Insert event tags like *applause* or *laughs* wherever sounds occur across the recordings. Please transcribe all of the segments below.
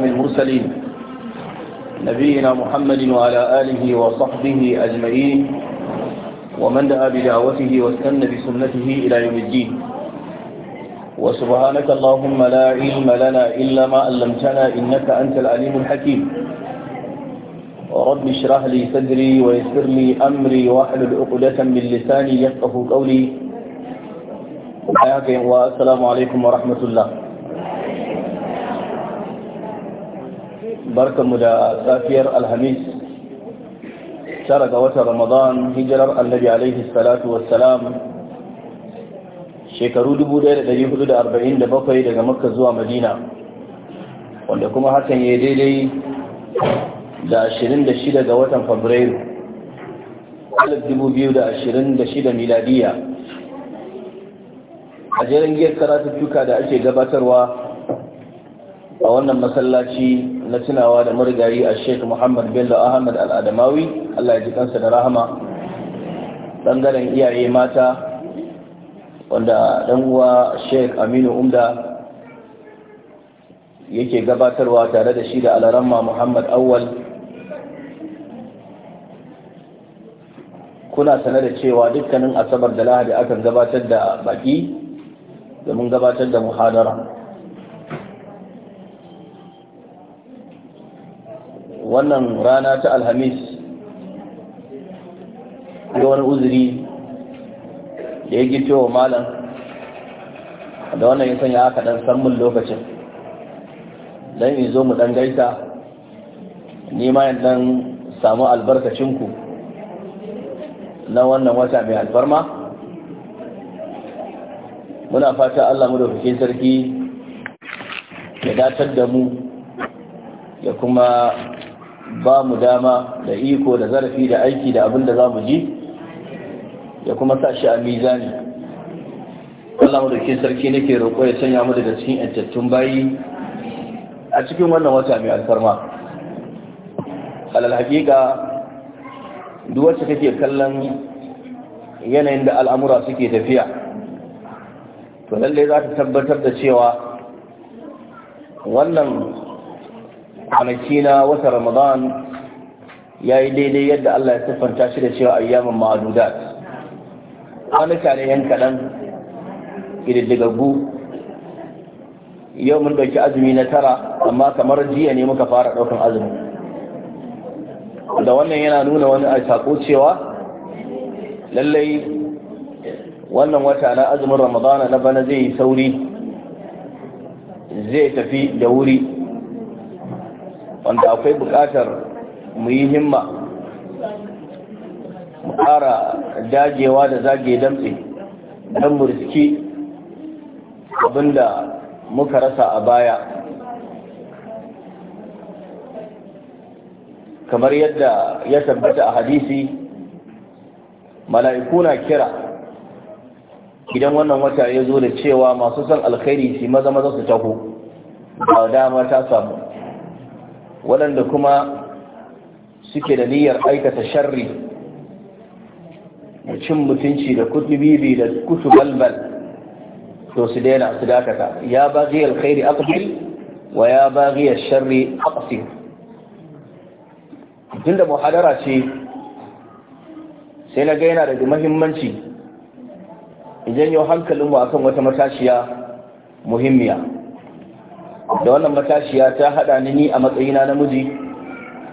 خاتم المرسلين نبينا محمد وعلى آله وصحبه أجمعين ومن دعا بدعوته واستنى بسنته إلى يوم الدين وسبحانك اللهم لا علم لنا إلا ما علمتنا إنك أنت العليم الحكيم رب اشرح لي صدري ويسر لي أمري واحلل عقدة من لساني يفقه قولي السلام عليكم ورحمة الله barkanmu da safiyar alhamis tara ga watan ramadan hijirar annabi alaihi salatu wassalam shekaru 1447 daga makka zuwa madina wanda kuma hakan ya daidai da 26 ga watan fabrairu 2026 miladiya a jerin giyar karatuttuka da ake gabatarwa a wannan masallaci na tunawa da marigayi a sheik muhammad bello ahmad al'adamawi allah ya ji kansa da rahama ɓangaren iyaye mata wanda uwa sheik aminu umda yake gabatarwa tare da shi da alaramma muhammad awwal kuna sane da cewa dukkanin asabar da lahadi akan gabatar da baki domin gabatar da muhadara wannan rana ta alhamis ga wani uzuri da ya gito wa malam da wannan ya sanya aka dan samun lokacin don yi zo mu dan gaita nema yin dan samu albarkacinku na wannan wata mai alfarma muna fata allah mu da sarki ya datar da mu ya kuma ba mu dama da iko da zarafi da aiki da abin da za mu ji ya kuma sa shi a mizani Allah madaukin sarki nake roƙo ya sanya mu daga cikin yantattun bayi a cikin wannan wata mai alfarma alal haƙiƙa duk wacce kake kallon yanayin da al'amura suke tafiya to lallai za ta tabbatar da cewa wannan kwanaki na wata ramadan ya yi daidai yadda Allah ya siffanta shi da cewa ayyamin ma'adudat Wani tare yan kaɗan ƙididdigaggu yau mun ɗauki azumi na tara amma kamar jiya ne muka fara ɗaukan azumi da wannan yana nuna wani a sako cewa lallai wannan wata na azumin ramadana na bana zai yi sauri zai tafi da wuri wanda akwai buƙatar mu yi himma mu ƙara dagewa da zage damtse don mu riski abinda muka rasa a baya kamar yadda ya tabbata a hadisi mala'iku na kira idan wannan wata ya zo da cewa masu son alkhairi shi maza maza su taho ba dama ta samu waɗanda kuma suke da niyyar aikata sharri da cin mutunci da bibi da kutu balbal to su daina su dakata ya baghi alkhairi aqbil wa ya baghi a sharri aqsir da muhadara ce sai na ga yana da muhimmanci idan yau hankalinmu akan wata matashiya muhimmiya da wannan matashiya ta hada ni ni a matsayina namiji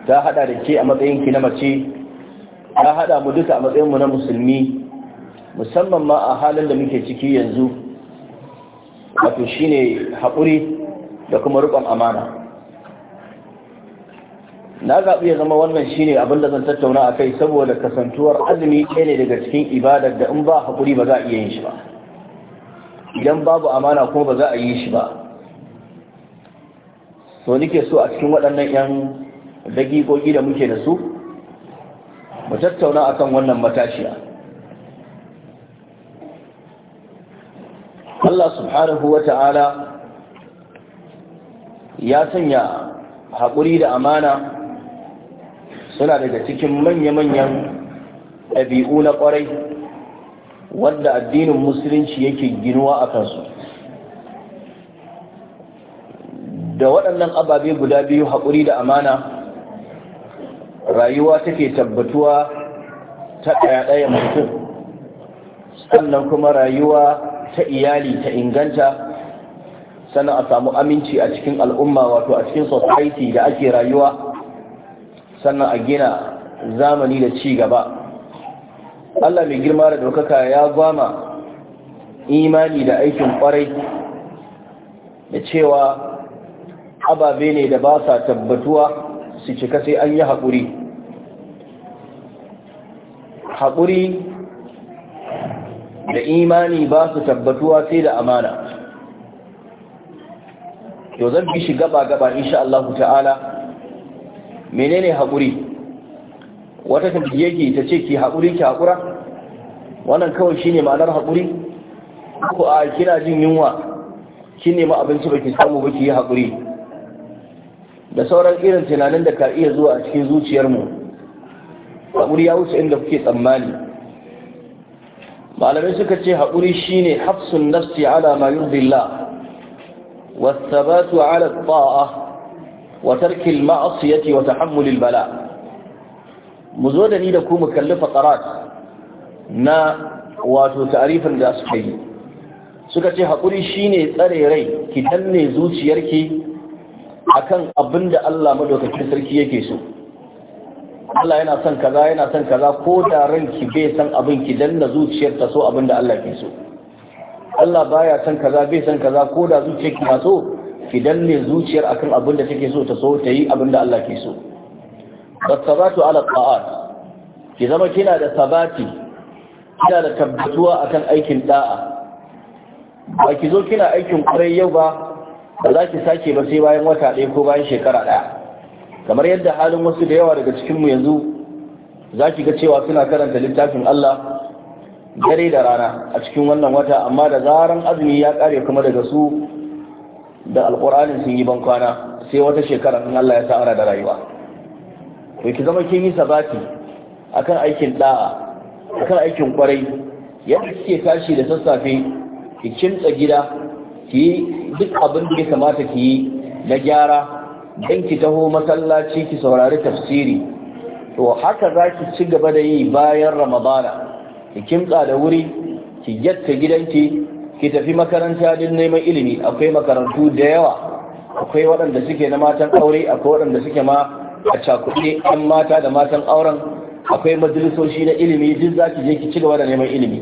ta hada da ke a matsayin ki na mace ta hada mu duka a matsayin mu na musulmi musamman ma a halin da muke ciki yanzu wato shine haƙuri da kuma rukon amana na zaɓi ya zama wannan shine abin da zan tattauna a kai saboda kasantuwar azumi ɗaya ne daga cikin ibadar da in ba haƙuri ba za a iya yin shi ba idan babu amana kuma ba za a yi shi ba so nike so a cikin waɗannan 'yan dagigogi da muke da su mu tattauna akan wannan matashiya Allah subhanahu wa ta'ala ya sanya haƙuri da amana suna daga cikin manya-manyan ɗabi'u na ƙwarai wanda addinin musulunci yake ginuwa a kansu da waɗannan ababe guda biyu haƙuri da amana rayuwa take tabbatuwa ta ɗaya-ɗaya mutum sannan kuma rayuwa ta iyali ta inganta sannan a samu aminci a cikin al'umma wato a cikin society da ake rayuwa sannan a gina zamani da ci gaba Allah mai girma da ɗaukaka ya gwama imani da aikin kwarai da cewa ababe ne da ba sa tabbatuwa su cika sai an yi haƙuri haƙuri da imani ba su tabbatuwa sai da amana yau zan bi shi gaba-gaba insha Allah ta'ala menene haƙuri wata tambaye ki ta ce ki haƙuri ki haƙura wannan kawai shine ma'anar haƙuri ko a kina jin yunwa ma'abin nemi abinci baki samu ki yi haƙuri da sauran irin tunanin da ka iya zuwa a cikin zuciyarmu haƙuri ya wuce inda kuke tsammani malamai suka ce haƙuri shine hafsun nafsi ala ma yurdillah wasabatu ala ta'a wa tarki al wa tahammul bala mu zo da ni da ku mu kalli faqarat na wato tarifin da suka yi suka ce haƙuri shine tsare rai ki danne zuciyarki akan abin da Allah madaukakin sarki yake so Allah yana son kaza yana son kaza ko da ranki bai san abin ki danna zuciyar ta so abin da Allah ke so Allah baya son kaza bai san kaza ko da zuciyar ki so ki danne zuciyar akan abin da take so ta so ta yi abin da Allah ke so basabatu ala ta'at ki zama kina da sabati kina da tabbatuwa akan aikin da'a ba ki zo kina aikin kurai yau ba ba za ki sake ba sai bayan wata ɗaya ko bayan shekara ɗaya kamar yadda halin wasu da yawa daga cikinmu yanzu za ki ga cewa suna karanta littafin Allah dare da rana a cikin wannan wata amma da zaran azumi ya kare kuma daga su da alƙur'anin sun yi ban kwana sai wata shekara in Allah ya sa ana da rayuwa to ki zama kin yi sabati akan aikin da'a akan aikin kwarai yadda kike tashi da sassafe ki kimtsa gida ki duk abin da ya kamata ki yi na gyara don ki taho masallaci ki saurari tafsiri to haka za ki ci gaba da yi bayan ramadana ki kimtsa da wuri ki yatta gidanki ki tafi makaranta din neman ilimi akwai makarantu da yawa akwai waɗanda suke na matan aure akwai waɗanda suke ma a cakuɗe ɗan mata da matan auren akwai majalisoshi na ilimi duk za ki je ki ci gaba da neman ilimi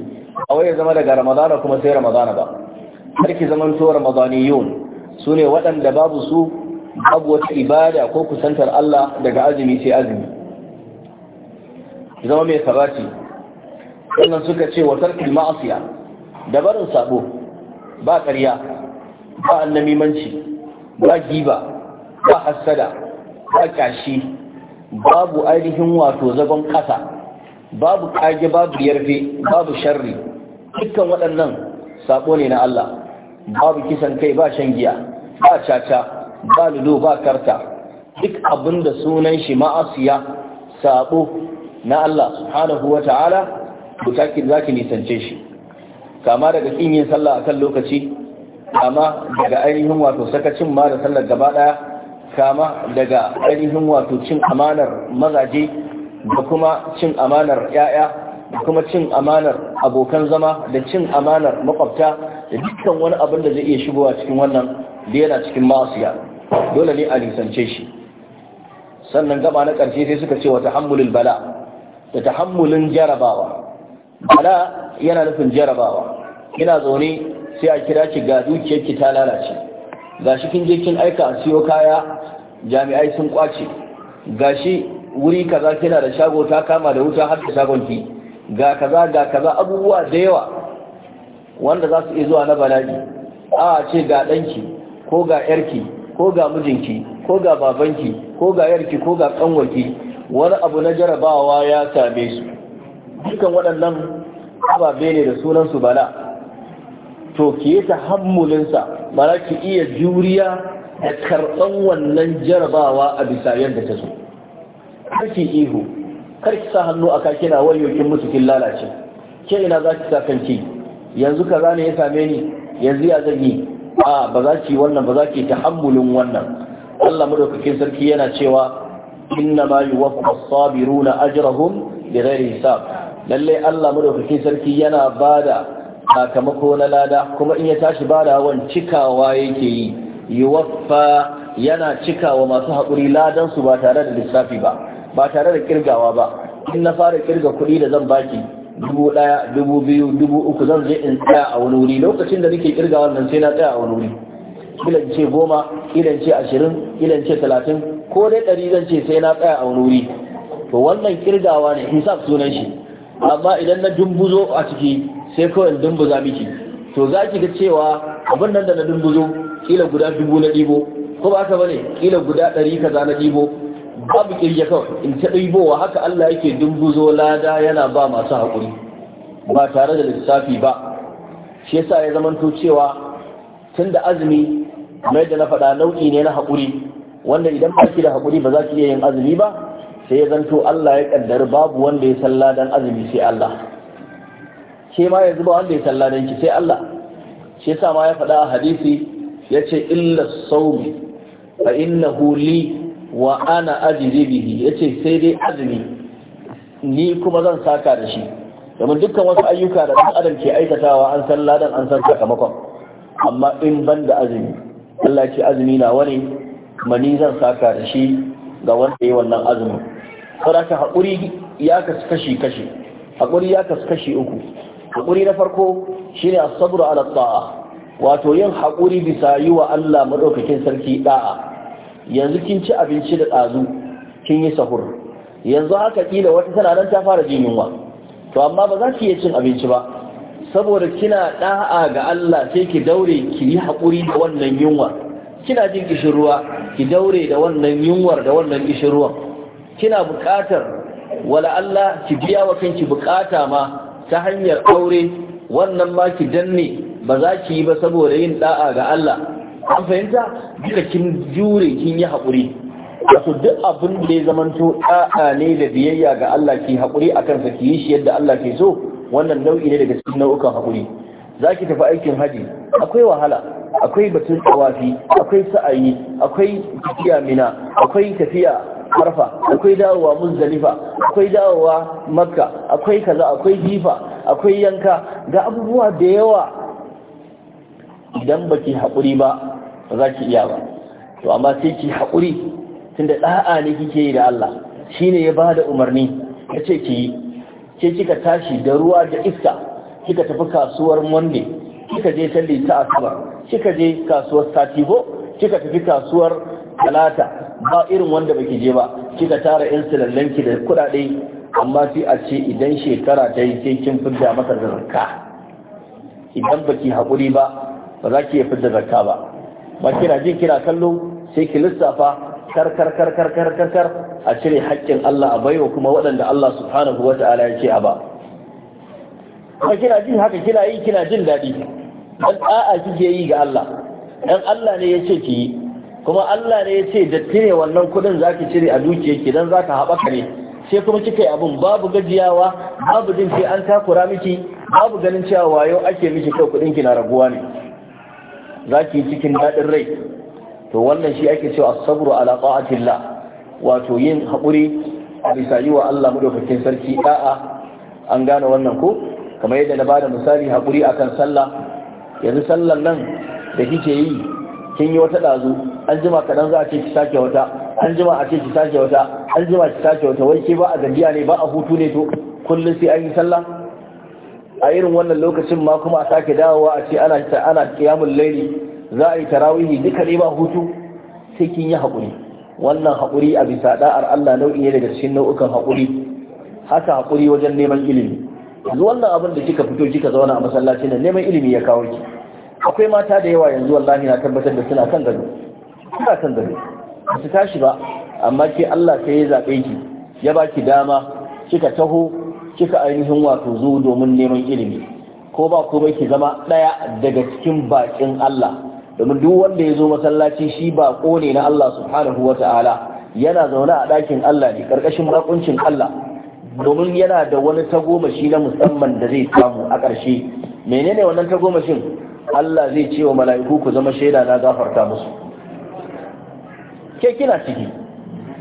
a waya zama daga ramadana kuma sai ramadana ba karki zaman to ramadaniyun su ne waɗanda babu su babu wata ibada ko kusantar Allah daga azumi sai azumi zama mai sabati sannan suka ce wa tarkil ma'asiya da barin sabo ba ƙarya ba annamimanci ba giba ba hassada ba kashi babu ainihin wato zagon ƙasa babu ƙage, babu yarfe babu sharri dukkan waɗannan sabo ne na Allah babu kisan kai ba shan giya ba caca ba ludo ba karta duk abin da sunan shi ma'asiya sabo na Allah subhanahu wa ta'ala to da zaki nisance shi kama daga kin yin sallah kan lokaci kama daga ainihin wato sakacin ma da sallar gaba daya kama daga ainihin wato cin amanar mazaje da kuma cin amanar yaya da kuma cin amanar abokan zama da cin amanar makwabta da dukkan wani abin da zai iya shigowa cikin wannan da yana cikin ma'asiya dole ne a nisance shi sannan gaba na ƙarshe sai suka ce wa tahammulul bala da tahammulin jarabawa bala yana nufin jarabawa yana zaune sai a kira ki ga dukiyar ki ta lalace gashi kin je kin aika a siyo kaya jami'ai sun kwace gashi wuri kaza kina da shago ta kama da wuta har da shagon ki ga kaza ga kaza abubuwa da yawa wanda za su iya zuwa na bala'i a ce ga ɗanki ko ga yarki ko ga mijinki ko ga babanki ko ga yarki ko ga ƙanwarki wani abu na jarabawa ya same su dukan waɗannan ababe ne da sunansu bala to ki yi ta tahammulinsa bala ki iya juriya da karɓan wannan jarabawa a bisa yadda ta so ki ihu kar ki sa hannu a kina wayo kin musu kin lalace ke ina za ki sa kanki yanzu ka ne ya same ni yanzu ya zagi a ba za ki wannan ba za ki tahammulin wannan Allah madaukakin sarki yana cewa inna ma yuwaffa as-sabiruna ajrahum bighairi hisab lalle Allah madaukakin sarki yana bada sakamako na lada kuma in ya tashi bada wan cikawa yake yi yuwaffa yana cikawa masu haƙuri ladan su ba tare da lissafi ba ba tare da kirgawa ba in na fara kirga kuɗi da zan baki dubu ɗaya dubu biyu dubu uku zan je in tsaya a wani wuri lokacin da nake kirga wannan sai na tsaya a wani wuri ilan ce goma ilan ce ashirin ilan ce talatin ko dai ɗari zan ce sai na tsaya a wani wuri to wannan kirgawa ne hisab sunan shi amma idan na dumbuzo a ciki sai kawai in dumbuza miki to za ki ga cewa abin nan da na dumbuzo kila guda dubu na ɗibo ko ba ka bane kila guda ɗari kaza na ɗibo babu kirge kawai in ta ɗibowa haka Allah yake dumbuzo lada yana ba masu haƙuri ba tare da lissafi ba shi yasa ya zamanto cewa tun da azumi mai da na faɗa nau'i ne na haƙuri wanda idan ba ki da haƙuri ba za ki iya yin azumi ba sai ya zanto Allah ya kaddari babu wanda ya salla don azumi sai Allah ke ma yanzu ba wanda ya salla dan ki sai Allah shi yasa ma ya faɗa a hadisi yace illa sawmi fa innahu li wa ana ajiri bihi yace sai dai azumi ni kuma zan saka da shi domin dukkan wasu ayyuka da ɗan adam ke aikatawa an san ladan an san sakamakon amma in ban da azumi Allah ce azumi na wani kuma ni zan saka da shi ga wanda ya wannan azumin saboda haƙuri ya kasu kashi kashi haƙuri ya kasu kashi uku haƙuri na farko shine as-sabru ala ta'a wato yin haƙuri bisa yi wa Allah madaukakin sarki da'a yanzu kin ci abinci da ɗazu kin yi sahur yanzu haka kila wata tana nan ta fara jin yunwa to amma ba za ki iya cin abinci ba saboda kina ɗa'a ga Allah sai ki daure ki yi haƙuri da wannan yunwa kina jin kishin ki daure da wannan yunwar da wannan kishin kina buƙatar wala Allah ki biya wa kanki buƙata ma ta hanyar aure wannan ma ki danne ba za ki yi ba saboda yin ɗa'a ga Allah an fahimta duka kin jure kin yi haƙuri wato duk abin da ya zamanto ɗa'a ne da biyayya ga Allah ke haƙuri a kansa ki yi shi yadda Allah ke so wannan nau'i ne daga cikin nau'ukan haƙuri za ki tafi aikin haji akwai wahala akwai batun tsawafi akwai sa'ayi akwai tafiya mina akwai tafiya harfa akwai dawowa muzdalifa akwai dawowa makka akwai kaza akwai jifa akwai yanka ga abubuwa da yawa idan baki haƙuri ba ba za ki iya ba to amma sai ki haƙuri tunda da'a ne kike yi da Allah shine ya bada umarni ya ce ki yi ke kika tashi da ruwa da iska kika tafi kasuwar monday kika je ta lita asabar kika je kasuwar satibo kika tafi kasuwar talata ba irin wanda baki je ba kika tara yan ki da kuɗaɗe amma sai a ce idan shekara ta yi sai kin fidda masa da idan baki haƙuri ba ba za ki iya fidda zakka ba ba kira jin kira kallo sai ki lissafa kar kar kar kar kar kar kar a cire haƙƙin Allah a baiwa kuma waɗanda Allah subhanahu wa ta'ala ya ce a ba ba kina jin haka kina yi kina jin daɗi dan a'a kike yi ga Allah dan Allah ne ya ce ki yi kuma Allah ne ya ce da tire wannan kuɗin zaki cire a dukiyarki dan zaka haɓaka ne sai kuma kika yi abun babu gajiyawa babu jin sai an takura miki babu ganin cewa wayo ake miki kai kuɗin ki na raguwa ne za ki cikin daɗin rai to wannan shi ake cewa sabru ala ta'atillah wato yin haƙuri a bisa yi wa Allah madaukakin sarki da'a an gane wannan ko kamar yadda na bada misali haƙuri akan sallah yanzu sallan nan da kike yi kin yi wata ɗazu an jima kaɗan za a ce ki sake wata an jima a ce ki sake wata an jima ki sake wata wai ke ba a gajiya ne ba a hutu ne to kullum sai an yi sallah a irin wannan lokacin ma kuma a sake dawowa a ce ana ta ana kiyamul laili za a yi tarawihi duka ne ba hutu sai kin yi haƙuri wannan haƙuri a bisa da'ar Allah nau'i ne daga cikin nau'ukan haƙuri haka haƙuri wajen neman ilimi yanzu wannan abin da kika fito kika zauna a masallaci ne neman ilimi ya kawo ki akwai mata da yawa yanzu wallahi na tabbatar da suna kan gado suna kan gado su tashi ba amma ke Allah sai ya zaɓe ki ya baki dama kika taho kika ainihin wato zo domin neman ilimi ko ba komai ki zama ɗaya daga cikin bakin Allah domin duk wanda ya zo masallaci shi ba ne na Allah subhanahu wa ta'ala yana zaune a ɗakin Allah ne ƙarƙashin bakuncin Allah domin yana da wani tagomashi na musamman da zai samu a ƙarshe menene wannan tagomashin Allah zai ce wa mala'iku ku zama shaida na gafarta musu ke kina ciki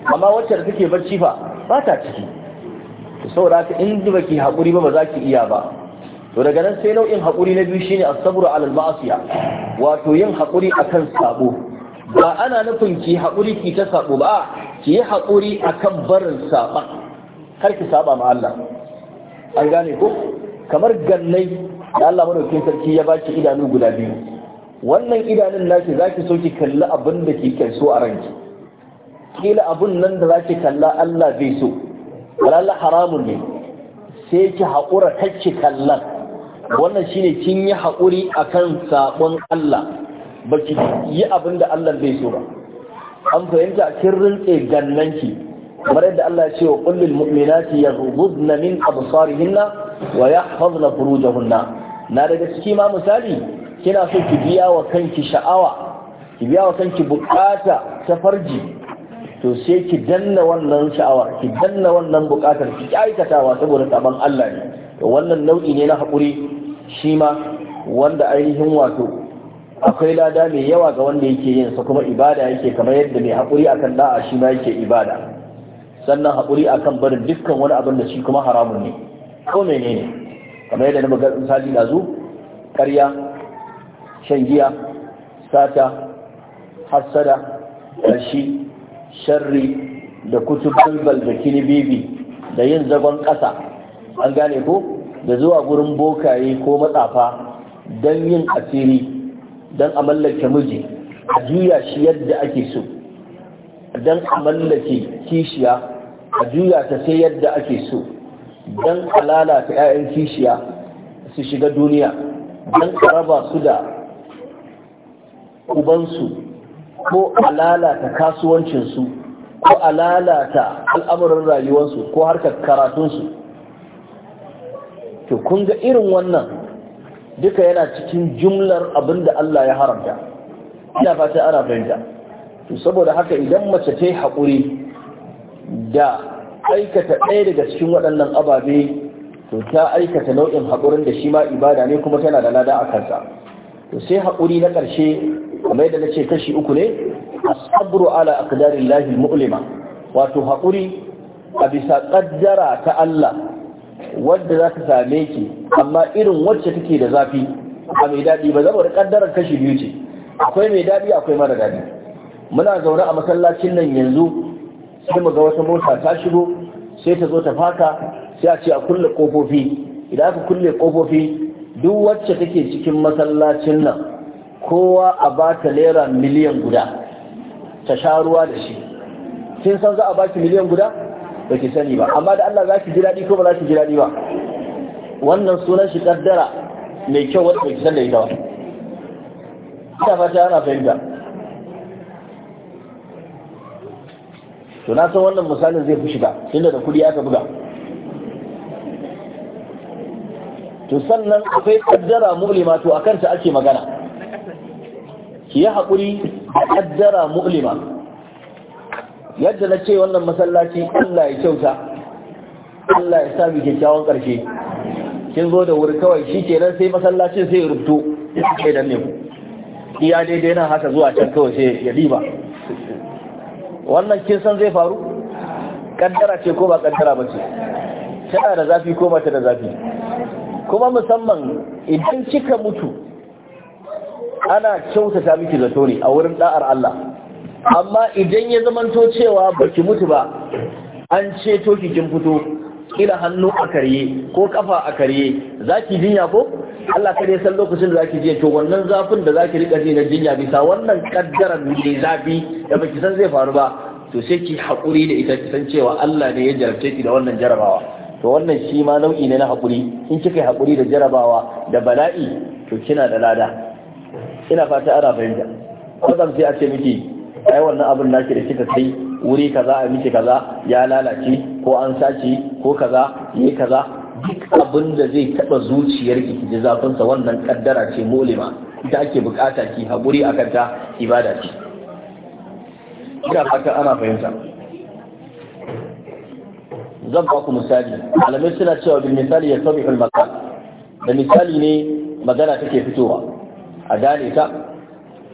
amma wacce da take barci fa ba ta ciki to saboda haka in ba ki haƙuri ba ba za ki iya ba to daga nan sai nau'in haƙuri na biyu shine as-sabru ala al wato yin haƙuri akan sabo ba ana nufin ki haƙuri ki ta sabo ba ki yi haƙuri akan barin saba kar ki saba ma Allah an gane ko kamar gannai da Allah madaukakin sarki ya baki idanu guda biyu wannan idanun nashi zaki so ki kalli abin da kike so a ranki kila abun nan da zaki kalla Allah bai so walalla haramun ne sai ki haƙura ki kallon wannan shine kin yi haƙuri akan sabon Allah ki yi abin da Allah bai so ba an fahimta kin rintse gannanki kamar yadda Allah ya ce wa kullul mu'minati yaghuddna min absarihinna wa yahfazna furujahunna na daga ciki ma misali kina so ki biya wa kanki sha'awa ki biya wa kanki bukata ta farji to sai ki danna wannan sha'awar ki danna wannan bukatar ki aikatawa saboda saban Allah ne to wannan nau'i ne na haƙuri shi ma wanda ainihin wato akwai lada mai yawa ga wanda yake yin sa kuma ibada yake kamar yadda mai haƙuri akan da'a shi ma yake ibada sannan haƙuri akan barin dukkan wani abin da shi kuma haramun ne ko menene kamar yadda na magana misali dazu ƙarya shan giya sata hassada ƙarshi sharri da kutub balbal da kilibibi da yin zagon ƙasa an gane ko da zuwa gurin bokaye ko matsafa don yin asiri don a mallake miji a juya shi yadda ake so don a mallake kishiya a juya ta sai yadda ake so don a lalata 'ya'yan kishiya su shiga duniya don a raba su da ubansu ko a lalata kasuwancinsu ko a lalata al'amuran rayuwarsu ko harkar karatunsu to kun ga irin wannan duka yana cikin jumlar abin da Allah ya haramta ina fata ana fahimta to saboda haka idan mace ta yi haƙuri da aikata ɗaya daga cikin waɗannan ababe to ta aikata nau'in haƙurin da shi ma ibada ne kuma tana da lada a kansa to sai haƙuri na ƙarshe kamar yadda na ce kashi uku ne asabru ala aqdarin lahi mu'lima wato haƙuri a bisa ƙaddara ta Allah wadda za ka same ki amma irin wacce take da zafi a mai daɗi ba zama da ƙaddarar kashi biyu ce akwai mai daɗi akwai mara daɗi muna zaune a masallacin nan yanzu sai mu ga wata mota ta shigo sai ta zo ta faka sai a ce a kulle ƙofofi idan aka kulle ƙofofi duk wacce take cikin masallacin nan kowa a ba ta naira miliyan guda ta sha ruwa da shi kin san za a baki miliyan guda ba ki sani ba amma da Allah za ki ji daɗi ko ba za ki ji daɗi ba wannan sunan shi kaddara mai kyau wanda ki san da ita ba ina fata ana fahimta to na san wannan misalin zai fi shiga tunda da kuɗi aka buga to sannan akwai kaddara mu'lima to akan ta ake magana ki yi haƙuri da kaddara mu'lima yadda na ce wannan masallaci Allah ya kyauta Allah ya sami kyakkyawan ƙarshe kin zo da wuri kawai shi kenan sai masallacin sai ya rubuto ya dan ne iya daidai nan haka zuwa can kawai sai ya diba wannan kin san zai faru kaddara ce ko ba kaddara ba ce tana da zafi ko ba ta da zafi kuma musamman idan kika mutu ana kyautata miki zato ne a wurin da'ar Allah amma idan ya zamanto cewa baki mutu ba an ceto ki kin fito ila hannu a karye ko kafa a karye zaki jinya ko Allah kare san lokacin da zaki je to wannan zafin da zaki rika ji na jinya bisa wannan kaddarar ne zafi da baki san zai faru ba to sai ki haƙuri da ita ki san cewa Allah ne ya jarabce ki da wannan jarabawa to wannan shi ma nau'i ne na haƙuri in kika yi haƙuri da jarabawa da bala'i to kina da lada ina fata ana fahimta zan sai a ce miki ai wannan abin naki da kika kai wuri kaza a miki kaza ya lalace ko an sace ko kaza yayi kaza duk abin da zai taba zuciyar ki ji zafin sa wannan kaddara ce mulima ita ake bukata ki haƙuri akan ta ibada ce ina fata ana fahimta zan ba ku misali malamai suna cewa bil misali ya sabi makan da misali ne magana take fitowa a gane ta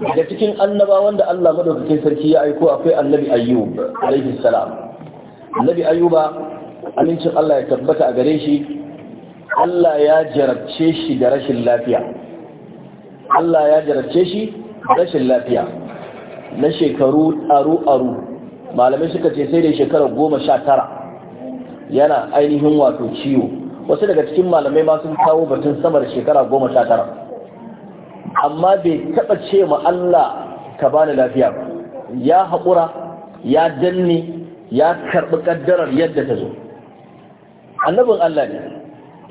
Da cikin annaba wanda Allah madaukakin sarki ya aiko akwai annabi ayyub alaihi salam annabi ayyuba amincin Allah ya tabbata a gare shi Allah ya jarabce shi da rashin lafiya Allah ya jarabce shi rashin lafiya na shekaru aru aru malamai suka ce sai da shekara goma sha tara yana ainihin wato ciwo wasu daga cikin malamai ma sun kawo batun sama da shekara goma sha tara amma bai taɓa ce ma Allah ka bani lafiya ba ya haƙura ya danne ya karɓi ƙaddarar yadda ta zo annabin Allah ne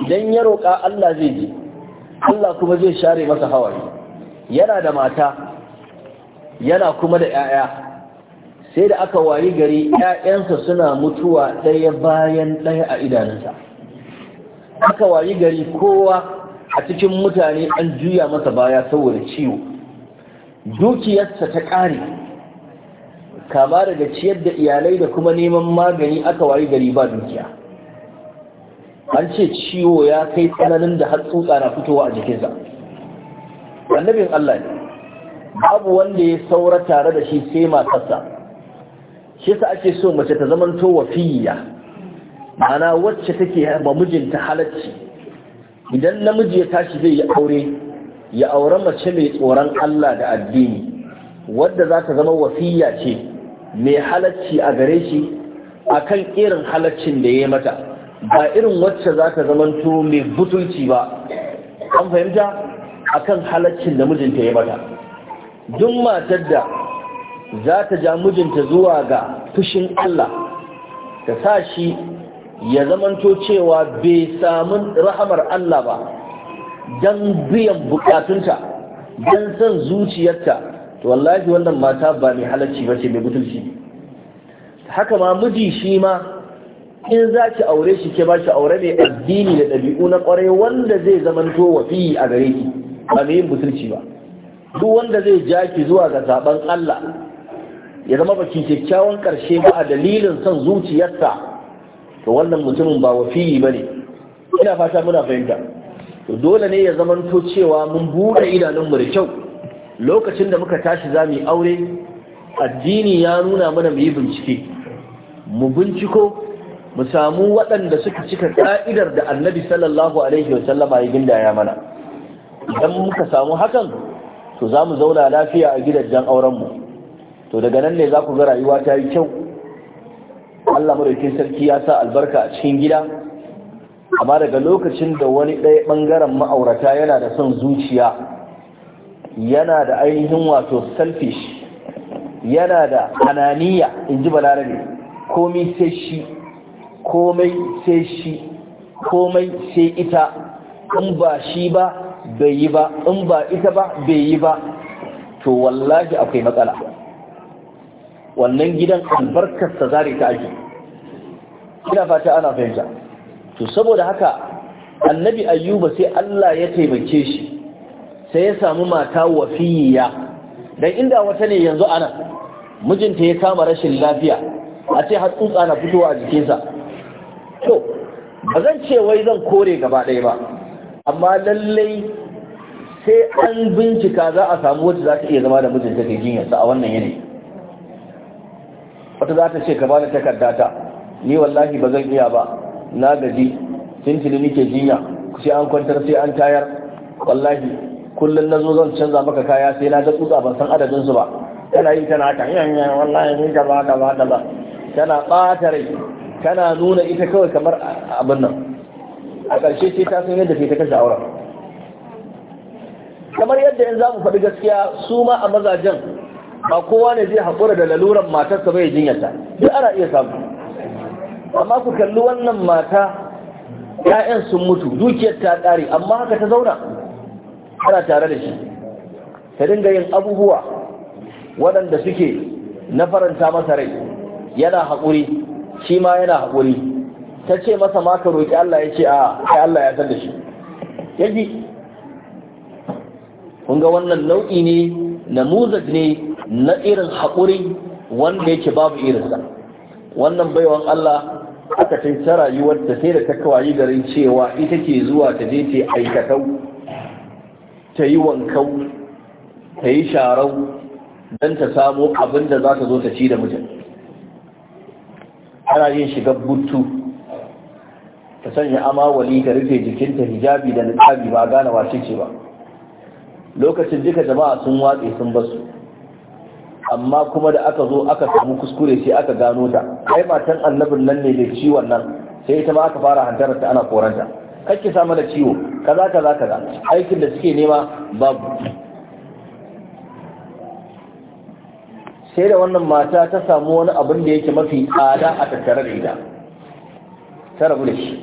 idan ya roƙa Allah zai ji Allah kuma zai share masa hawaye yana da mata yana kuma da 'ya'ya sai da aka wayi gari 'ya'yansa suna mutuwa ɗaya bayan ɗaya a idanunsa aka wayi gari kowa a cikin mutane an juya masa baya saboda ciwo dukiyarsa ta ƙare kama daga ciyar da iyalai da kuma neman magani aka wayi gari ba dukiya an ce ciwo ya kai tsananin da har tsutsa na fitowa a jikinsa annabin Allah ne babu wanda ya saura tare da shi sai matarsa shi yasa ake so mace ta zamanto wafiya, ma'ana wacce take ba mijinta halacci idan namiji ya tashi zai yi aure ya aure mace mai tsoron Allah da addini wadda za ta zama wafiya ce mai halacci a gare shi akan irin halaccin da ya mata ba irin wacce za ta zamanto mai butulci ba an fahimta akan halaccin da mijinta ya mata duk matar da za ta ja mijinta zuwa ga fushin Allah ta sa shi ya zamanto cewa bai samu rahamar Allah ba don biyan bukatunta don son zuciyarta to wallahi wannan mata ba mai halarci ba ce mai butulci haka ma miji shi ma in za ki aure shi ke ba shi aure mai addini da ɗabi'u na ƙwarai wanda zai zamanto wafi a gare ki ba mai yin butulci ba duk wanda zai ja ki zuwa ga zaben Allah ya zama baki kyakkyawan karshe ba a dalilin son zuciyarsa to wannan mutumin ba wafiyi ba ne ina fata muna fahimta to dole ne ya zamanto cewa mun buɗe idanunmu da kyau lokacin da muka tashi za mu yi aure addini ya nuna mana mu yi bincike mu binciko mu samu waɗanda suka cika ƙa'idar da annabi sallallahu alaihi wa sallama ya gindaya mana idan muka samu hakan to za mu zauna lafiya a gidajen aurenmu to daga nan ne za ku ga rayuwa ta yi kyau Allah madaukin sarki ya sa albarka a cikin gida amma daga lokacin da wani ɗaya ɓangaren ma'aurata yana da son zuciya yana da ainihin wato selfish yana da hananiya in ji balarabe komai sai shi komai sai shi komai sai ita in ba shi ba bai yi ba in ba ita ba bai yi ba to wallahi akwai matsala wannan gidan albarkar ta zare ta ake ina fata ana fahimta to saboda haka annabi ayyuba sai Allah ya taimake shi sai ya samu mata wafiya dan inda wata ne yanzu ana mijinta ya kama rashin lafiya a ce har tsutsa na fitowa a jikinsa to ba zan ce wai zan kore gaba ɗaya ba amma lallai sai an bincika za a samu wacce za ta iya zama da mijinta ke jinyarsa a wannan yanayi wata za ta ce ka bani takarda ta ni wallahi ba zan iya ba na gaji ni nike jinya Ku sai an kwantar sai an tayar wallahi kullum na zo zan canza maka kaya sai na ga tsutsa ban san adadin su ba tana yi tana ta yanya wallahi ni gaba gaba gaba tana ɓata rai tana nuna ita kawai kamar abin nan a ƙarshe ce ta san yadda ke ta kashe auren kamar yadda in za mu faɗi gaskiya su ma a mazajen ba kowa ne zai haƙura da laluran matarsa bai jinyata duk ana iya samu amma ku kalli wannan mata 'ya'yan sun mutu dukiyar ta ƙare amma haka ta zauna ana tare da shi ta dinga yin abubuwa waɗanda suke na faranta masa rai yana haƙuri shi ma yana haƙuri ta ce masa maka ka roƙi Allah ya ce a kai Allah ya san da shi yaji kun ga wannan nau'i ne namuzaj ne na irin haƙuri wanda yake babu irinsa wannan baiwan Allah aka kai ta rayuwar ta sai da ta kawayi garin cewa ita ke zuwa ta je ta aikatau ta yi wankau ta yi sharau don ta samo abin da za ta zo ta ci da mutum ana yin shiga butu ta sanya amawali ta rufe jikinta hijabi da niqabi ba gane wace ce ba lokacin duka jama'a sun watsi sun basu amma kuma da aka zo aka samu kuskure sai aka gano ta ai matan annabin nan ne mai ciwon nan sai ita ma aka fara hantarar ta ana koranta kake samu da ciwo kaza kaza kaza aikin da suke nema babu sai da wannan mata ta samu wani abin da yake mafi tsada a tattare da ita ta rabu da shi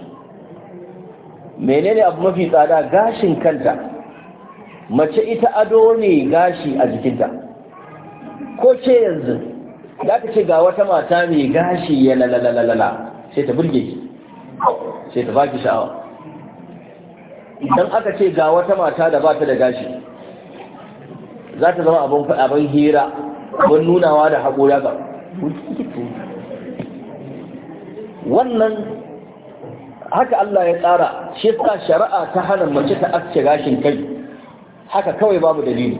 menene abu mafi tsada gashin kanta mace ita ado ne gashi a jikinta ko ce yanzu za ka ce ga wata mata mai gashi ya lalalalala sai ta burge ki sai ta baki sha'awa idan aka ce ga wata mata da ba ta da gashi za ta zama abin abin hira don nunawa da haƙura ga wannan haka Allah ya tsara shi sa shari'a ta hana mace ta aske gashin kai haka kawai babu dalili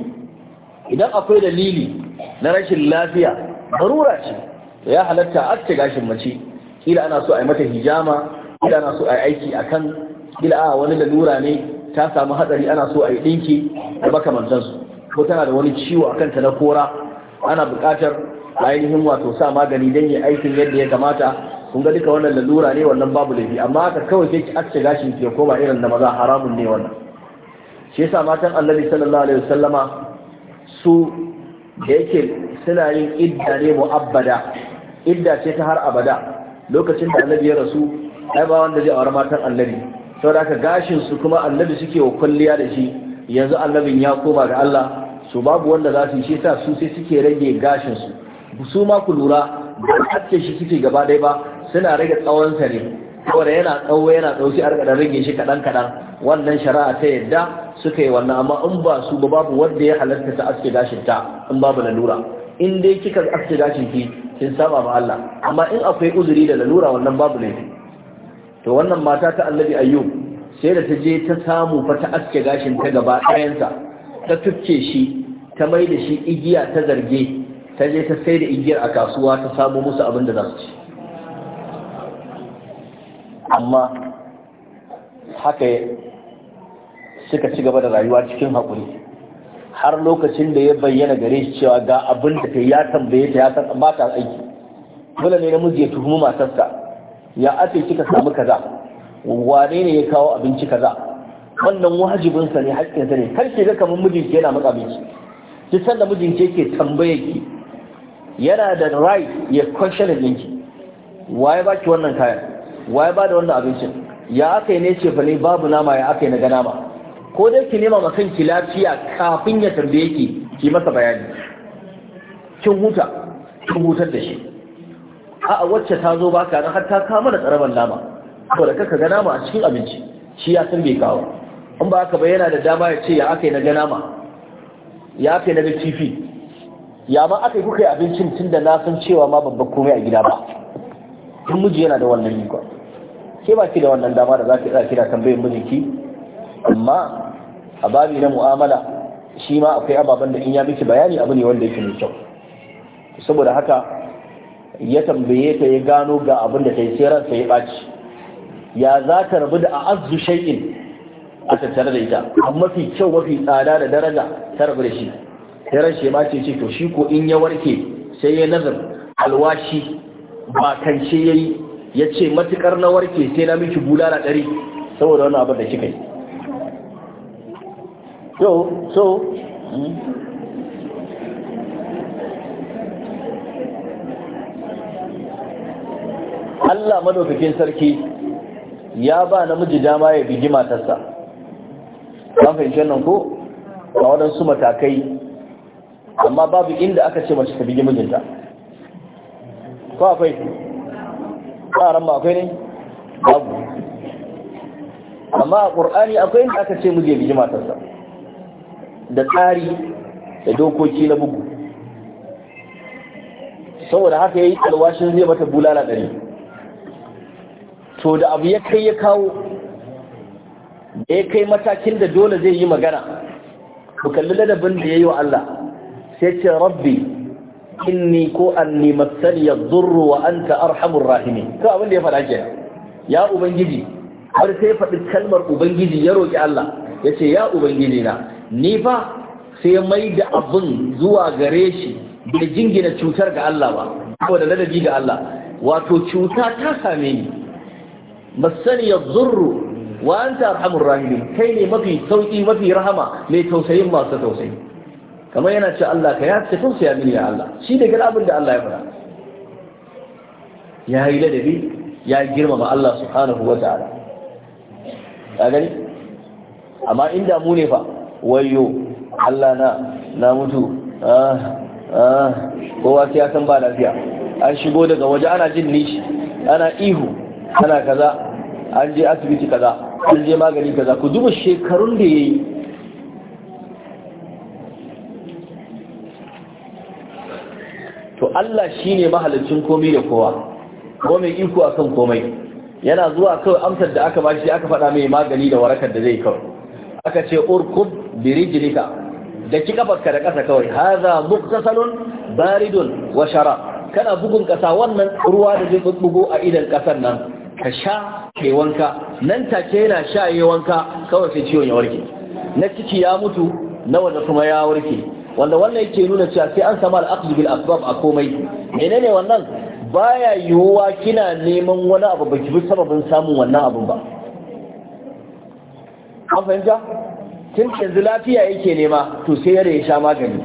idan akwai dalili na rashin lafiya barura ce ya halatta a ce gashin mace kila ana so a yi mata hijama kila ana so a yi aiki a kan kila a wani lalura ne ta samu hatsari ana so a yi ɗinki da makamantansu ko tana da wani ciwo a kanta na kora ana buƙatar ainihin wato sa magani don yi aikin yadda ya kamata kun ga duka wannan lalura ne wannan babu laifi amma aka kawai sai ki acce gashin ki ko ba irin na maza haramun ne wannan shi yasa matan annabi sallallahu alaihi wasallama su da yake suna yin idda ne mu'abbada idda ce ta har abada lokacin da annabi ya rasu ai ba wanda zai aure matan annabi saboda haka gashin su kuma annabi suke wa kulliya da shi yanzu annabin ya koma ga Allah su babu wanda za su yi shi sa su sai suke rage gashin su su ma ku lura ba ake shi suke gaba dai ba suna rage tsawon sa ne saboda yana tsawo yana tsawo sai a rage shi kadan kadan wannan shari'a ta yadda suka yi wannan amma in ba su ba babu wanda ya halarta ta aske gashin ta in babu lalura in dai kika aske gashin ki kin saba ma Allah amma in akwai uzuri da lalura wannan babu laifi to wannan mata ta Annabi Ayyub sai da ta je ta samu fa ta aske gashin ta gaba ɗayansa ta tufke shi ta mai da shi igiya ta zarge ta je ta sai da igiyar a kasuwa ta samo musu abin da za su ci amma haka suka ci gaba da rayuwa cikin haƙuri har lokacin da ya bayyana gare shi cewa ga abin da ta ya tambaye ta ya san ba ta aiki dole ne namiji ya tuhumi matarsa ya ake kika samu kaza wane ne ya kawo abinci kaza wannan wajibinsa ne haƙƙinsa ne kar ke ga kamar mijinki yana maka abinci ki san da mijinki yake tambaye ki yana da right ya question ki waye ba ki wannan kayan waye ba da wannan abincin ya aka yi ne ce fa ne babu nama ya aka yi na ga nama ko dai ki nema ma kanki lafiya kafin ya tambaye ki ki masa bayani kin huta kin hutar da shi a'a wacce ta zo baka Na har ta kama da tsaraban ko da kaka ga nama a cikin abinci shi ya san bai kawo in ba haka ba yana da dama ya ce ya aka yi na ga nama ya aka na ga ya ma aka yi kuka yi abincin tun na san cewa ma babba komai a gida ba tun miji yana da wannan yiko ke ba ki da wannan dama da za ki tsaki na tambayin mijinki amma a babi na mu'amala shi ma akwai ababen da in ya miki bayani abu ne wanda yake mai kyau saboda haka ya tambaye ta ya gano ga abin da ta yi sai ransa ya ɓaci ya za ka rabu da a shay'in a tattare da ita A mafi kyau mafi tsada da daraja ta rabu da shi sai ran shi ma ce ce to shi ko in ya warke sai ya nazar alwashi ba kance yayi ya ce matukar na warke sai na miki bulala ɗari saboda wani abin da kika yi so so hmm? Allah madaukakin sarki ya ba namiji dama ya bigi matarsa Ba fahimci nan ko a waɗansu matakai amma babu inda aka ce mace ta bigi mijinta ko akwai ƙaran ba akwai ne babu amma a ƙur'ani akwai inda aka ce mijin ya bigi matarsa da tsari da dokoki na bugu saboda haka ya yi alwashin zai mata bulala ɗari to da abu ya kai ya kawo da ya kai matakin da dole zai yi magana ku kalli ladabin da ya yi wa Allah sai ce rabbi inni ko anni matsali ya zurru wa anta arhamur rahimi to abin da ya faɗa ke ya ubangiji har sai faɗi kalmar ubangiji ya roƙi Allah ya ce ya ubangiji na ni fa sai mai da abin zuwa gare shi da jingina cutar ga Allah ba saboda ladabi ga Allah wato cuta ta same ni masani ya zurru wa an arhamur rahimin kai ne mafi sauki mafi rahama mai tausayin masu tausayi kamar yana ce Allah ka ya ce tausaya mini ya Allah shi da ga abin da Allah ya fara ya yi ladabi ya girmama Allah subhanahu wa ta'ala ka gani amma inda mu ne fa wayo Allah na na mutu ah ah kowa sai ya san ba lafiya an shigo daga waje ana jin nishi ana ihu ana kaza an je asibiti kaza an je magani kaza ku duba shekarun da yayi to Allah shine mahalicin komai da kowa komai mai iko akan komai yana zuwa kawai amsar da aka bashi aka faɗa mai magani da warakar da zai kawo aka ce urkub bi rijlika da ki kafarka da kasa kawai Haza, muktasalun baridun wa shara kana bugun kasa wannan ruwa da zai bugo a idan kasan nan ka sha kai wanka nan take yana sha ya wanka kawai sai ciwon ya warke na ciki ya mutu na wanda kuma ya warke wanda wannan yake nuna cewa sai an samu al bil asbab a komai menene wannan baya yiwuwa kina neman wani abu baki bi sababin samun wannan abun ba an fahimta tun yanzu lafiya yake nema to sai yare ya sha magani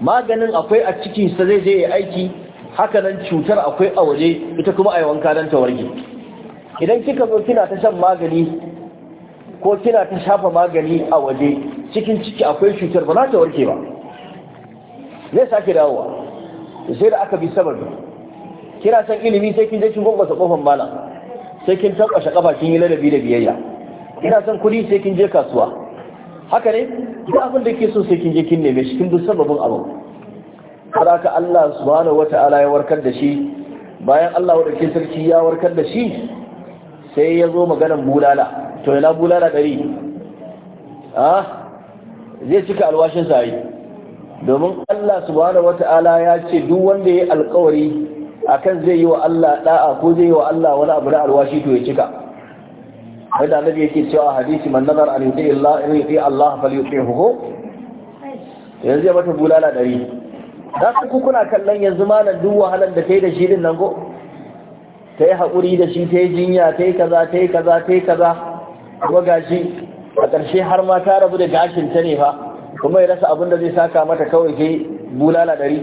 maganin akwai a cikin sa zai je ya aiki haka nan cutar akwai a waje ita kuma a wanka don ta warke idan kika zo kina ta shan magani ko kina ta shafa magani a waje cikin ciki akwai cutar ba za ta warke ba zai sake dawowa sai da aka bi sababi kina san ilimi sai kin je kin gwangwasa kofar malam sai kin tabbashe kafa kin yi ladabi da biyayya Ina son kuɗi sai kin je kasuwa haka ne duk abin da ke so sai kin je kin neme shi kin duk sababin abu har ka Allah subhanahu wata'ala ya warkar da shi bayan Allah wadake sarki ya warkar da shi sai ya zo maganar bulala to yana bulala ɗari a zai cika alwashin sai domin Allah subhanahu wata'ala ya ce duk wanda ya alkawari akan zai yi wa Allah da'a ko zai yi wa Allah wani abu na alwashi to ya cika wanda annabi yake cewa a hadisi man nazar an yuti Allah in yuti Allah fal yutihu yanzu ya mata bulala dari da ku kuna kallon yanzu malam duk wahalar da kai da shi din nan go ta yi da shi ta yi jinya ta yi kaza ta yi kaza ta yi kaza kuma gashi a ƙarshe har ma ta rabu da gashin ta ne fa kuma ya rasa abin da zai saka mata kawai kai bulala dari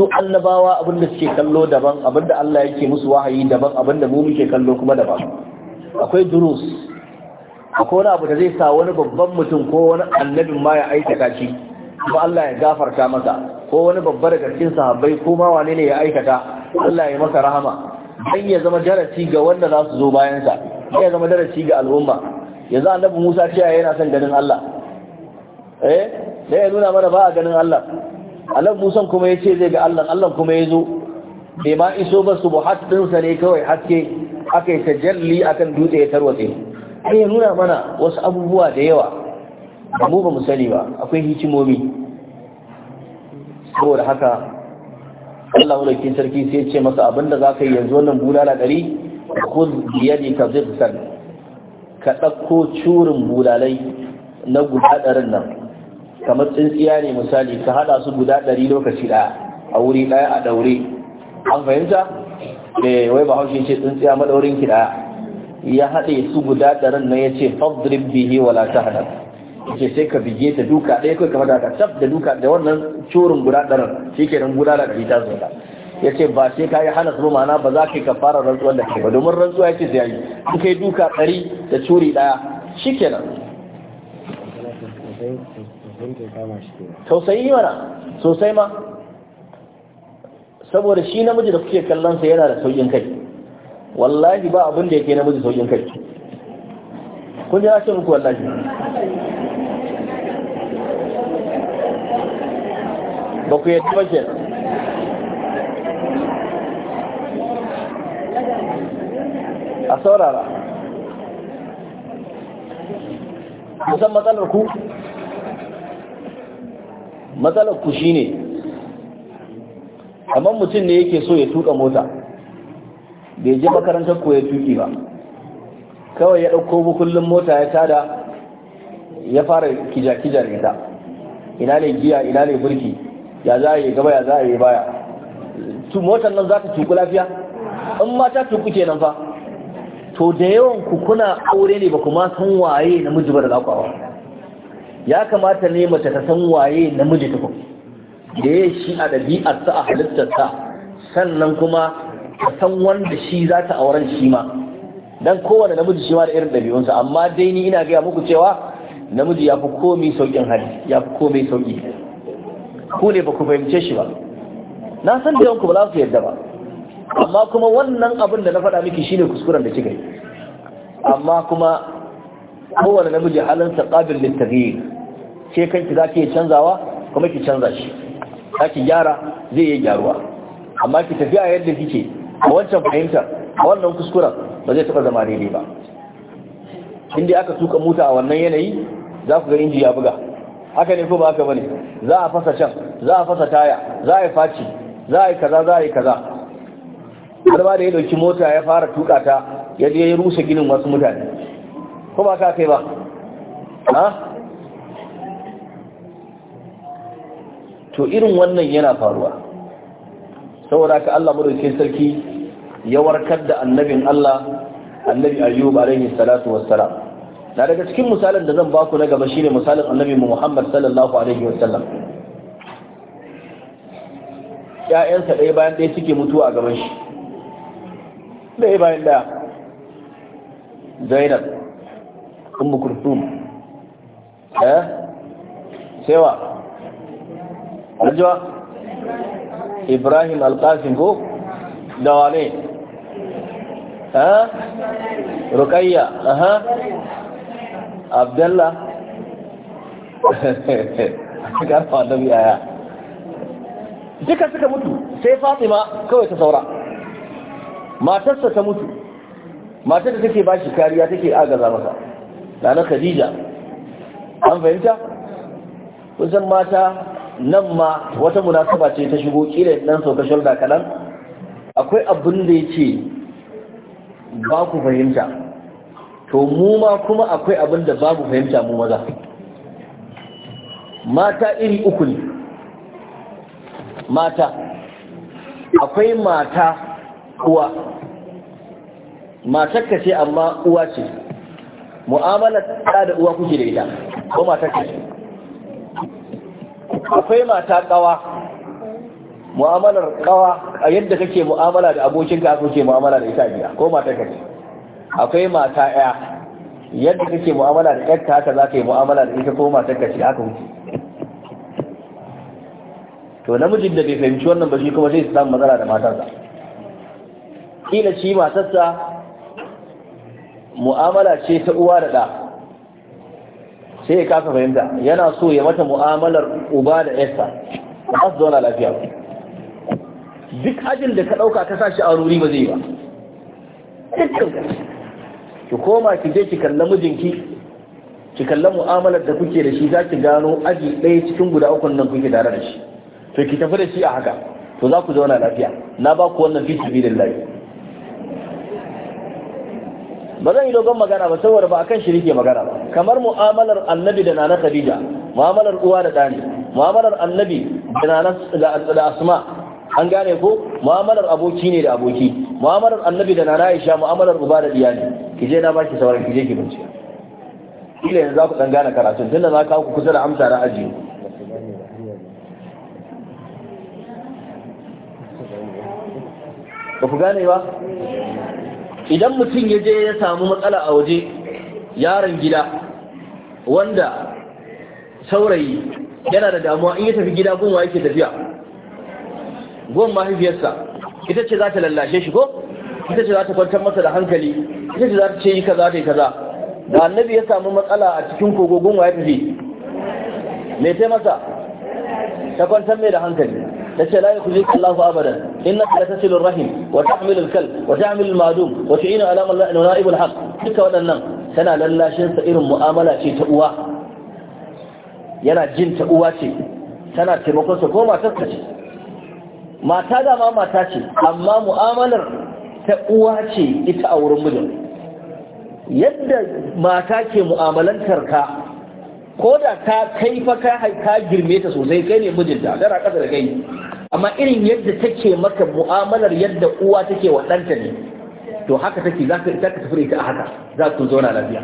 su annabawa abinda suke kallo daban abinda Allah yake musu wahayi daban abinda mu muke kallo kuma daban akwai durus akwai wani abu da zai sa wani babban mutum ko wani annabin ma ya aikata shi kuma Allah ya gafarta masa ko wani babba daga cikin sahabbai ko ma wane ne ya aikata Allah ya masa rahama dan ya zama darasi ga wanda za su zo bayan sa ya zama darasi ga al'umma yanzu annabi Musa cewa yana son ganin Allah eh sai ya nuna mana ba a ganin Allah Allah Musa kuma ya ce zai ga allah allah kuma ya zo bai ma iso ba su buhat ɗinsa ne kawai haske aka yi tajalli akan dutse ya tarwatse ai ya nuna mana wasu abubuwa da yawa ba mu ba mu sani ba akwai hikimomi saboda haka Allah mulkin sarki sai ya ce masa abinda za ka yi yanzu wannan bulala ɗari khudh bi zai zibsan ka ɗauko curin bulalai na guda ɗarin nan kamar tsintsiya ne misali ka hada su guda ɗari lokaci ɗaya a wuri ɗaya a ɗaure an fahimta da eh, wai ba haushin ce tsintsiya maɗaurin ki ɗaya ya haɗe su guda ɗarin na ya ce fadrin bihi wala ta tahdab ce sai ka bige ta duka ɗaya kai kamar da tab da duka da wannan curin guda ɗarin shi ke nan guda da ɗari ta zo ya ce ba sai ka yi hana su ma'ana ba za ka yi kafarar rantsuwar da ke ba domin rantsuwa ya ce sai yi in kai duka ɗari da curi ɗaya shi nan yi mana sosai ma saboda shi namiji da kuke kallon sa yana da saukin kai wallahi ba abin da yake namiji saukin kai kun ji na ce muku wallahi ba ku yadda ba a saurara kusan matsalar ku matsalar ku shi ne. kamar mutum ne yake so ya tuka mota bai je makarantar ko ya tuki ba kawai ya ɗauko bukullin mota ya tada ya fara kija-kija da ita ina ne giya ina ne burki ya za a yi gaba ya za a yi baya motar nan za ta tuku lafiya in mata ta tuku kenan fa to da yawan ku kuna aure ne ba kuma san waye namiji ba da zakawa ya kamata ne mace ta san waye namiji tukun da ya shi a ɗabi'arsa a halittarsa sannan kuma ta san wanda shi za ta auren shi ma Don kowane namiji shi ma da irin ɗabi'unsa amma dai ni ina gaya muku cewa namiji ya fi komai sauƙin hali ya fi komi sauƙi ku ne ba ku fahimce shi ba na san da yanku ba za su yarda ba amma kuma wannan abin da na faɗa miki shine kuskuren da kika yi amma kuma kowane namiji halinsa qabil litaghyir ce kanki zaki canzawa kuma ki canza shi ki gyara zai yi gyaruwa amma ki tafi a yadda kike a wancan fahimtar a wannan kuskuren ba zai taɓa zama daidai ba inda aka tuka mota a wannan yanayi za ku ga inji ya buga haka ne ko ba haka bane za a fasa can za a fasa taya za a yi faci za a yi kaza za a yi kaza har ba da ya ɗauki mota ya fara tuka ta ya je ya rusa ginin wasu mutane ko ba ka kai ba ha to irin wannan yana faruwa saboda ka Allah madaukakin sarki ya warkar da annabin Allah annabi ayyub alaihi salatu wassalam na daga cikin misalin da zan ba ku na gaba shine misalin annabi Muhammad sallallahu alaihi wasallam ƴaƴansa ɗaya bayan ɗaya suke mutuwa a gaban shi ɗaya bayan ɗaya Zainab ummu kurtum eh sewa ajwa ibrahim al alqasim ko dawane ha ruqayya aha abdullah ga fadami aya duka suka mutu sai fatima kawai ta saura matarsa ta mutu matar da take bashi kariya take agaza masa na khadija an fahimta kusan mata nan ma wata munasaba ce ta shigo kila dan sauka shulda kaɗan akwai abin da yake ba ku fahimta to mu ma kuma akwai abin da ba babu fahimta mu maza mata iri uku ne mata akwai mata uwa matakka ce amma uwa ce mu'amalar ta da uwa kuke da ita ko matar ka akwai mata kawa mu'amalar kawa a yadda kake mu'amala da abokinka aka kuke mu'amala da ita biya ko matar ka akwai mata ɗaya yadda kake mu'amala da ƴarka haka za ka yi mu'amala da ita ko matar ka ce haka kuke to namijin da bai fahimci wannan ba shi kuma zai samu matsala da matarsa kila shi matarsa mu'amala ce ta uwa da ɗa sai ya kasa fahimta yana so ya mata mu'amalar uba da yasa ba su zauna lafiya ba, duk ajin da ka ɗauka ka sa shi a ruri ba zai ba ki koma ki je ki kalla mijinki ki kalla mu'amalar da kuke da shi za ki gano aji ɗaya cikin guda ukun nan kuke tare da shi to ki tafi da shi a haka to za ku zauna lafiya na ba ku wannan fi lafiya ba zan yi dogon magana ba saboda ba akan shirike magana ba kamar mu'amalar annabi da nana khadija mu'amalar uwa da ɗani mu'amalar annabi da nana da asma an gane ko mu'amalar aboki ne da aboki mu'amalar annabi da nana aisha mu'amalar uba da iyali. ne ki je na baki sauran ki je ki bincika kila yanzu za ku dan gane karatun tunda za ka ku kusa da amsa na aji ba ku gane ba idan mutum ya je ya samu matsala a waje yaron gida wanda saurayi yana da damuwa in ya tafi gida gunwa yake tafiya gun mahaifiyarsa ita ce za ta lallashe shi ko ita ce za ta kwantar masa da hankali ita ce za ta ce yi kaza ta yi kaza da annabi ya samu matsala a cikin kogo, wa ya tafi mai sai masa ta kwantar mai da hankali tace la yukhzika Allah abadan innaka la tasilu rahim wa tahmilu al-kal wa ta'milu al-madum wa tu'inu ala man haq duka wadannan tana lallashin irin mu'amala ce ta uwa yana jin ta ce tana taimakon sa ko matar ce mata dama mata ce amma mu'amalar ta'uwa ce ita a wurin mijin yadda mata ke mu'amalantar ka ko da ta kai fa ka ka girme ta sosai kai ne mijinta dara kasa da kai amma irin yadda take maka mu'amalar yadda uwa take wa ɗanta ne to haka take za ka ta tafi ita a haka za ku zauna lafiya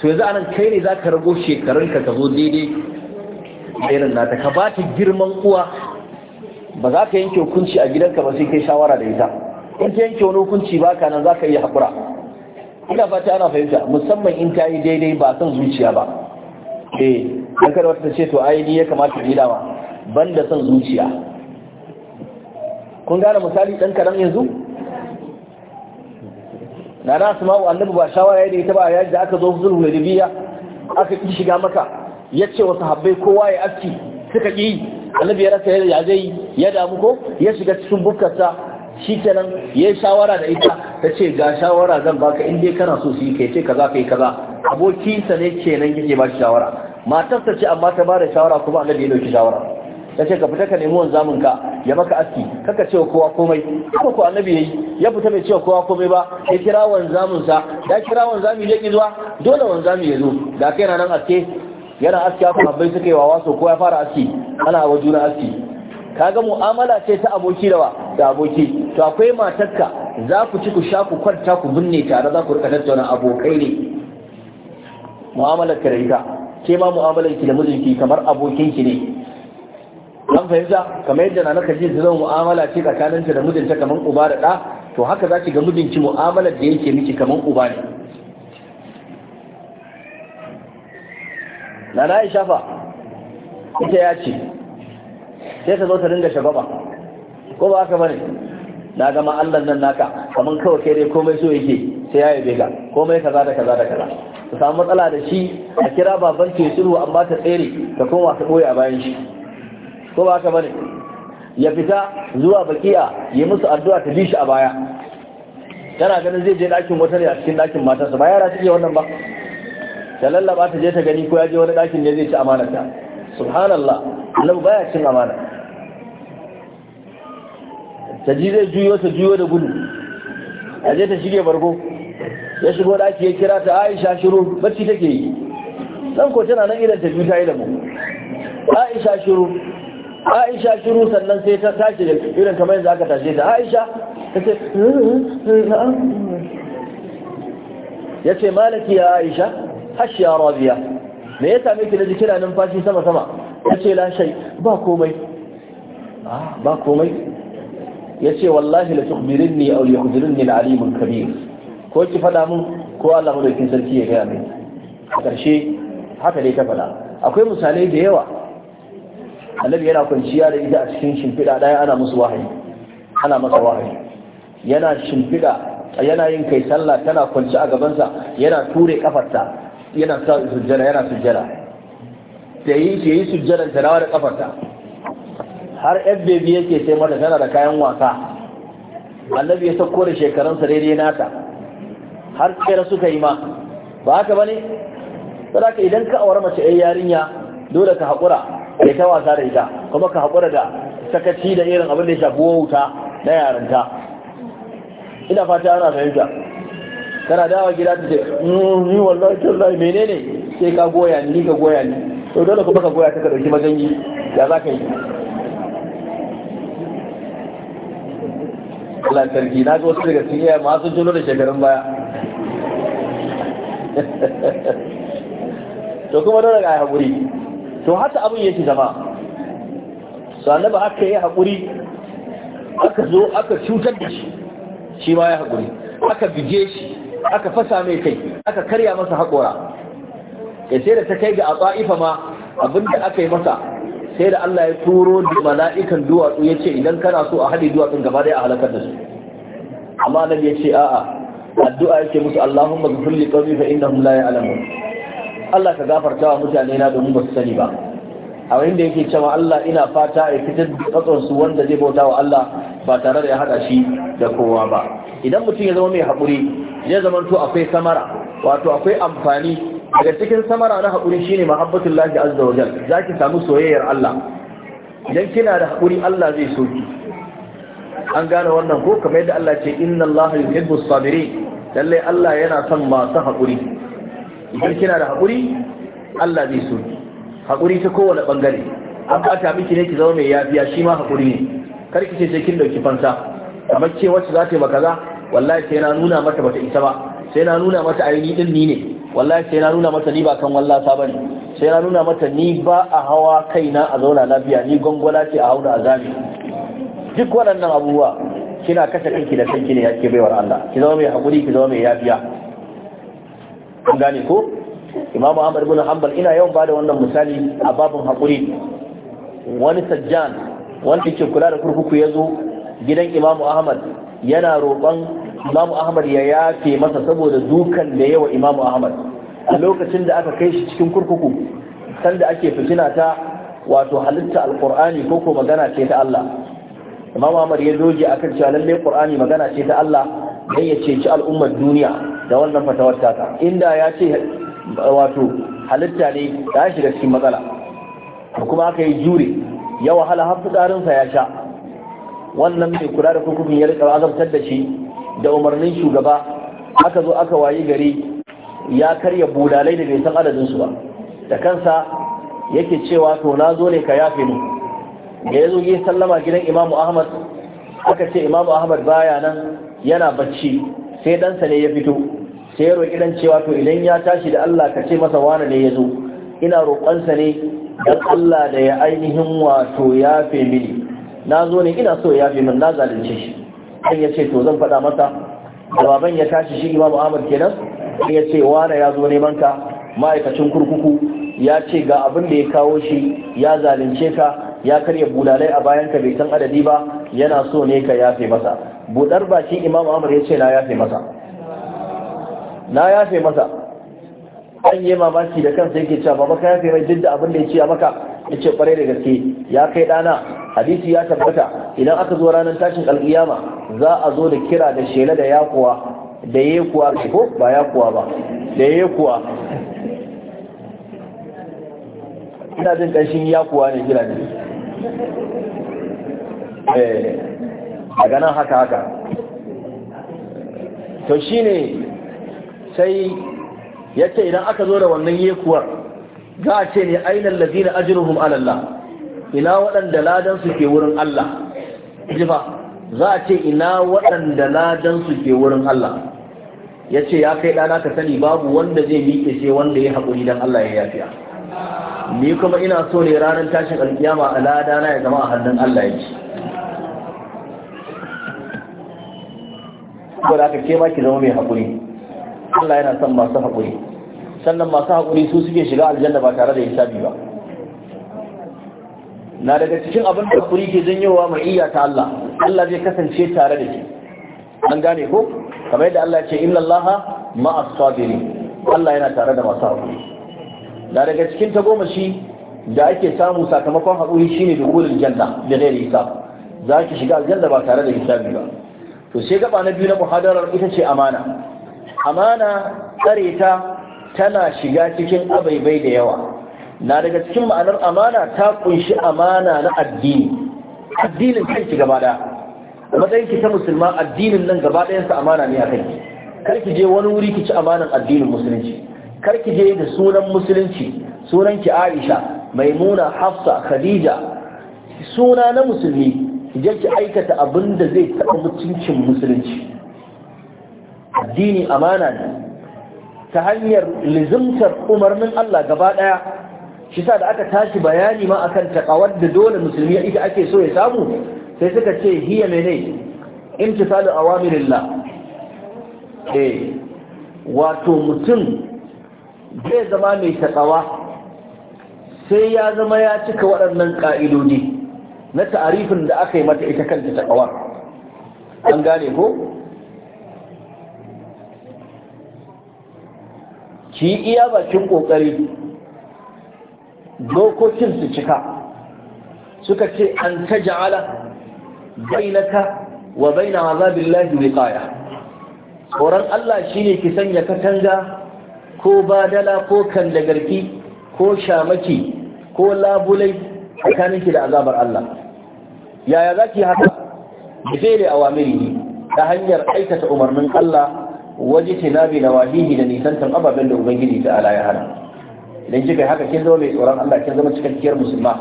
to yanzu anan kai ne za ka rago shekarunka ka zo daidai irin nata ka ba ta girman uwa ba za ka yanke hukunci a gidanka ba sai kai shawara da ita in ka yanke wani hukunci ba ka nan za ka iya haƙura ina fata ana fahimta musamman in ta yi daidai ba san zuciya ba eh dan kada ce to ai ni ya kamata ni dama banda son zuciya kun gane misali dan karam yanzu na na asma'u annabi ba shawara yayi da ita ba yaji da aka zo sulhu hudaybiya aka ki shiga maka yace wa sahabbai kowa ya aski suka ki annabi ya rasa ya zai ya damu ko ya shiga cikin bukkarsa shikenan yi shawara da ita ta ce ga shawara zan baka in ya kana so su yi kai ce kaza kai kaza abokinsa ne kenan yake ba shi shawara matarsa ce amma ta da shawara kuma annabi ya dauki shawara Ta ce ka fita ka nemi wanzamin ka ya maka aski kaka cewa kowa komai kuma ko annabi yi, ya fita bai cewa kowa komai ba ya kira wanzamin sa ya kira wanzami ya zuwa, dole wanzamin ya zo da kai na nan aske yana aski aka habbai suka yi wawa so ko ya fara aski ana wa juna aski kaga mu'amala ce ta aboki rawa da aboki to akwai matarka za ku ci ku sha ku kwanta ku binne tare za ku rika tattauna abokai ne mu'amalar ka da ke ma mu'amalar ki da mijinki kamar abokin ki ne an fahimta kamar yadda na naka ji zama mu'amala ce ta da mijinta kamar uba da ɗa to haka za ki ga mijinki mu'amalar da yake miki kamar uba ne Nana na ya shafa ita ya ce sai ta zo ta dinga shagwaba ko ba haka bane na gama Allah nan naka kaman kawai kai dai komai so yake sai ya yabe ka komai kaza da kaza da kaza ta samu matsala da shi a kira baban ke sulhu amma ta tsere ta koma ta boye a bayan shi ko ba haka bane ya fita zuwa bakiya ya musu addu'a ta bi shi a baya tana ganin zai je ɗakin wata ne a cikin ɗakin matarsa ba yara suke wannan ba ta lallaba ta je ta gani ko ya je wani dakin ne zai ci amanarta subhanallah annabi baya cin amana ta ji zai juyo ta juyo da gudu Aje ta shige bargo ya shigo daki ya kira ta aisha shiru bacci take yi dan ko tana nan idan ta biyu ta yi da mu aisha shiru aisha shiru sannan sai ta tashi da irin kamar yanzu aka tashe ta aisha ta ce ya ce malaki ya aisha hashi ya Da ya same ki da ji kira numfashi sama sama yace la shay ba komai ah ba komai yace wallahi la tukhbirinni aw yukhbirinni al-alim al-kabir ko ki fada mun ko Allah madaukin sarki ya gaya mai a ƙarshe haka dai ta fada akwai misalai da yawa annabi yana kwanciya da ita a cikin shimfiɗa ɗaya ana musu wahayi ana masa wahayi yana shimfiɗa yana yin kai sallah tana kwanci a gabansa yana ture kafarta yana sa sujjada yana sujjada ta yi ta yi ta dawo da kafarta har fbb yake sai mata tana da kayan wasa annabi ya sauko da shekarunsa daidai nata har kera suka yi ma ba haka ne? saboda idan ka aure mace ai yarinya dole ka haƙura da ta wasa da ita kuma ka haƙura da sakaci da irin abin da ya shafi wauta na yarinta ina fata ana fahimta kana dawa gida ta ce mm, ni wallahi tallahi menene sai ka goya ni ka goya ni to dole kuma ka goya ta ka dauki mazanyi ya za ka yi Allah sarki na ga wasu daga cikin yaya masu julo da shekarun baya *laughs* to kuma dole ga hakuri, to haka abin yake zama sannan annaba aka yi hakuri, aka zo aka cutar da shi shi ma ya haƙuri aka bige shi aka fasa mai kai aka karya masa haƙora ya sai da ta kai ga a ma abinda aka yi masa sai da Allah ya turo da mala'ikan duwatsu ya ce idan kana so a haɗe duwatsun gaba da a halakar da su amma nan ya ce a'a addu'a yake musu Allahumma ghfir li qawmi fa innahum la ya'lamun Allah ka gafarta wa mutane na domin ba su sani ba a wani da yake cewa Allah ina fata ya fitar da tsatson su wanda zai bauta wa Allah ba tare da ya hada shi da kowa ba idan mutum ya zama mai haƙuri ya zamanto akwai samara wato akwai amfani daga cikin samara na haƙuri shine mahabbatul lahi azza wajal zaki samu soyayyar Allah idan kina da haƙuri Allah zai so ki an gane wannan ko kamar yadda Allah ce inna Allah yuhibbu sabirin lalle Allah yana son masu haƙuri idan kina da haƙuri Allah zai so ki haƙuri ta kowane bangare an bata miki ne ki zama mai yafiya shi ma haƙuri ne kar ki ce sai kin dauki fansa kamar ce wacce za ta yi maka wallahi sai na nuna mata bata isa ba sai na nuna mata aini din ni ne wallahi sai na nuna mata ni ba kan wallasa bane sai na nuna mata ni ba a hawa kaina a zauna lafiya ni gwangwala ce a hauna azami duk waɗannan abubuwa kina kashe kanki da kanki ne yake baiwar Allah ki zama mai hakuri ki zama mai yafiya kun gane ko Imam Ahmad ibn Hanbal ina yawan bada wannan misali a babin hakuri wani sajjan wanda ke kula da kurkuku ya zo gidan Imam Ahmad yana roƙon Imam Ahmad ya yafe masa saboda dukan da yawa Imam Ahmad a lokacin da aka kai shi cikin kurkuku sanda ake fitina ta wato halitta alqur'ani ko ko magana ce ta Allah Imam Ahmad ya doge akan cewa lalle Qur'ani magana ce ta Allah dan ya ceci al'ummar duniya da wannan fatawar ta inda ya ce wato halitta ne da shiga cikin matsala kuma aka yi jure ya wahala har sa ya sha wannan mai kula da kurkukun ya rika azabtar da shi da umarnin shugaba aka zo aka wayi gari ya karya budalai da bai san adadin su ba da kansa yake cewa to na zo ne ka yafe mu da ya yi sallama gidan imamu ahmad aka ce imamu ahmad baya nan yana bacci sai ɗansa ne ya fito sai ya roƙi ɗan cewa to idan ya tashi da allah ka ce masa wane ne ya zo ina roƙonsa ne Dan allah da ya ainihin wato yafe mini na zo ne ina so ya fi min na zalunce shi sai ya ce to zan faɗa masa da baban ya tashi shi imamu Amur kenan sai ya ce wane ya zo neman ka ma'aikacin kurkuku ya ce ga abin da ya kawo shi ya zalunce ka ya karya bulalai a bayan ka bai san adadi ba yana so ne ka yafe masa budar ba shi imamu amur ya ce na yafe masa na yafe masa an yi mamaki da kansa yake cewa baba ka yafe mai duk abin da ya ce maka ya ce kwarai da gaske ya kai ɗana hadisi ya tabbata idan aka zo ranar tashin alkiyama za a zo da kira da shela da yakuwa da yakuwa ko ba yakuwa ba da yakuwa ina jin ƙanshin yakuwa ne kira ne eh daga nan haka haka to shine sai yace idan aka zo da wannan yekuwar za a ce ne ainihin lazina ajiruhum alallah ina waɗanda ladan su ke wurin Allah jifa za a ce ina waɗanda ladan su ke wurin Allah ya ce ya kai ɗana ka sani babu wanda zai miƙe sai wanda ya haƙuri don Allah ya yafiya ni kuma ina so ne ranar tashin alkiyama a ladana ya zama a hannun Allah ya ce. ko da aka ke ma ki zama mai haƙuri Allah yana son masu haƙuri sannan masu haƙuri su suke shiga aljanna ba tare da hisabi ba na daga cikin abin da kuri ke janyowa mai iya ta Allah Allah zai kasance tare da shi an gane ko kamar yadda Allah ce inna Allah ma'as sabiri Allah yana tare da masu haƙuri na daga cikin tagomashi da ake samu sakamakon haƙuri shine dukulul janna da ghairi hisab za ki shiga aljanna ba tare da hisabi ba to sai gaba na biyu na muhadarar ita ce amana amana tsare ta tana shiga cikin abaibai da yawa na daga cikin ma'anar amana ta kunshi amana na addini addinin kanki gaba daya matsayin ki ta musulma addinin nan gaba sa amana ne a kai? kar ki je wani wuri ki ci amanan addinin musulunci kar ki je da sunan musulunci sunan ki Aisha Maimuna Hafsa Khadija suna na musulmi ki je ki aikata abin da zai taɓa mutuncin musulunci addini amana ne ta hanyar lizimtar umarnin Allah gaba ɗaya shi sa da aka tashi bayani ma akan takawar da dole musulmi ita ake so ya samu sai suka ce hiya menene imtisalu awamirillah eh wato mutum zai zama mai takawa sai ya zama ya cika waɗannan ƙa'idodi na ta'arifin da aka yi mata ita kanta takawa an gane ko ki iya bakin ƙoƙari dokokin su cika suka ce an taj'ala bainaka wa baina azabillahi wiqaya tsoron Allah shine ki sanya katanga ko badala ko garki ko shamaki ko labulai tsakaninki da azabar Allah yaya zaki haka bizele awamiri ta hanyar aikata umarnin Allah waje tinabi wahihi da nisantar ababen da ubangiji ta ala ya hana idan kika haka kin zama mai tsoron Allah kin zama cikakkiyar musulma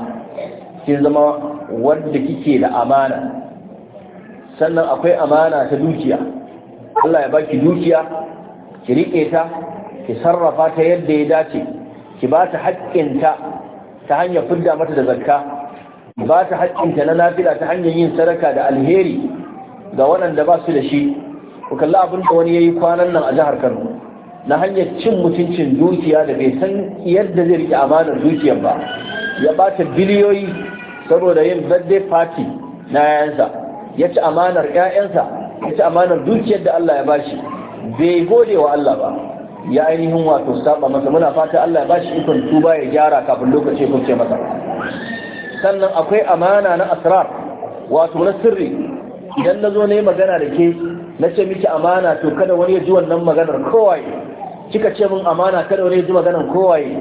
kin zama wanda kike da amana sannan akwai amana ta dukiya Allah ya baki dukiya ki rike ta ki sarrafa ta yadda ya dace ki ba ta haƙƙinta ta hanyar fidda mata da zakka ba ta haƙƙinta na nafila ta hanyar yin sadaka da alheri ga waɗanda ba su da shi ku kalli abin da wani yayi kwanan nan a jihar Kano na hanyar cin mutuncin dukiya da bai san yadda zai rike amanar dukiyar ba ya bata biliyoyi saboda yin birthday party na yayansa ya ci amanar 'ya'yansa ya ci amanar dukiyar da Allah ya bashi bai gode wa Allah ba ya ainihin wato saba masa muna fata Allah ya bashi ikon tuba ya gyara kafin lokaci kun ce masa sannan akwai amana na asrar wato na sirri idan na zo na magana da ke na ce miki amana to kada wani ya ji wannan maganar kowai kika ce min amana kada wani ji maganan kowaye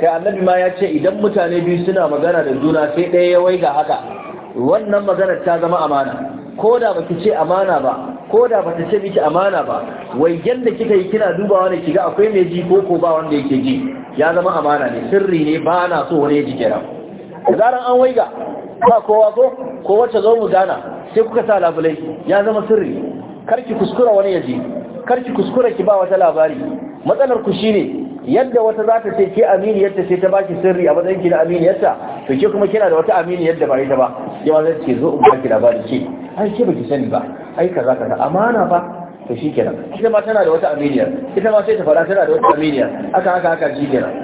kai annabi ma ya ce idan mutane biyu suna magana da juna sai ɗaya ya wai ga haka wannan maganar ta zama amana ko da baki ce amana ba ko da bata ce miki amana ba Wai da kika yi kina dubawa ne kiga akwai mai ji ko ko ba wanda yake ji ya zama amana ne sirri ne ba na so wani ya ji kira zaran an waiga ba kowa ko ko wacce zo mu gana sai kuka sa labulai ya zama sirri karki kuskura wani yaji karki kuskura ki ba wata labari matsalar ku shine yadda wata za ta ce ke aminiyarta ce ta baki sirri a matsayin ki na aminiyarta to ke kuma kina da wata amini yadda ba ita ba yawa za ce zo in baki labari ce ai ke baki sani ba ai kaza kaza amana ba to shi kenan, ita ma tana da wata aminiyar ita ma sai ta fara tana da wata aminiyar haka haka haka kenan.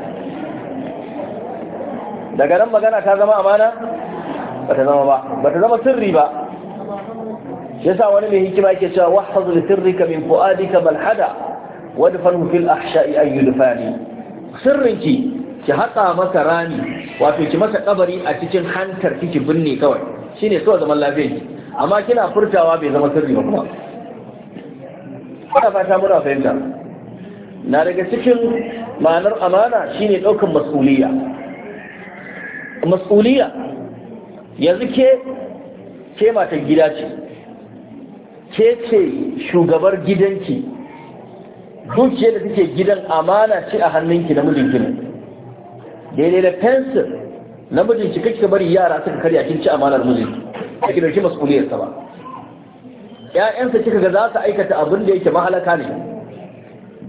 daga nan magana ta zama amana ba ta zama ba ba ta zama sirri ba yasa wani mai hikima yake cewa wahfaz li sirrika min fuadika malhada wadfanhu fil ahsha'i an yulfani sirrinki ki haka masa rami wato ki masa kabari a cikin hantar kiki binne kawai shine so zaman lafiya ki amma kina furtawa bai zama sirri ba kuma ina fata muna fahimta na daga cikin ma'anar amana shine ɗaukan mas'uliyya mas'uliyya yanzu ke ke matan gida ce ke ce shugabar gidanki dukiyar da take gidan amana ce a hannunki na mijinki ne daidai da fensir na mijinki kake bari yara suka karya kin ci amanar mijinki kake dauki sa ba ƴaƴansa kika ga za su aikata abin da yake mahalaka ne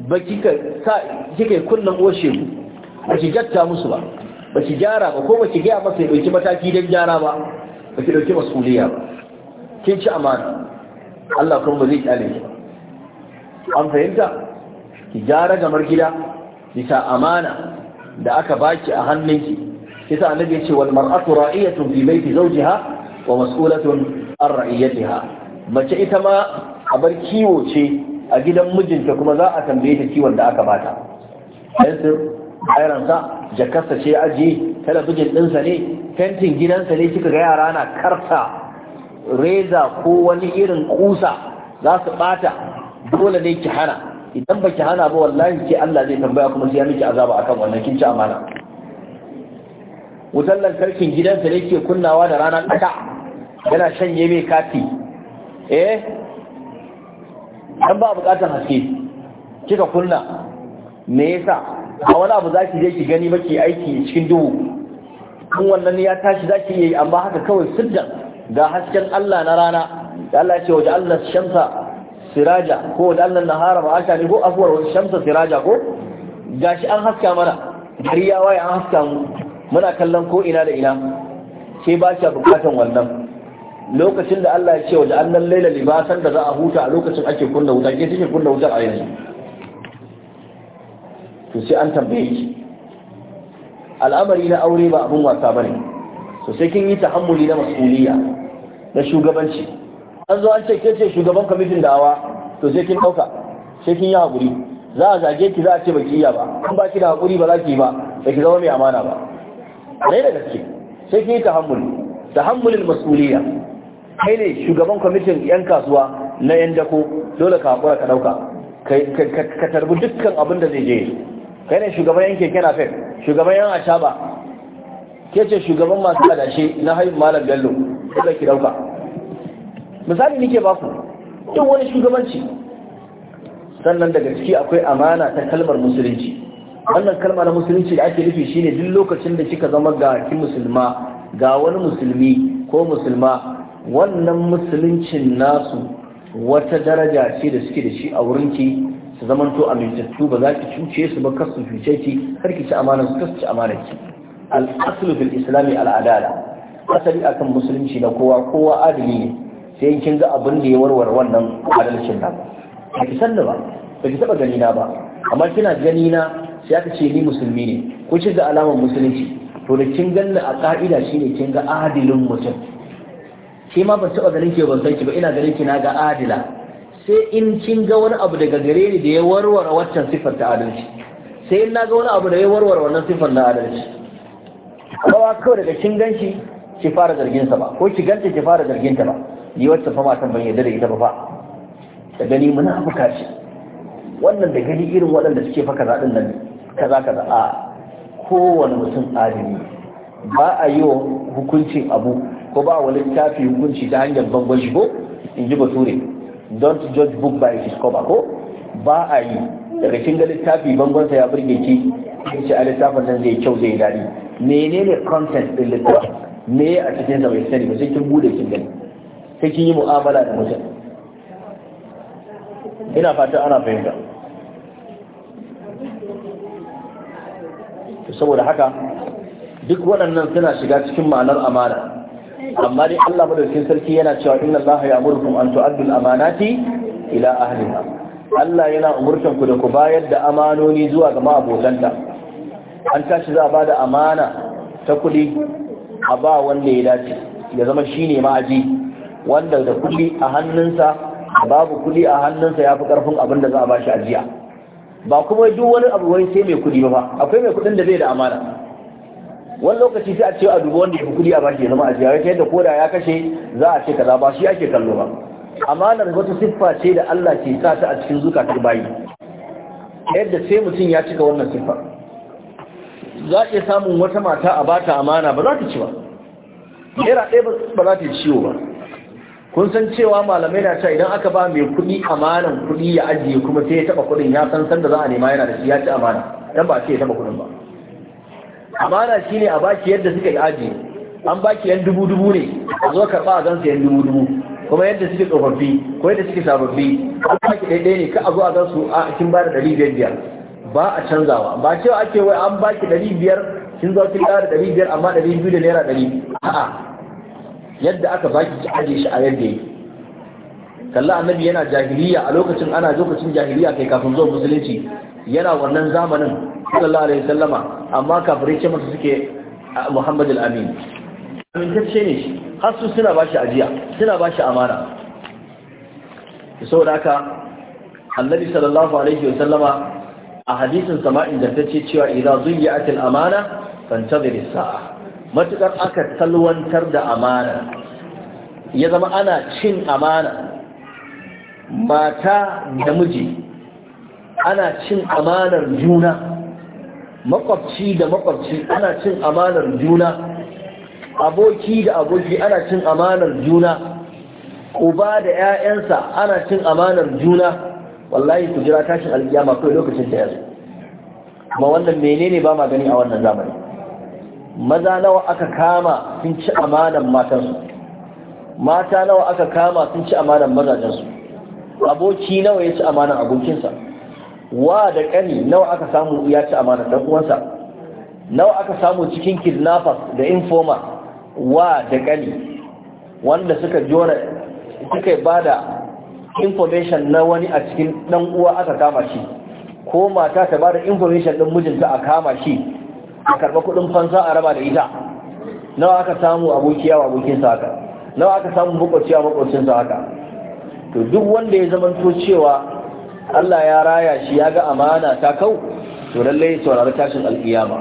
ba kika sa kika kullun oshe ku ba ki jatta musu ba ba ki gyara ba ko ba ki gaya masa ya dauki mataki don gyara ba ba ki dauki masuliya ba kin ci amana Allah kuma zai kyale shi an fahimta ki gyara gamar gida bisa amana da aka baki a hannunki kisa annabi ya ce wal mar'atu ra'iyatun fi baiti zawjiha wa mas'ulatun an ra'iyatiha mace ita ma abar kiwo ce a gidan mijinta kuma za a tambaye ta kiwon da aka bata fensir bayaransa jakarsa ce ajiye talabijin ɗinsa ne fentin gidansa ne kika ga yara na karta reza ko wani irin kusa za su bata dole ne ki hana idan ba ki hana ba wallahi ke Allah zai tambaya kuma sai ya miki azaba akan wannan kin ci amana wutar lantarkin gidansa ne ke kunnawa da ranar ƙasa yana shanye mai kati eh dan ba buƙatar haske kika kunna me yasa a wani abu za ki je ki gani ba ki aiki cikin duhu kun wannan ya tashi za ki yi amma haka kawai siddan Da hasken Allah na rana da Allah ce waje Allah shamsa siraja ko waje Allah nahara ba aka ne ko afuwar waje shamsa siraja ko Ga shi an haska mana gari ya waye an haska mu muna kallon ko ina da ina ke ba shi bukatan wannan lokacin da Allah ya ce waje Allah laila libasan da za a huta a lokacin ake kunna wuta ke take kunna wutar a yanzu to sai an tambaye shi al'amari na aure ba abun wasa bane to sai kin yi ta'ammuli na mas'uliyya na shugabanci an zo an ce ke shugaban kwamitin dawa to sai kin dauka sai kin yi hakuri za a zage ki za a ce baki iya ba an ba ki da hakuri ba za ki ba Sai ki zama mai amana ba dai da gaske sai kin yi ta'ammuli tahammulin mas'uliyya kai ne shugaban kwamitin yan kasuwa na yan dako dole ka hakura ka dauka ka tarbi dukkan abin da zai je kai ne shugaban yan keke na fek shugaban yan ashaba. ke ce shugaban masu adashe na hayin malam bello da ki dauka misali nike ba ku duk wani shugabanci sannan daga ciki akwai amana ta kalmar musulunci wannan kalmar na musulunci da ake nufi shine duk lokacin da kika zama ga ki musulma ga wani musulmi ko musulma wannan musuluncin nasu wata daraja ce da suke da shi a wurin ki su zamanto amintattu ba za ki cuce su ba kasu cuce ki kar ki ci amana su kasu ci amana ki al'aslu fil islami al'adala asali a kan musulunci na kowa kowa adali ne sai kin ga abin da ya warware wannan adalcin nan ba ki san ba ba ki taba gani na ba amma kina gani na sai aka ce ni musulmi ne ko ce ga alamar musulunci to da kin ganna a ka'ida shine kin ga adilin mutum ke ma ban taba ganin ke ban san ki ba ina ganin ki na ga adila sai in kin ga wani abu daga gare ni da ya warware waccan sifar ta adalci sai in na ga wani abu da ya warware wannan sifar na adalci kawa kawai daga cin ganshi ki fara zargin sa ba ko ki ganta ki fara zargin ta ba ni wacce fa matan ban yarda da ita ba fa da gani munafuka ce wannan da gani irin waɗanda suke fa kaza din nan kaza kaza a kowane mutum adini ba a yi wa hukuncin abu ko ba wani tafi hukunci ta hanyar bangon shi ko in ji bature don't judge book by its cover ko ba a yi daga kin ga littafi bangonsa ya burge ki sai ce a littafin nan zai kyau zai daɗi menene content ɗin littafin me a cikin sa bai sani ba sai kin bude kin gani sai kin yi mu'amala da mutum ina fata ana fahimta saboda haka duk waɗannan suna shiga cikin ma'anar amana amma dai Allah madaukakin sarki yana cewa inna Allah ya amurkum an tu'addu al-amanati ila ahliha Allah yana umurtan ku da ku bayar da amanoni zuwa ga ma'abotanta an tashi za a ba da amana ta kuɗi a ba wanda ya dace ya zama shi ne ma'aji wanda da kudi a hannunsa babu kuɗi a hannunsa ya fi ƙarfin abin da za a ba shi ajiya ba kuma duk wani abu wani sai mai kuɗi ba akwai mai kuɗin da bai da amana wani lokaci sai a ce a duba wanda ya fi kuɗi a bashi ya zama ajiya ta yadda koda ya kashe za a ce kaza ba shi ake kallo ba amanar wata siffa ce da Allah ke sa ta a cikin zukatan bayi yadda sai mutum ya cika wannan siffa za iya samun wata mata a bata amana ba za ta ci ba naira ɗaya ba za ta ciwo ba kun san cewa malamai na ta idan aka ba mai kuɗi amanan kuɗi ya ajiye kuma sai ya taɓa kuɗin ya san san da za a nema yana da shi ya ci amana dan ba sai ya taɓa kuɗin ba amana shine a baki yadda suka yi ajiye an baki yan dubu dubu ne a zo karɓa a gansa yan dubu dubu kuma yadda suke tsofaffi ko yadda suke sababbi an baki ɗaiɗai ne ka a zo a gansu a cikin ba da ɗari biyar biyar ba a canzawa ba cewa ake wai an baki ɗari biyar kin zo kin ƙara ɗari biyar amma ɗari biyu da naira ɗari a'a yadda aka baki ki aje shi a yadda yake kalla annabi yana jahiliya a lokacin ana lokacin jahiliya kai kafin zuwa musulunci yana wannan zamanin sallallahu alaihi wasallama amma kafirai ce masa suke Muhammad al-Amin amintacce ne shi har su suna bashi ajiya suna bashi amana saboda haka annabi sallallahu alaihi wasallama a hadisin sama'in ta ce cewa idza zuyyat al-amana fantazir saa matukar aka talwantar da amana ya zama ana cin amana mata da miji ana cin amanar juna makwabci da makwabci ana cin amanar juna aboki da aboki ana cin amanar juna uba da 'ya'yansa ana cin amanar juna wallahi ku jira tashin alkiyama kawai lokacin da ya zo kuma wannan menene ba ma gani a wannan zamani maza nawa aka kama sun ci amanan matansu mata nawa aka kama sun ci amanan mazajensu aboki nawa ya ci amanan abokinsa wa da ƙani nawa aka samu ya ci amanan ɗan uwansa nawa aka samu cikin kidnappers da informer wa da ƙani wanda suka jora suka ba da information na wani a cikin dan uwa aka kama shi ko mata ta bada information din mijinta a kama shi a karba kudin fansa a raba da ita nawa aka samu abokiya wa abokinsa haka nawa aka samu makwaciya sa haka to duk wanda ya zamanto cewa Allah ya raya shi ya ga amana ta kau to lallai saurari tashin alkiyama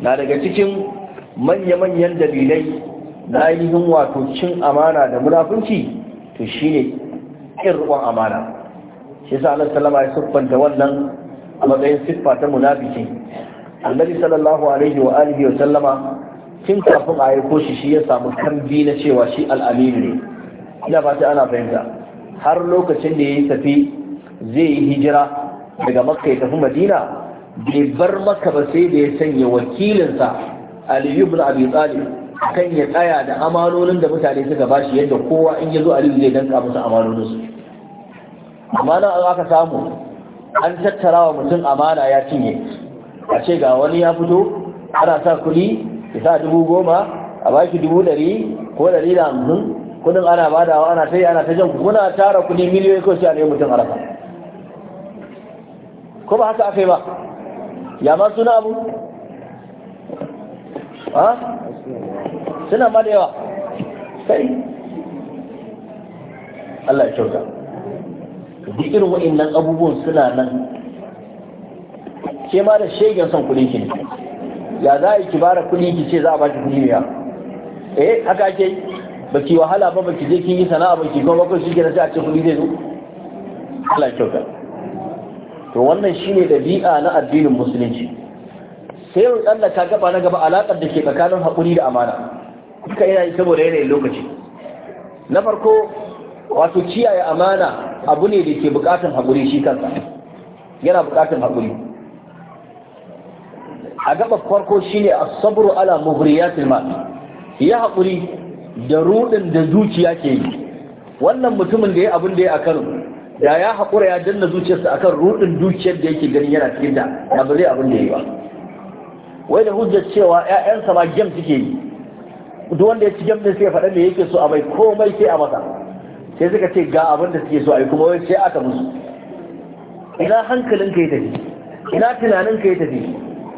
na daga cikin manya-manyan dalilai na ainihin wato cin amana da munafunci to shine ƙin riƙon amana shi yasa Allah sallama ya siffanta wannan a matsayin siffa ta munafiki annabi sallallahu alaihi wa alihi wa sallama tun kafin a aiko shi shi ya samu kambi na cewa shi al'aminu ne ina fata ana fahimta har lokacin da ya tafi zai yi hijira daga makka ya tafi madina bai bar maka ba sai da ya sanya wakilinsa aliyu bin abi talib akan ya tsaya da amanonin da mutane suka ba shi yadda kowa in ya zo aliyu zai danka musu amanonin su nan an aka samu an tattara wa mutum amana ya cinye a ce ga wani ya fito ana sa kuɗi ya sa dubu goma a shi dubu ɗari ko ɗari da hamsin kuɗin ana badawa ana ta yi ana ta jan kuna tara kuɗi miliyoyi ko sai a nemi mutum rafa ko ba haka aka yi ba ya ma suna abu suna ma da yawa sai Allah ya kyauta duk irin wa'annan abubuwan suna nan ke ma da shegen son kudin ki ya za a yi kibara kuɗi ki ce za a baki kuɗi ya eh haka ke yi ba ki wahala ba ba ki je kin yi sana'a ba ki kuma ba shi ke sai a ce kudi zai zo Allah ya kyauta to wannan shine ɗabi'a na addinin musulunci sai mu tsallaka gaba na gaba alaƙar da ke tsakanin haƙuri da amana duka yana yi saboda yanayin lokaci na farko wato ciyaye amana abu ne da ke bukatun haƙuri shi kansa yana bukatun haƙuri a gaba farko ne a sabru ala ya mal ya haƙuri da rudin da zuciya ke yi wannan mutumin da ya abin da ya a Kano da ya haƙura ya danna zuciyarsa akan rudin dukiyar da yake ganin yana cikin da ba zai abin da ya yi ba wai da hujjar cewa 'ya'yansa ma gem suke yi duk wanda ya ci gam sai ya faɗa me yake so a mai komai sai a masa sai suka ce ga abin da suke so a yi kuma wai sai aka musu ina hankalin ka ya tafi ina tunanin ka ya tafi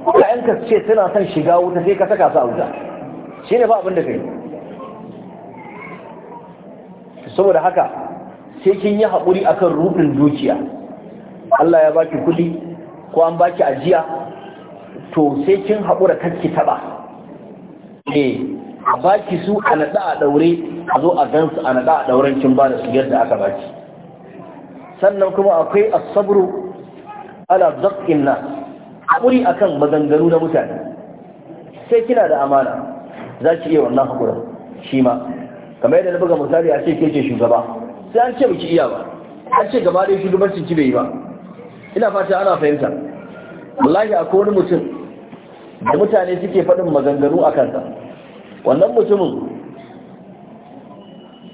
ƴaƴanka ka ce suna son shiga wuta sai ka saka su a wuta ne ba abin da yi. saboda haka sai kin yi haƙuri akan rubin dukiya Allah ya baki kuɗi ko an baki ajiya to sai kin haƙura kanki taɓa eh a baki su a naɗa a ɗaure a zo a gansu a naɗa a ɗauren kin ba da su yadda aka baki sannan kuma akwai asabru ala zaƙin na haƙuri a kan maganganu na mutane sai kina da amana za ki iya wannan haƙurin shi ma kamar yadda na buga misali a ce ke ce shugaba sai an ce biki iya ba an ce gaba ɗaya shugabancin ki bai yi ba ina fata ana fahimta wallahi akwai wani mutum da mutane suke faɗin maganganu a kansa wannan mutumin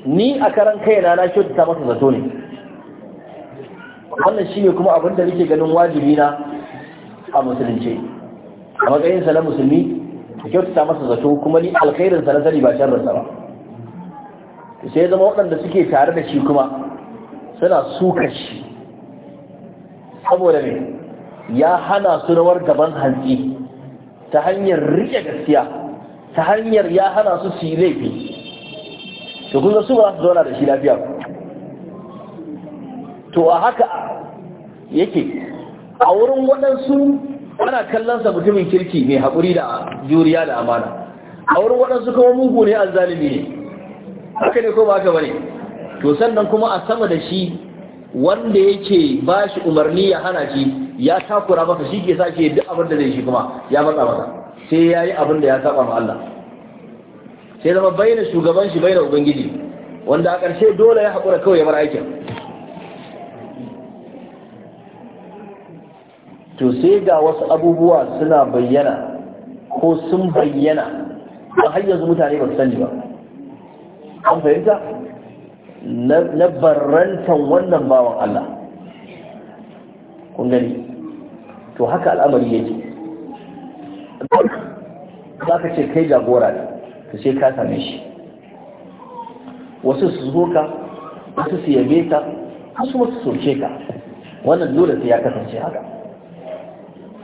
ni a karan kaina na kyautata masa zato ne wannan shi ne kuma abin da nake ganin wajibi na a musulunci a matsayinsa na musulmi a kyautata masa zato kuma ni alkhairinsa na sani ba sharrinsa ba sai zama waɗanda suke tare da shi kuma suna suka shi saboda ne ya hana su gaban hantsi ta hanyar riƙe gaskiya ta hanyar ya hana su su yi laifi to kun su ba su zauna da shi lafiya to a haka yake a wurin waɗansu ana kallonsa mutumin kirki mai haƙuri da juriya da amana a wurin waɗansu kuma mugu ne zalimi ne haka ne ko ba haka bane to sannan kuma a sama da shi wanda yake ba shi umarni ya hana shi ya takura masa shi ke sa ke duk abin da zai shi kuma ya matsa masa sai ya yi abin da ya saba ma Allah sai zama bayyana shugaban shi bayyana ubangiji wanda a ƙarshe dole ya haƙura kawai ya bar aikin to sai ga wasu abubuwa suna bayyana ko sun bayyana ba har yanzu mutane ba su sani ba an fahimta na barrantan wannan bawan Allah kun gani to haka al'amari yake za ka ce kai jagora ne ka ce ka same shi wasu su zo ka wasu su yabe ka wasu wasu soke ka wannan dole sai ya kasance haka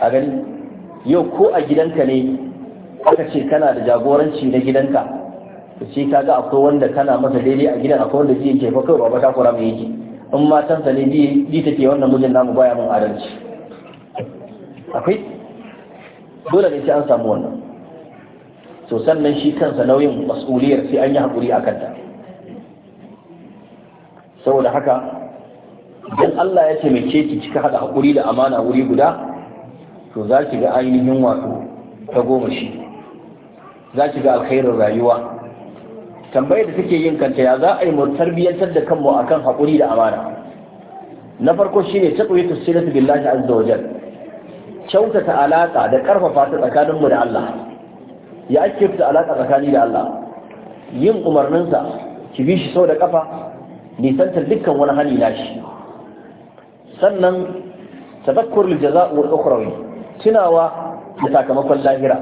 a gani yau ko a gidanka ne aka ce kana da jagoranci na gidanka ka ce ka ga akwai wanda kana masa daidai a gidan akwai wanda jiye ke fa kawai ba ta kura mai yake in matansa ne bi take wannan mijin namu baya mun adalci akwai dole ne sai an samu wannan to sannan shi kansa nauyin mas'uliyar sai an yi haƙuri a kanta saboda haka idan Allah ya taimake ki cika haɗa haƙuri da amana wuri guda to za ki ga ainihin wato ta goma shi za ki ga alkhairin rayuwa tambayar da take yin kanta ya za a yi mu tarbiyyantar da kanmu akan haƙuri da amana na farko shine taqwiyatu sirati billahi azza wajalla kyautata alaƙa da ƙarfafa ta tsakaninmu da Allah ya ake fita alaƙa tsakani da Allah yin umarninsa ki bi shi sau da ƙafa nisantar dukkan wani hali nashi sannan tafakkur lil jaza'u wal ukhrawi tunawa da sakamakon lahira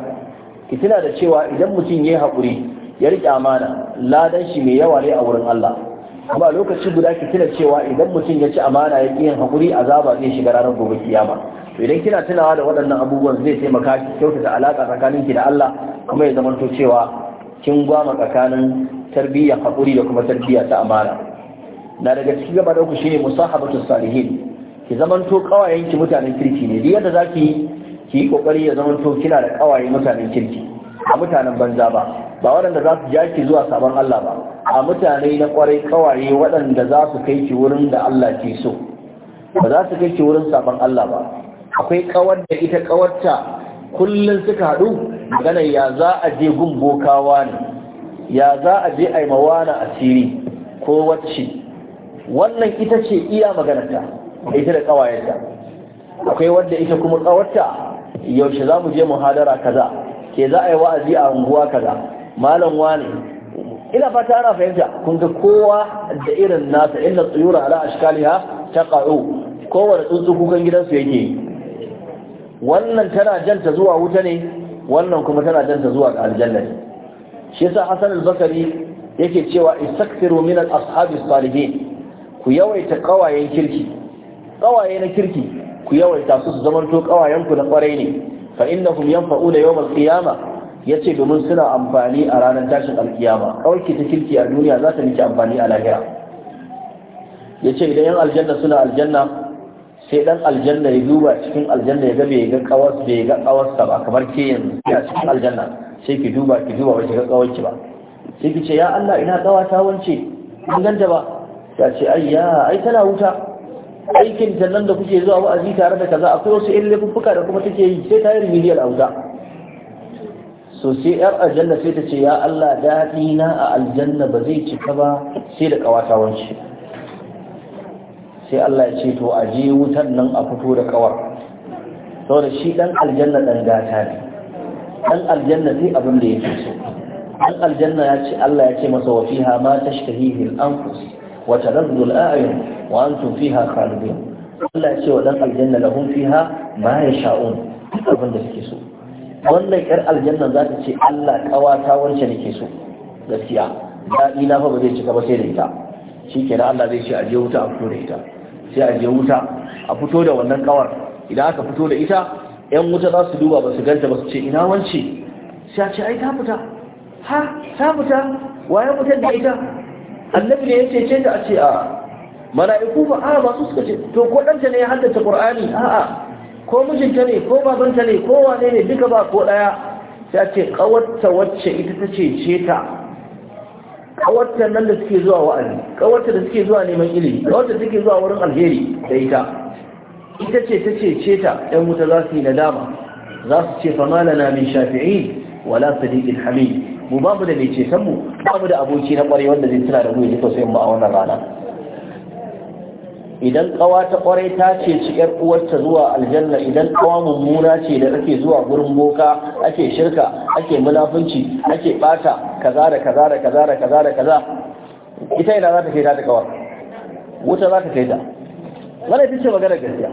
ki tuna da cewa idan mutum yayi hakuri ya riƙe amana ladan shi mai yawa ne a wurin Allah kuma lokaci guda ki tuna cewa idan mutum ya ci amana ya ƙi yin hakuri azaba zai shiga ranar gobe kiyama idan kina tunawa da waɗannan abubuwan zai taimaka ki kyautata alaka tsakanin ki da Allah kuma ya zamanto cewa kin gwama tsakanin tarbiyya hakuri da kuma tarbiyya ta amana na daga cikin gaba da ku shine musahabatu salihin ki zamanto kawayen ki mutanen kirki ne duk yadda zaki ki yi kokari ya zamanto kina da kawaye mutanen kirki a mutanen banza ba ba waɗanda za su ja ki zuwa sabon Allah ba a mutane na kwarai kawaye waɗanda za su kai ki wurin da Allah ke so ba za su kai ki wurin sabon Allah ba akwai kawar da ita kawarta kullum suka haɗu maganar ya za a je gun bokawa ne ya za a je aimawa na asiri ko wacce wannan ita ce iya maganarta ita da kawayenta akwai wadda ita kuma kawarta yaushe za mu je muhadara kaza ke za a yi wa'azi a unguwa kaza malam wane ina fata ana fahimta kun ga kowa da irin nasa inda tsayura ala ashkaliha ta ƙaru. kowane tsuntsu kukan gidansu yake wannan tana janta zuwa wuta ne wannan kuma tana janta zuwa ga aljanna ne shi yasa Hassan al-Bakari yake cewa istakfiru min al-ashabi salihin ku yawaita kawayen kirki kawaye na kirki ku yawaita su su zamanto kawayen ku na kwarai ne fa innahum yanfa'una yawm al-qiyama yace domin suna amfani a ranar tashin alkiyama kawarki ta kirki a duniya za ta miki amfani a lahira yace idan yan aljanna suna aljanna sai dan aljanna ya duba cikin aljanna ya ga bai ga kawas bai ga kawarsa ba kamar ke yanzu a cikin aljanna sai ki duba ki duba wace ga kawarki ba sai ki ce ya Allah ina kawata wance kun ganta ba Ya ce ai ai tana wuta aikin jannan da kuke zuwa wa'azi tare da kaza akwai wasu irin laifuffuka da kuma take yi sai ta yi remedial a wuta so sai yar aljanna sai ta ce ya Allah daɗi na a aljanna ba zai cika ba sai da kawata wance sai Allah ya ce to a je wutan nan a fito da kawar saboda shi dan aljanna dan gata ne dan aljanna sai abin da yake so dan aljanna ya ce Allah ya ce masa wa fiha ma tashtahihi al-anfus wa taladdu al-a'yun wa antum fiha khalidun Allah ya ce wa dan aljanna lahum fiha ma yasha'un abin da suke so wannan yar aljanna za ta ce Allah kawata wance nake so gaskiya daɗi na fa ba zai cika ba sai da ita shi kenan Allah zai ce a je wuta a fito da ita sai a je wuta a fito da wannan kawar idan aka fito da ita yan wuta za su duba ba su ganta ba su ce ina wance sai a ce ai ta fita ha ta fita waye fitar da ita annabi ne ya cece ta a ce a mala'iku ba a ba su suka ce to ko danta ne ya haddace qur'ani a'a ko mijinta ne ko babanta ne ko wane ne duka ba ko ɗaya sai a ce kawarta wacce ita ta cece ta kawarta nan da suke zuwa wa'azi kawarta da suke zuwa neman ilimi kawarta suke zuwa wurin alheri da ita ita ce ta ce ce ta ɗan wuta za su yi nadama za su ce fama lana min shafi'i wala sadiqin hamid mu babu da mai ceton mu babu da aboki na ƙwarai wanda zai tuna da mu ya ji tausayin mu a wannan rana idan kawa ta kwarai ta ce ci yar uwarta zuwa aljanna idan kawa mummuna ce da ake zuwa gurin boka ake shirka ake munafunci ake bata kaza da kaza da kaza da kaza da kaza ita ina za ta kai ta kawar wuta za ta kai ta wannan fice ce magana gaskiya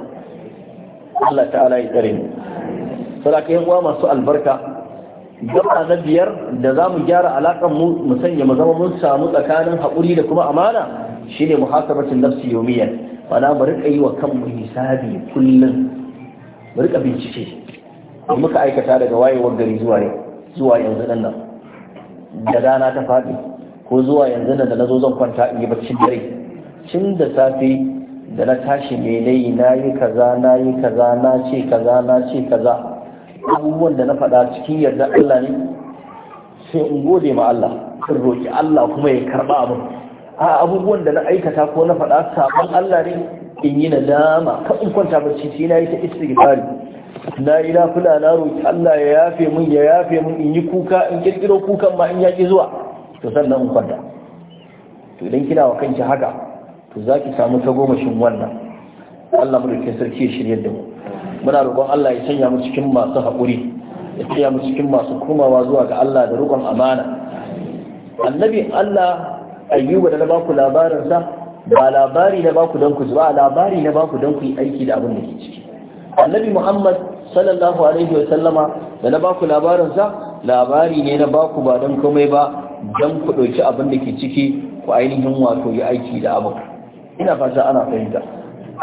Allah ta'ala ya tsare ni. saboda yan uwa masu albarka gaba na biyar da za mu gyara alakan mu mu sanya mu zama mun samu tsakanin haƙuri da kuma amana shine muhasabacin nafsi yawmiyan mana mu rika yi wa kanmu hisabi kullum mu rika bincike da muka aikata daga wayewar gari zuwa zuwa yanzu nan nan da rana ta faɗi ko zuwa yanzu nan da na zan kwanta in yi baccin dare cin da safe da na tashi me nayi na yi kaza na yi kaza na ce kaza na ce kaza abubuwan da na faɗa cikin yarda Allah ne sai in gode ma Allah in roƙi Allah kuma ya karɓa abin a abubuwan da na aikata ko na faɗa sabon Allah ne in yi nadama ka in kwanta barci sai na yi ta istighfari na yi nafila na roƙi Allah ya yafe min ya yafe min in yi kuka in ƙirƙiro kukan ma in yaƙi zuwa to sannan in kwanta to idan kina wa kanki haka to za ki samu ta goma wannan Allah mulkin sarki ya shirya da mu muna roƙon Allah ya sanya mu cikin masu haƙuri ya sanya mu cikin masu komawa zuwa ga Allah da roƙon amana annabi Allah ayyuba da na baku sa ba labari na baku don ku ba labari na baku don ku yi aiki da abin da ke ciki annabi muhammad sallallahu alaihi wa sallama da na baku sa labari ne na baku ba don komai ba don ku ɗauki abin da ke ciki ku ainihin wato yi aiki da abin ina fata ana fahimta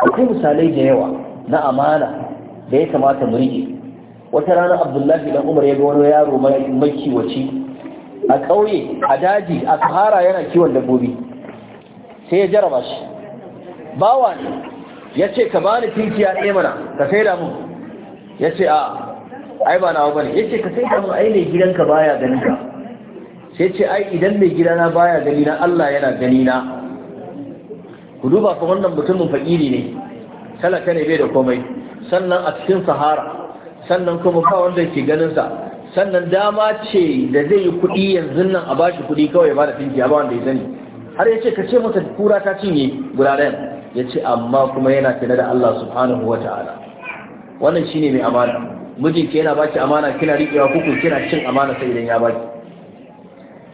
akwai misalai da yawa na amana da ya kamata mu rike wata rana abdullahi dan umar ya ga wani yaro mai makiwaci a ƙauye a daji a sahara yana kiwon dabbobi sai ya jaraba shi bawa ne ya ce ka bani tinkiya ɗaya mana ka sai da mun ya ce a ai ba nawa bane ya ce ka sai da mun ai mai gidanka baya gani ka sai ce ai idan mai gidana baya gani na Allah yana gani na ku duba fa wannan mutumin fakiri ne talaka ne bai da komai sannan a cikin sahara sannan kuma ba wanda ke ganin sa sannan dama ce da zai yi kuɗi yanzu nan a bashi kuɗi kawai ba da tinki a ba wanda ya zani. har ya ce ka ce masa kura ta cinye guda ɗayan ya ce amma kuma yana tana da Allah subhanahu wa ta'ala wannan shi ne mai amana mijinki yana baki amana kina riƙewa kuku kina cin amana sai idan ya baki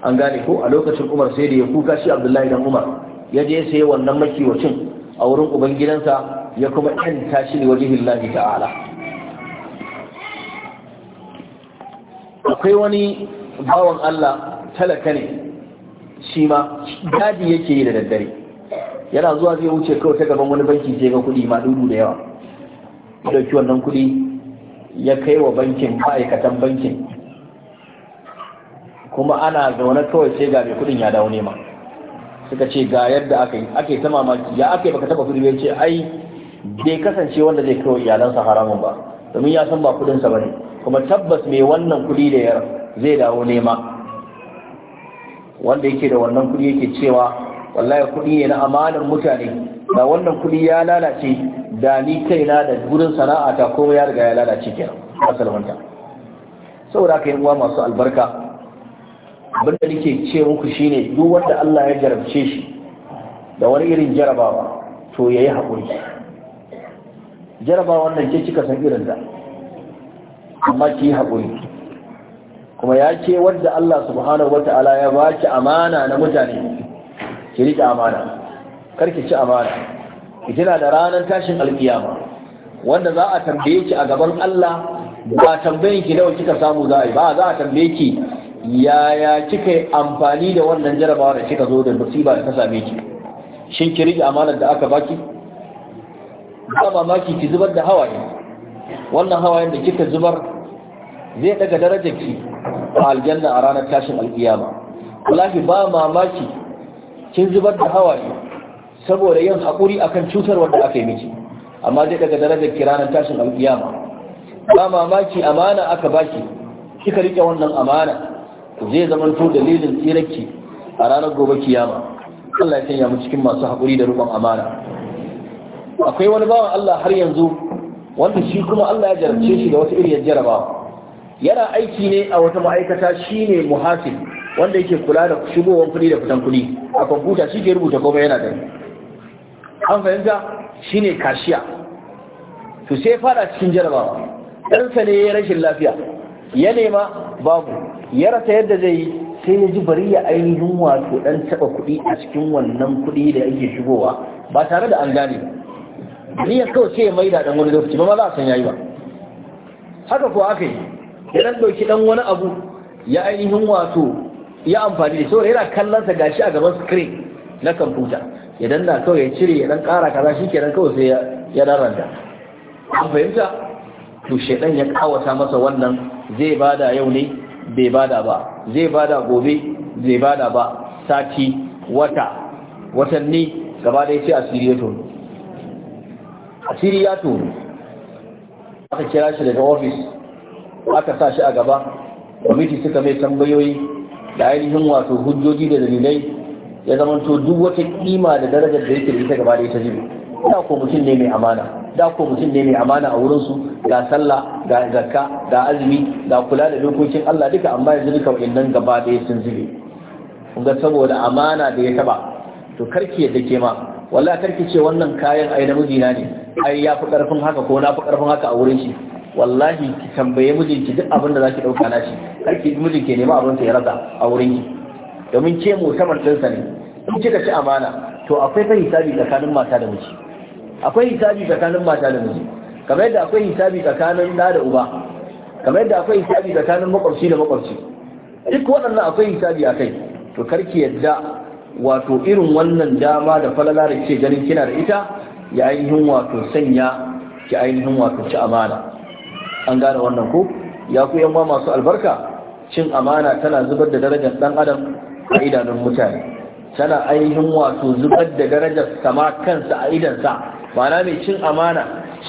an gane ko a lokacin Umar sai da ya kuka shi Abdullahi dan Umar ya je sai wannan makiwacin a wurin ubangidansa ya kuma ta shi ne wajihillahi ta'ala akwai wani bawan Allah talaka ne shi ma gadi yake yi da daddare yana zuwa zai wuce kawai ta gaban wani banki sai ga kuɗi ma dudu da yawa ya ɗauki wannan kuɗi ya kai wa bankin ma'aikatan bankin kuma ana zaune kawai sai ga mai kuɗin ya dawo nema suka ce ga yadda aka yi ake ta mamaki ya ake baka taba kuɗi ya ce ai bai kasance wanda zai kawo iyalansa haramun ba domin ya san ba kuɗinsa ba ne kuma tabbas mai wannan kuɗi da yar zai dawo nema wanda yake da wannan kuɗi yake cewa wallahi kuɗi ne na amanar mutane da wannan kuɗi ya lalace da ni kaina da gurin sana'a ta ko ya riga ya lalace kenan asalwanta saboda haka yin uwa masu albarka da nake ce muku shine duk wanda Allah ya jarabce shi da wani irin jarabawa to yayi haƙuri jarabawa wannan ke kika san irin da amma ki haƙuri kuma ya ce wadda Allah subhanahu wata'ala ya ba ki amana na mutane ki riƙe amana kar ki ci amana ki da ranar tashin alkiyama wanda za a tambaye ki a gaban Allah ba tambayin ki nawa kika samu za a yi ba za a tambaye ki yaya kika yi amfani da wannan jarabawa da kika zo da musiba da ta same ki shin ki riƙe amanar da aka baki ba mamaki ki zubar da hawaye wannan hawayen da kika zubar zai daga darajar ki a aljanna a ranar tashin alkiyama wallahi ba mamaki kin zubar da hawaye saboda yin haƙuri akan cutar wanda aka yi miki amma zai daga darajar ki ranar tashin alkiyama ba mamaki amana aka baki kika rike wannan amana zai zama to dalilin tsirarki a ranar gobe kiyama Allah ya sanya mu cikin masu hakuri da rubon amana akwai wani bawan Allah har yanzu wanda shi kuma Allah ya jarabce shi da wata iriyar jarabawa yana aiki ne a wata ma'aikata shine muhasib wanda yake kula da shigowar kuɗi da fitan kuɗi a kwamfuta shi ke rubuta komai yana da an fahimta shine kashiya to sai fada cikin jarabawa ɗansa ne ya rashin lafiya ya nema babu ya rasa yadda zai yi sai ya ji bari ya ainihin wato ɗan taɓa kuɗi a cikin wannan kuɗi da yake shigowa ba tare da an gane niyyar kawai sai ya maida dan wani lokaci ba ma za a san yayi ba haka kuwa aka yi ya dan ɗauki dan wani abu ya ainihin wato ya amfani da saboda yana kallon sa gashi a gaban screen na kamfuta, ya da kawai ya cire ya dan kara kaza shi kenan kawai sai ya dan ranta an fahimta to shedan ya kawata masa wannan zai bada yau ne bai bada ba zai bada gobe zai bada ba sati wata watanni gaba da ya ce asiri A asiri ya tono aka kira shi daga ofis aka sa shi a gaba kwamiti suka mai tambayoyi da ainihin wato hujjoji da dalilai ya zamanto duk wata kima da darajar da yake da ita gaba da ita jibi da ko mutum ne mai amana da ko mutum ne mai amana a wurinsu ga sallah ga zakka ga azumi ga kula da dokokin Allah duka amma yanzu duka wayannan gaba da sun zube kun ga saboda amana da ya taba to karki yadda ke ma wallahi karki ce wannan kayan ai na mijina ne ai ya fi karfin haka ko na fi karfin haka a wurin shi wallahi ki tambaye mijinki duk abin da zaki dauka na shi karki mijin ke nema abin ta ya rasa a wurin shi domin ke musamman ɗinsa ne in kika ci amana to akwai fa hisabi tsakanin mata da miji akwai hisabi tsakanin mata da miji kamar yadda akwai hisabi tsakanin da da uba kamar yadda akwai hisabi tsakanin makwabci da makwabci duk waɗannan akwai hisabi akai to karki yadda wato irin wannan dama da falala da ke ganin kina da ita ya ainihin wato sanya ki ainihin wato ci amana an gane wannan ko ya ku yamma masu albarka cin amana tana zubar da darajar dan adam a idanun mutane tana ainihin wato zubar da darajar sama kansa a idansa ma'ana mai cin amana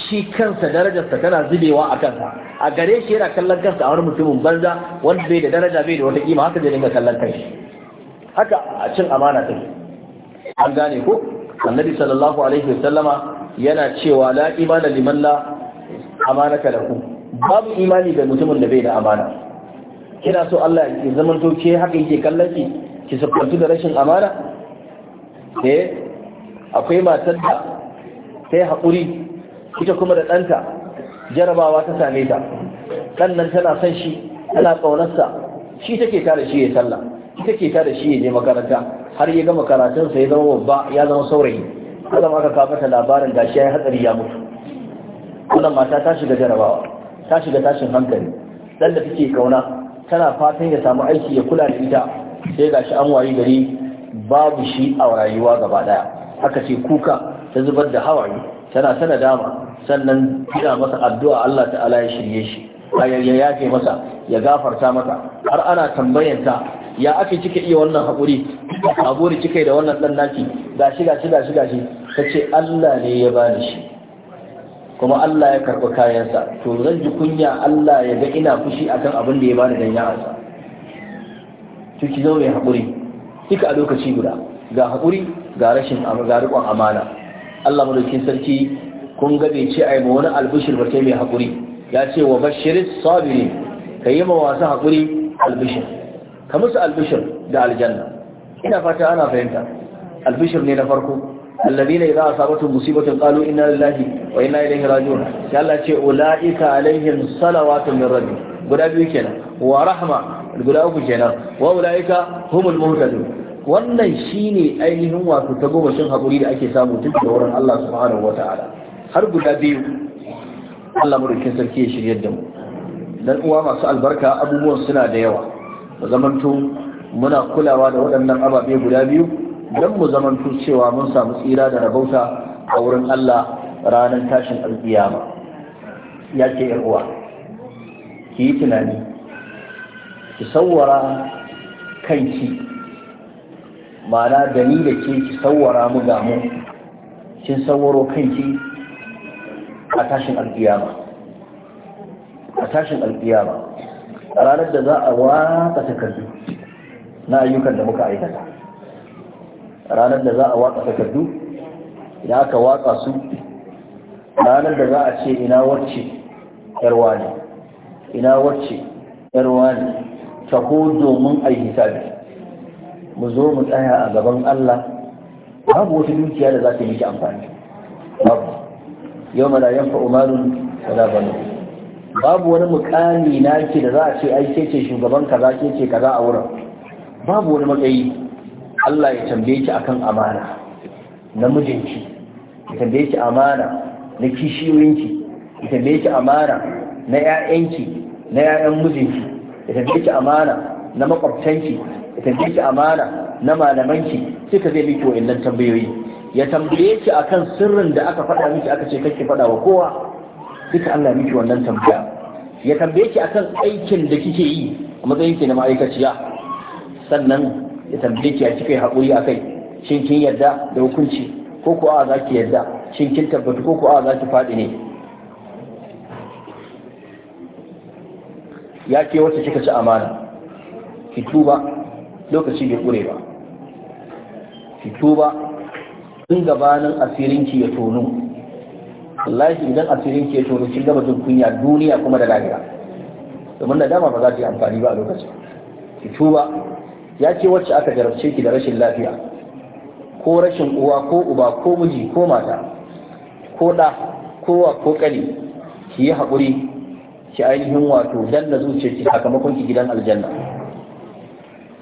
shi kansa darajarsa tana zubewa a kansa a gare shi yana kallon kansa a wani mutumin banza wanda bai da daraja bai da wata kima haka zai dinga kallon kai. haka a cin amana ke. an gane ko annabi sallallahu alaihi wasallama yana cewa la imana liman la amanaka lahu babu imani da mutumin da bai da amana kina so Allah ya zaman to ke haka yake kallon ki ki da rashin amana eh akwai matar da ta yi haƙuri ita kuma da ɗanta jarabawa ta same ta Ɗannan tana son shi tana ƙaunarsa shi take tare shi ya sallah ita ke ta da shi ya je makaranta har ya gama karatunsa ya zama babba ya zama saurayi kada ma aka kawo labarin da shi ya hatsari ya mutu wannan mata ta shiga jarabawa ta shiga tashin hankali dan da take kauna tana fatan ya samu aiki ya kula da ita sai gashi an wayi gari babu shi a rayuwa gaba daya aka ce kuka ta zubar da hawaye tana sana dama sannan kira masa addu'a Allah ta'ala ya shirye shi ya yafe masa ya gafarta mata har ana tambayanta ya ake kika iya wannan haƙuri a gori kika da wannan ɗan naki ga gashi gashi gashi ta ce Allah ne ya bani shi kuma Allah ya karɓi kayansa to zan ji kunya Allah ya ga ina fushi akan abin da ya bani dan yaransa to ki zo mai haƙuri kika a lokaci guda ga haƙuri ga rashin ga riƙon amana Allah madaukin sarki kun ga bai ce ai ma wani albishir ba mai haƙuri ya ce wa bashirin sabiri ka yi ma wasu haƙuri albishir ka musu albishir da aljanna ina fata ana fahimta albishir ne na farko alladhina idza asabatuhum musibatun qalu inna lillahi wa inna ilaihi raji'un sai Allah ce ulaika alaihim salawatun min rabbi guda biyu kenan wa rahma guda uku kenan wa ulaika humul muhtadun wannan shine ainihin wato tagomashin hakuri da ake samu tun da wurin Allah subhanahu wataala har guda biyu Allah madaukakin sarki ya shirye da mu dan uwa masu albarka abubuwan suna da yawa mu zamanto muna kulawa da waɗannan ababe guda biyu don mu zamanto cewa mun samu tsira da rabauta a wurin Allah ranar tashin alƙiyama ya ce 'Yan uwa ki yi tunani ki sauwara kanki ma'ana ni da ke ki sauwara mu ga mu kin kanki a tashin alkiyama a a ranar da za a watsa takardu na ayyukan da muka aikata ranar da za a watsa takardu idan aka waka su ranar da za a ce ina wacce yarwa ne ina wacce yarwa ne taho domin a yi hisabi mu zo mu tsaya a gaban Allah babu wata dukiya da za ta miki amfani babu yau mana yanfa umarun wala banu babu wani mukami na ke da za a ce ai kece shugaban kaza ke kaza a wurin babu wani matsayi Allah ya tambaye ki akan amana na mijinki ya tambaye ki amana na kishiyoyinki ya tambaye ki amana na ƴaƴanki na ƴaƴan mijinki ya tambaye ki amana na makwabtanki ya tambaye ki amana na malamanki sai ka zai miki wa'annan tambayoyi ya tambaye ki akan sirrin da aka faɗa miki aka ce kake faɗa wa kowa duka Allah miki wannan tambaya ya tambaye ki akan aikin da kike yi a matsayin ki na ma'aikaciya sannan ya tambaye ki a kika yi haƙuri akai shin kin yarda da hukunci ko ko a za ki yarda shin kin tabbata ko ko a za ki faɗi ne ya ke wacce kika ci amana ki tuba lokaci bai ƙure ba ki tuba sun gabanin asirinki ya tonu wallahi idan asirinki ya tonu kin gaba jin kunya duniya kuma da lahira domin da dama ba za ta yi amfani ba a lokacin ki tuba ya ce wacce aka jarabce ki da rashin lafiya ko rashin uwa ko uba ko miji ko mata ko da kowa ko kali ki yi haƙuri ki ainihin wato danna zuciyarki sakamakon ki gidan aljanna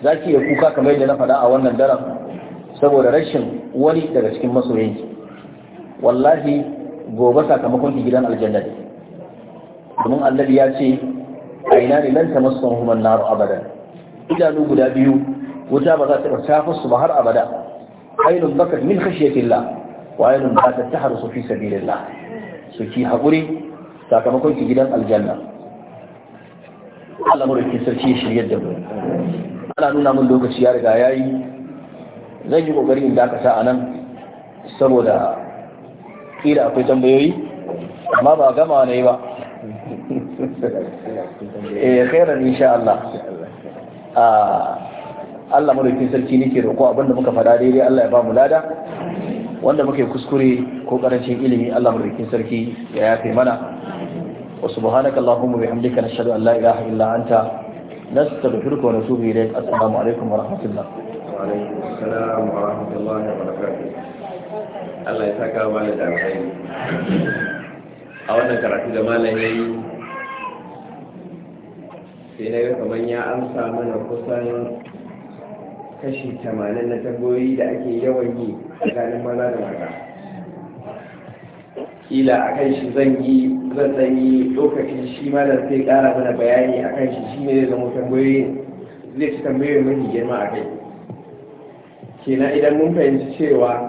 za ki iya kuka kamar yadda na faɗa a wannan daren saboda rashin wani daga cikin masoyanki wallahi gobe sakamakon ki gidan aljanna ne domin annabi ya ce a ina ne lan tamassun hum an abada idanu guda biyu wuta ba za ta tafi su ba har abada ainun bakat min khashyatillah wa ainun batat su fi sabilillah su ki hakuri sakamakon ki gidan aljanna Allah mu sarki shirye da mu ana nuna mun lokaci ya riga yayi zan yi kokari da aka sa a nan saboda kila akwai tambayoyi amma ba gama ne ba *laughs* eh khairan insha Allah ah, Allah madaukin sarki nake roƙo abinda muka faɗa daidai Allah ya ba mu lada wanda muke kuskure ko karancin ilimi Allah madaukin sarki ya yafe mana wa subhanaka allahumma bihamdika nashhadu an la ilaha illa anta نستغفرك ونتوب اليك السلام عليكم alaikum wa alaikum a wannan karatu da malam yayi sai na ga mana kusan kashi tamanin na tagoyi da ake yawan yi tsakanin maza da mata kila a kan shi zan yi zan dan yi lokacin shi ma sai kara mana bayani a kan shi shi ne zama tambayoyi zai ci tambayoyin mafi girma a kai kenan idan mun fahimci cewa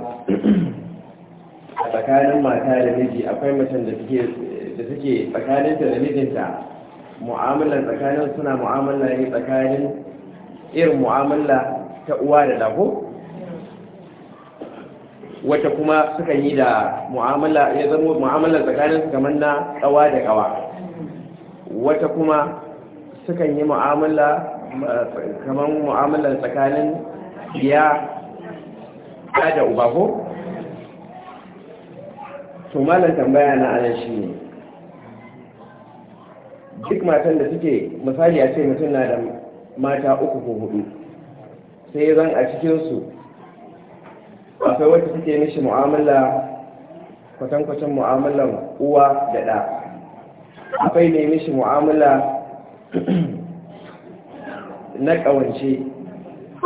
a tsakanin mata da miji akwai macen da suke tsakaninta da mijinta mu'amalan tsakanin suna mu'amala ne tsakanin irin mu'amala ta uwa da dako wata kuma suka yi da mu'amala ya zama mu'amala tsakanin su kamar na tsawa da kawa wata kuma sukan yi mu'amala eh, kamar mu'amala tsakanin ya ɗa uba ko to malam tambaya na anan shi ne duk matan da suke misali a ce mutum na da mata uku ko hudu sai zan a cikinsu akwai wata suke mishi mu'amala kwatankwacin mu'amalan uwa da ɗa akwai ne mishi mu'amala *clears throat* na ƙawance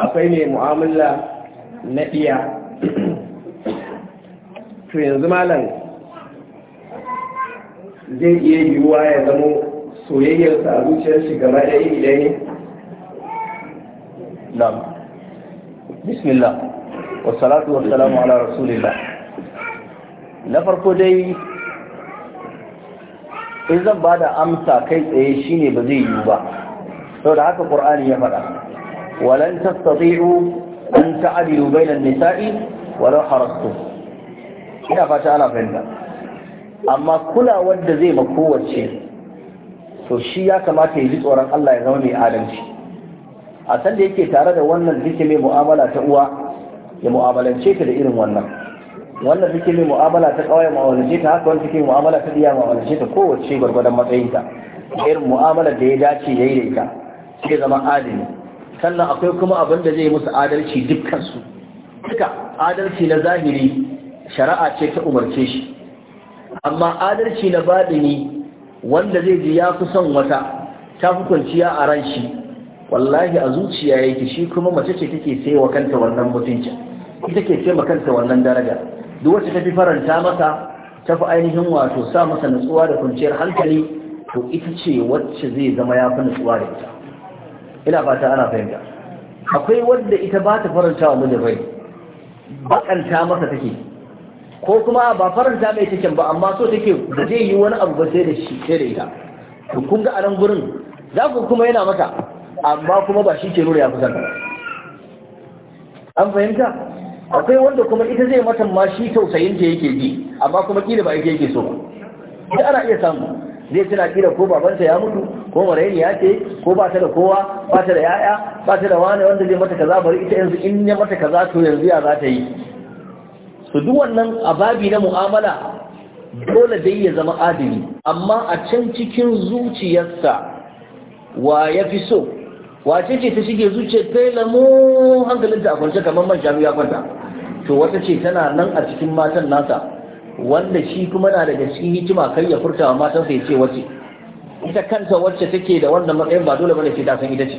akwai ne mu'amala na iya. *coughs* to yanzu malam zai iya yiwuwa ya zama soyayyarsa a zuciyar shi gaba da yi ɗaya yi na bismillah wasalatu wasalamu ala rasulillah na farko dai in zan ba da amsa kai tsaye shine ba zai yiwu ba sau da haka ƙur'ani ya faɗa walan tastati'u an ta'adilu bainan nisa'i walau harastu ina fata ana fahimta amma kula wanda zai ma kowace to shi ya kamata ya ji tsoron Allah ya zama mai adalci a san da yake tare da wannan duke mai mu'amala ta uwa ya mu'amalance ta da irin wannan wannan duke mai mu'amala ta kawai mu'amalance ta haka wanda take mu'amala ta iya mu'amalance ta kowace gwargwadon matsayinta irin mu'amalar da ya dace ya yi da ita sai zama adali sannan akwai kuma abin da zai musu adalci dukkansu duka adalci na zahiri shari'a ce ta umarce shi amma adalci na baɗini wanda zai ji ya fi son wata ta fi kwanciya a ran shi wallahi a zuciya yake shi kuma mace ce take sai wa kanta wannan mutunci ita ke sai kanta wannan daraja duk wacce ta fi faranta masa ta fi ainihin wato sa masa nutsuwa da kwanciyar hankali to ita ce wacce zai zama ya fi nutsuwa da ita ina fata ana fahimta akwai wanda ita ba ta faranta wa mijin rai bakanta masa take ko kuma ba faranta mai cikin ba amma so take da zai yi wani abu ba sai da shi sai da ita to kun ga a gurin za ku kuma yana mata amma kuma ba shi ke nuna ya kusan an fahimta akwai wanda kuma ita zai mata ma shi tausayin ta yake ji amma kuma kila ba yake yake so ba ana iya samu zai tana kira ko babanta ya mutu ko maraini ya ce ko ba ta da kowa ba ta da yaya ba ta da wani wanda zai mata kaza bari ita yanzu in ya mata kaza to yanzu ya za ta yi su duk wannan ababi na mu'amala dole dai ya zama adili amma a can cikin zuciyarsa wa ya fi so wace ce ta shige zuciyar ta yi lamu hankalinta a kwance kamar man shanu ya kwanta to wata ce tana nan a cikin matan nasa wanda shi kuma na daga cikin hikima kai ya furta wa matansa sai ce wace ita kanta wacce take da wannan matsayin ba dole bane sai ta san ita ce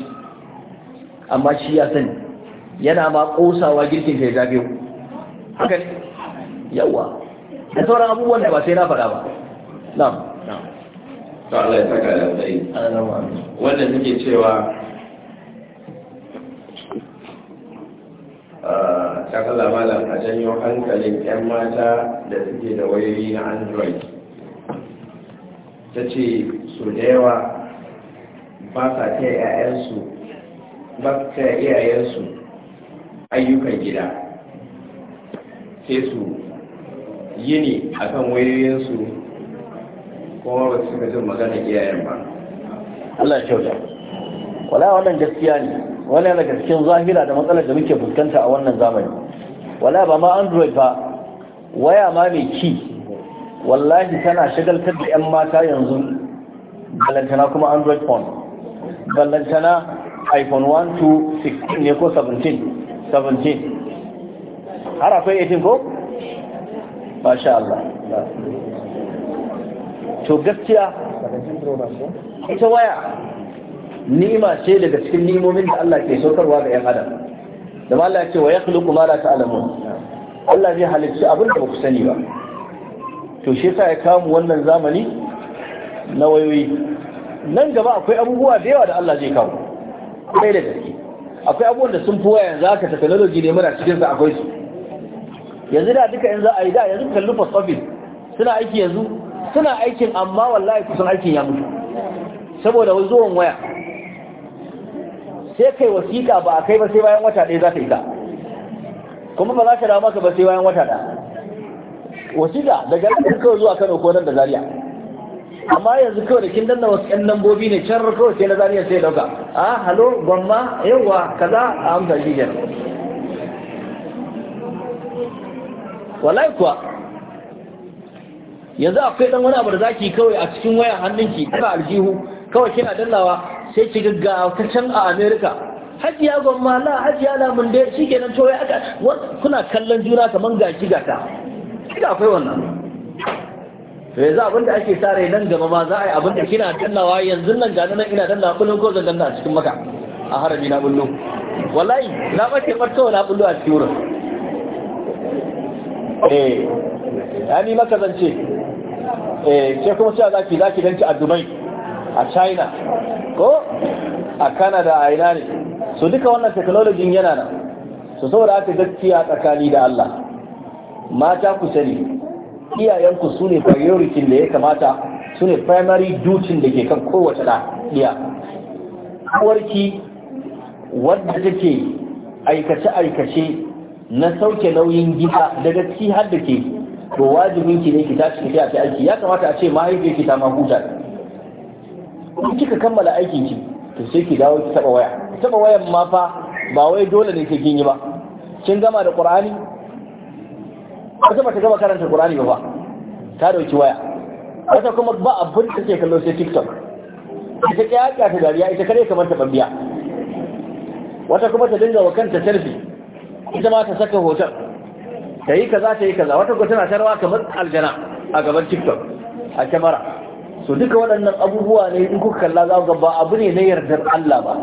amma shi ya sani yana ma kosawa girkin ta ya zabe haka ne yawa da sauran abubuwan da ba sai na faɗa ba na'am na'am to Allah ya saka da sai wannan nake cewa ta kala malam a janyo hankalin 'yan mata da suke da wayoyi na android ta ce su da yawa ba sa ta yayansu ba ta iyayensu ayyukan gida sai su yini akan wayoyinsu kuma ba su suka jin magana iyayen ba Allah kyauta wala wannan gaskiya ne wani daga cikin zahira da matsalar da muke fuskanta a wannan zamani wala ba ma android ba waya ma mai ki wallahi tana shagaltar da 'yan mata yanzu balantana kuma android phone balantana iphone 1 2 16 ne ko 17 17 har akwai 18 ko? masha Allah to gaskiya ita waya Nima ce daga cikin nimomin da Allah ke saukarwa ga 'yan adam da Allah ya ce wa yakhluqu ma ta alamun Allah zai halicci abin da ba ku sani ba to shi yasa ya kamu wannan zamani na wayoyi nan gaba akwai abubuwa da yawa da Allah zai kawo kai da gaske akwai abubuwan da sun fi waya yanzu aka technology ne muna cikin sa akwai su yanzu da duka yanzu a yi da yanzu kallu fasofin suna aiki yanzu suna aikin amma wallahi kusan aikin ya mutu saboda zuwan waya sai kai wasiƙa ba a kai ba sai bayan wata ɗaya za ta isa kuma ba za ka dawo maka ba sai bayan wata ɗaya wasiƙa daga yanzu kawai zuwa Kano ko nan da Zariya. amma yanzu kawai da kin danna wasu ƴan lambobi ne can kawai sai na Zariya sai dauka A halo gwamma yawa kaza a amsa shi ne wallahi kuwa yanzu akwai dan wani abu da zaki kawai a cikin waya hannunki kana aljihu kawai kina dannawa sai ki gaggawa ta can a america hajiya gwamma la hajiya la mun shi ke to wai aka kuna kallon juna ga gashi gata kika akwai wannan to yanzu abin da ake sa rai nan gaba ma za a yi abin da kina dannawa yanzu nan ga nan ina dannawa kullum ko zan danna a cikin maka a harami na bullo wallahi na bace barkawa na bullo a cikin wurin eh ya ni maka zance eh sai kuma sai zaki zaki danci a Dubai a china ko a canada a ina ne Su duka wannan teknolojin yana nan Su saboda aka gaskiya tsakani da allah mata ku sani iyayenku su ne priority da ya kamata su ne primary duty da ke kan kowace da iya kawarki wadda take aikace-aikace na sauke nauyin gida daga ciki har da ke to wajibin ne ki tashi ki tafi aiki ya kamata a ce mahaifiyar ki ta ma huta in kika kammala aikin ki to sai ki dawo ki taba waya taba wayan ma fa ba wai dole ne sai kin yi ba kin gama da qur'ani wata ba ta gama karanta qur'ani ba ta dauki waya wata kuma ba abin da take kallo sai tiktok ita kyakya ta dariya ita kare kamar ta bambiya wata kuma ta dinga wa kanta selfie ita ma ta saka hotel ta yi kaza ta yi kaza wata kuma tana tarwa kamar aljana a gaban tiktok a kyamara so duka waɗannan abubuwa ne in kuka kalla za ga ba abu ne na yardar Allah ba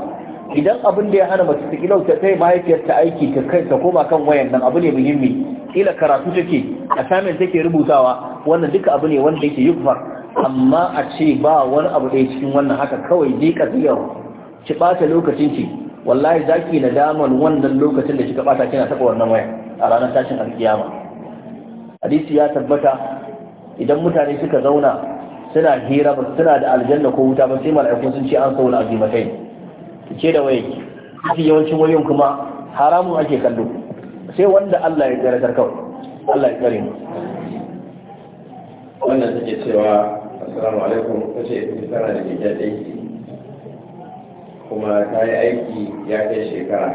idan abin da ya hana mace ta kila ta kai mahaifiyar ta aiki ta kai ta koma kan wayan nan abu ne muhimmi kila karatu take assignment take rubutawa wannan duka abu ne wanda yake yufa amma a ce ba wani abu da cikin wannan haka kawai je ka tsiyar ki bata lokacin ki wallahi zaki nadaman wannan lokacin da kika bata kina saka wannan waya a ranar tashin alkiyama hadisi ya tabbata idan mutane suka zauna suna hira ba suna da aljanna ko wuta ba sai mala'iku sun ce an sau na azimatai ce da waye mafi yawancin wayoyin kuma haramun ake kallo sai wanda Allah ya tsare kawai Allah ya tsare mu wannan take cewa assalamu alaikum kace in tana da gida dai kuma ta yi aiki ya kai shekara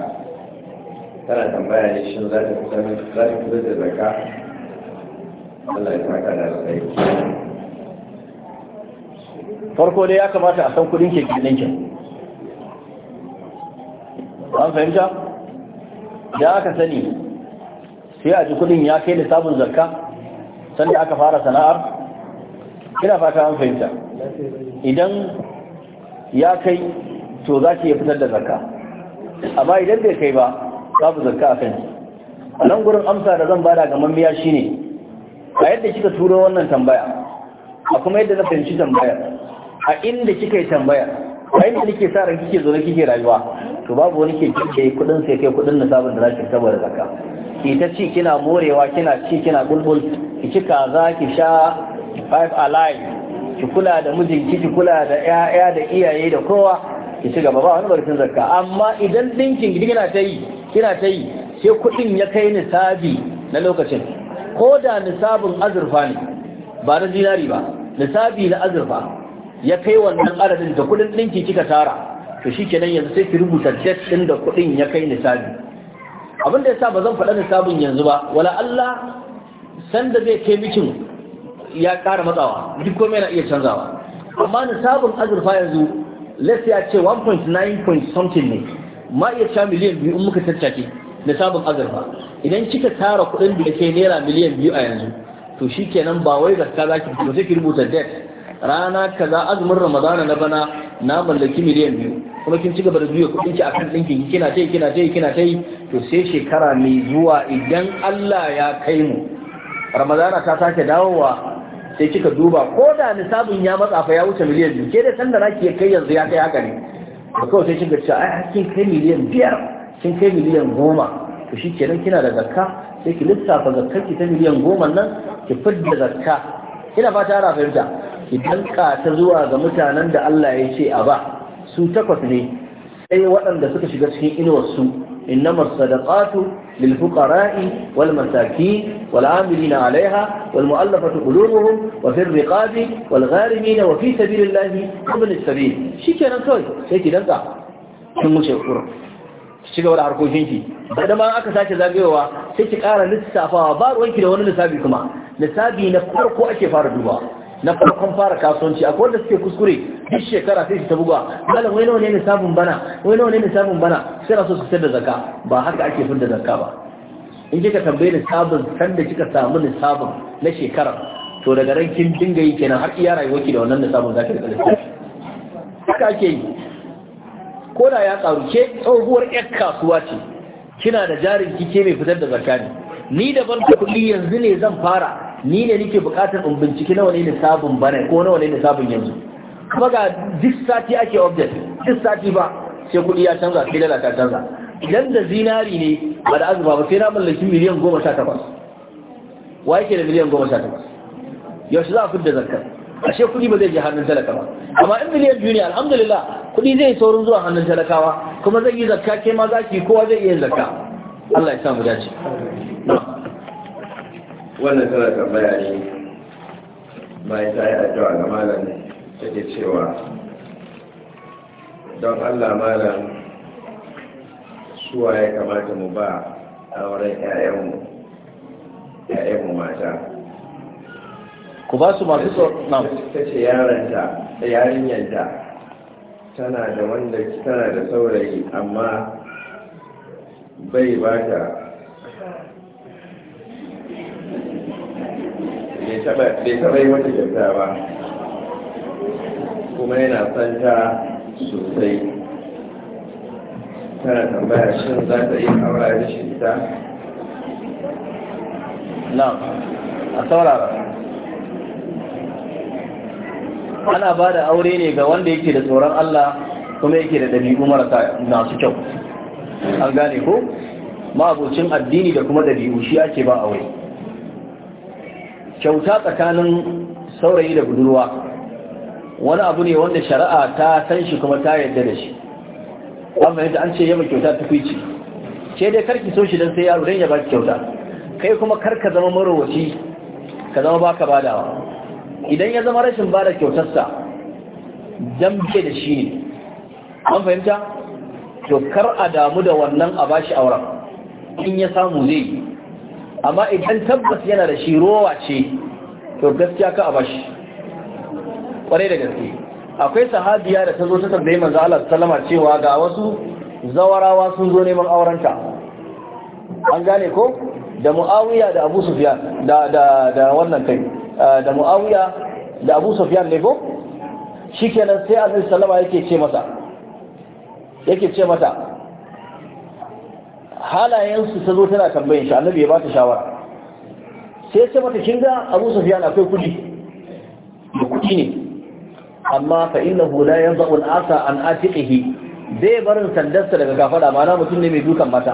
tana tambaya ne shin za ta fita za ta fita da zakka Allah ya saka da farko dai ya kamata a san kudin kudin ke an fahimta da aka sani sai a ji kudin ya kai sabon zarka sanda aka fara sana'ar Kina fata an fahimta idan ya kai to za ki iya fitar da zarka amma idan bai kai ba sabon zarka a kan a nan gurin amsa da zan bada ga mambiya shine a yadda kika turo wannan tambaya a kuma yadda na fahimci tambayar a inda kika yi tambaya a inda nake sa ran kike zo kike rayuwa to babu wani ke kike kudin sai kai kudin nisabin da zaki saboda zakka ki ta ci kina morewa kina ci kina bulbul ki ci kaza ki sha five alive ki kula da mijinki ki kula da 'ya'ya da iyaye da kowa ki ci gaba ba wani barkin zakka amma idan dinkin gidi kina ta yi kina ta yi sai kudin ya kai nisabi na lokacin ko da nisabin azurfa ne ba na zinari ba nisabi na azurfa ya kai wannan adadin da kudin ɗinki kika tara to shi kenan yanzu sai ki rubuta jet ɗin da kudin ya kai nisabi abin da ya sa ba zan faɗa nisabin yanzu ba wala Allah sanda zai kai bikin ya ƙara matsawa duk komai na iya canzawa amma nisabin azurfa yanzu let's ya ce 1.9 point something ne ma iya sha miliyan biyu in muka tattake nisabin azurfa idan kika tara kudin da ya kai naira miliyan biyu a yanzu to shi kenan ba wai gaska za ki ba sai ki rubuta debt rana kaza azumin ramadana na bana na mallaki miliyan biyu kuma kin ci gaba da biyo kudin ki akan dinkin kina tai kina tai kina tai to sai shekara mai zuwa idan Allah ya kai mu ramadana ta sake dawowa sai kika duba ko da nisabin ya matsa fa ya wuce miliyan biyu ke da san da ya kai yanzu ya kai haka ne to kawai sai kika ce ai kin kai miliyan biyar kin kai miliyan goma to shi kenan kina da zakka sai ki lissafa zakkar ki ta miliyan goma nan ki fidda zakka ina fata ara fahimta idan ka ta zuwa ga mutanen da Allah ya ce a ba su takwas ne sai waɗanda suka shiga cikin inuwarsu إنما الصدقات للفقراء والمساكين والعاملين عليها والمؤلفة قلوبهم وفي الرقاب والغارمين وفي سبيل الله وابن السبيل شي كان كوي sai ki danka kin wuce kura ki ci gaba da harkokin ki da ma aka sake zagayowa sai ki ƙara lissafawa ba ruwanki da wani lissafi kuma lissafi na farko ake fara dubawa na farkon fara kasuwanci akwai wanda suke kuskure duk shekara sai su ta buga malam wai nawa ne nisabin bana wai nawa ne nisabin bana sai na so su sayar da zakka ba haka ake fidda zakka ba in kika tambaye nisabin san da kika samu ni sabon na shekara to daga ran kin dinga yi kenan har iya rayuwar ki da wannan nisabin zakka da lissafi haka ake yi ko da ya karu ke tsohuwar yar kasuwa ce kina da jarin kike mai fitar da zakka ne ni daban kulli yanzu ne zan fara ni ne nake bukatar in binciki nawa ne nisabin bana ko nawa ne nisabin yanzu kuma ga duk sati ake object duk sati ba sai kuɗi ya canza sai dala ta canza idan da zinari ne ba da azuma ba sai na mallaki miliyan goma sha takwas wa yake da miliyan goma sha takwas yaushe za a fidda zakar ashe kuɗi ba zai je hannun talaka ba amma in miliyan biyu ne alhamdulillah kuɗi zai saurin zuwa hannun talakawa kuma zai yi zakka kai ma za ki kowa zai iya zakka Allah ya sa mu dace. wannan tana tambaya ne bayan ta yi addu'a ga malam take cewa don allah malam suwa ya kamata mu ba wurin 'ya'yan 'ya'yanmu mata ku ba su masu tsoron ta ce yaranta yarinyanta tana da wanda tana da saurayi amma bai ba ta bai taɓa yi wata kyauta ba kuma yana son ta sosai tana tambaya shin za ta iya aura da shi ta nan a saurara ana ba da aure ne ga wanda yake da tsoron Allah kuma yake da ɗabi'u marasa masu kyau an gane ko ma'abocin addini da kuma ɗabi'u shi ake ba aure kyauta tsakanin saurayi da budurwa wani abu ne wanda shari'a ta san shi kuma ta yadda da shi amma fahimta an ce yamma kyauta ta fice ke dai karki so shi don sai yaro don ya ki kyauta kai kuma kar ka zama marowaci ka zama baka badawa idan ya zama rashin bada kyautarsa dambe da shi ne an fahimta to kar a damu da wannan a bashi auren in ya samu zai yi. amma idan tabbas yana da shi rowa ce to gaskiya ka a bashi kwarai da gaske akwai sahabiya da ta zo ta tambayi manzo Allah sallama cewa ga wasu zawarawa sun zo neman aurenta an gane ko da muawiya da abu sufyan da da da wannan kai da muawiya da abu sufyan ne ko shikenan sai annabi sallama yake ce masa yake ce mata halayensu ta zo tana tambayin shi annabi ya ba ta shawara sai ce mata kin ga Abu Sufyan akwai kudi da kudi ne amma fa innahu la yanzu al-asa an atiqihi dai barin sandarsa daga kafada mana mutum ne mai dukan mata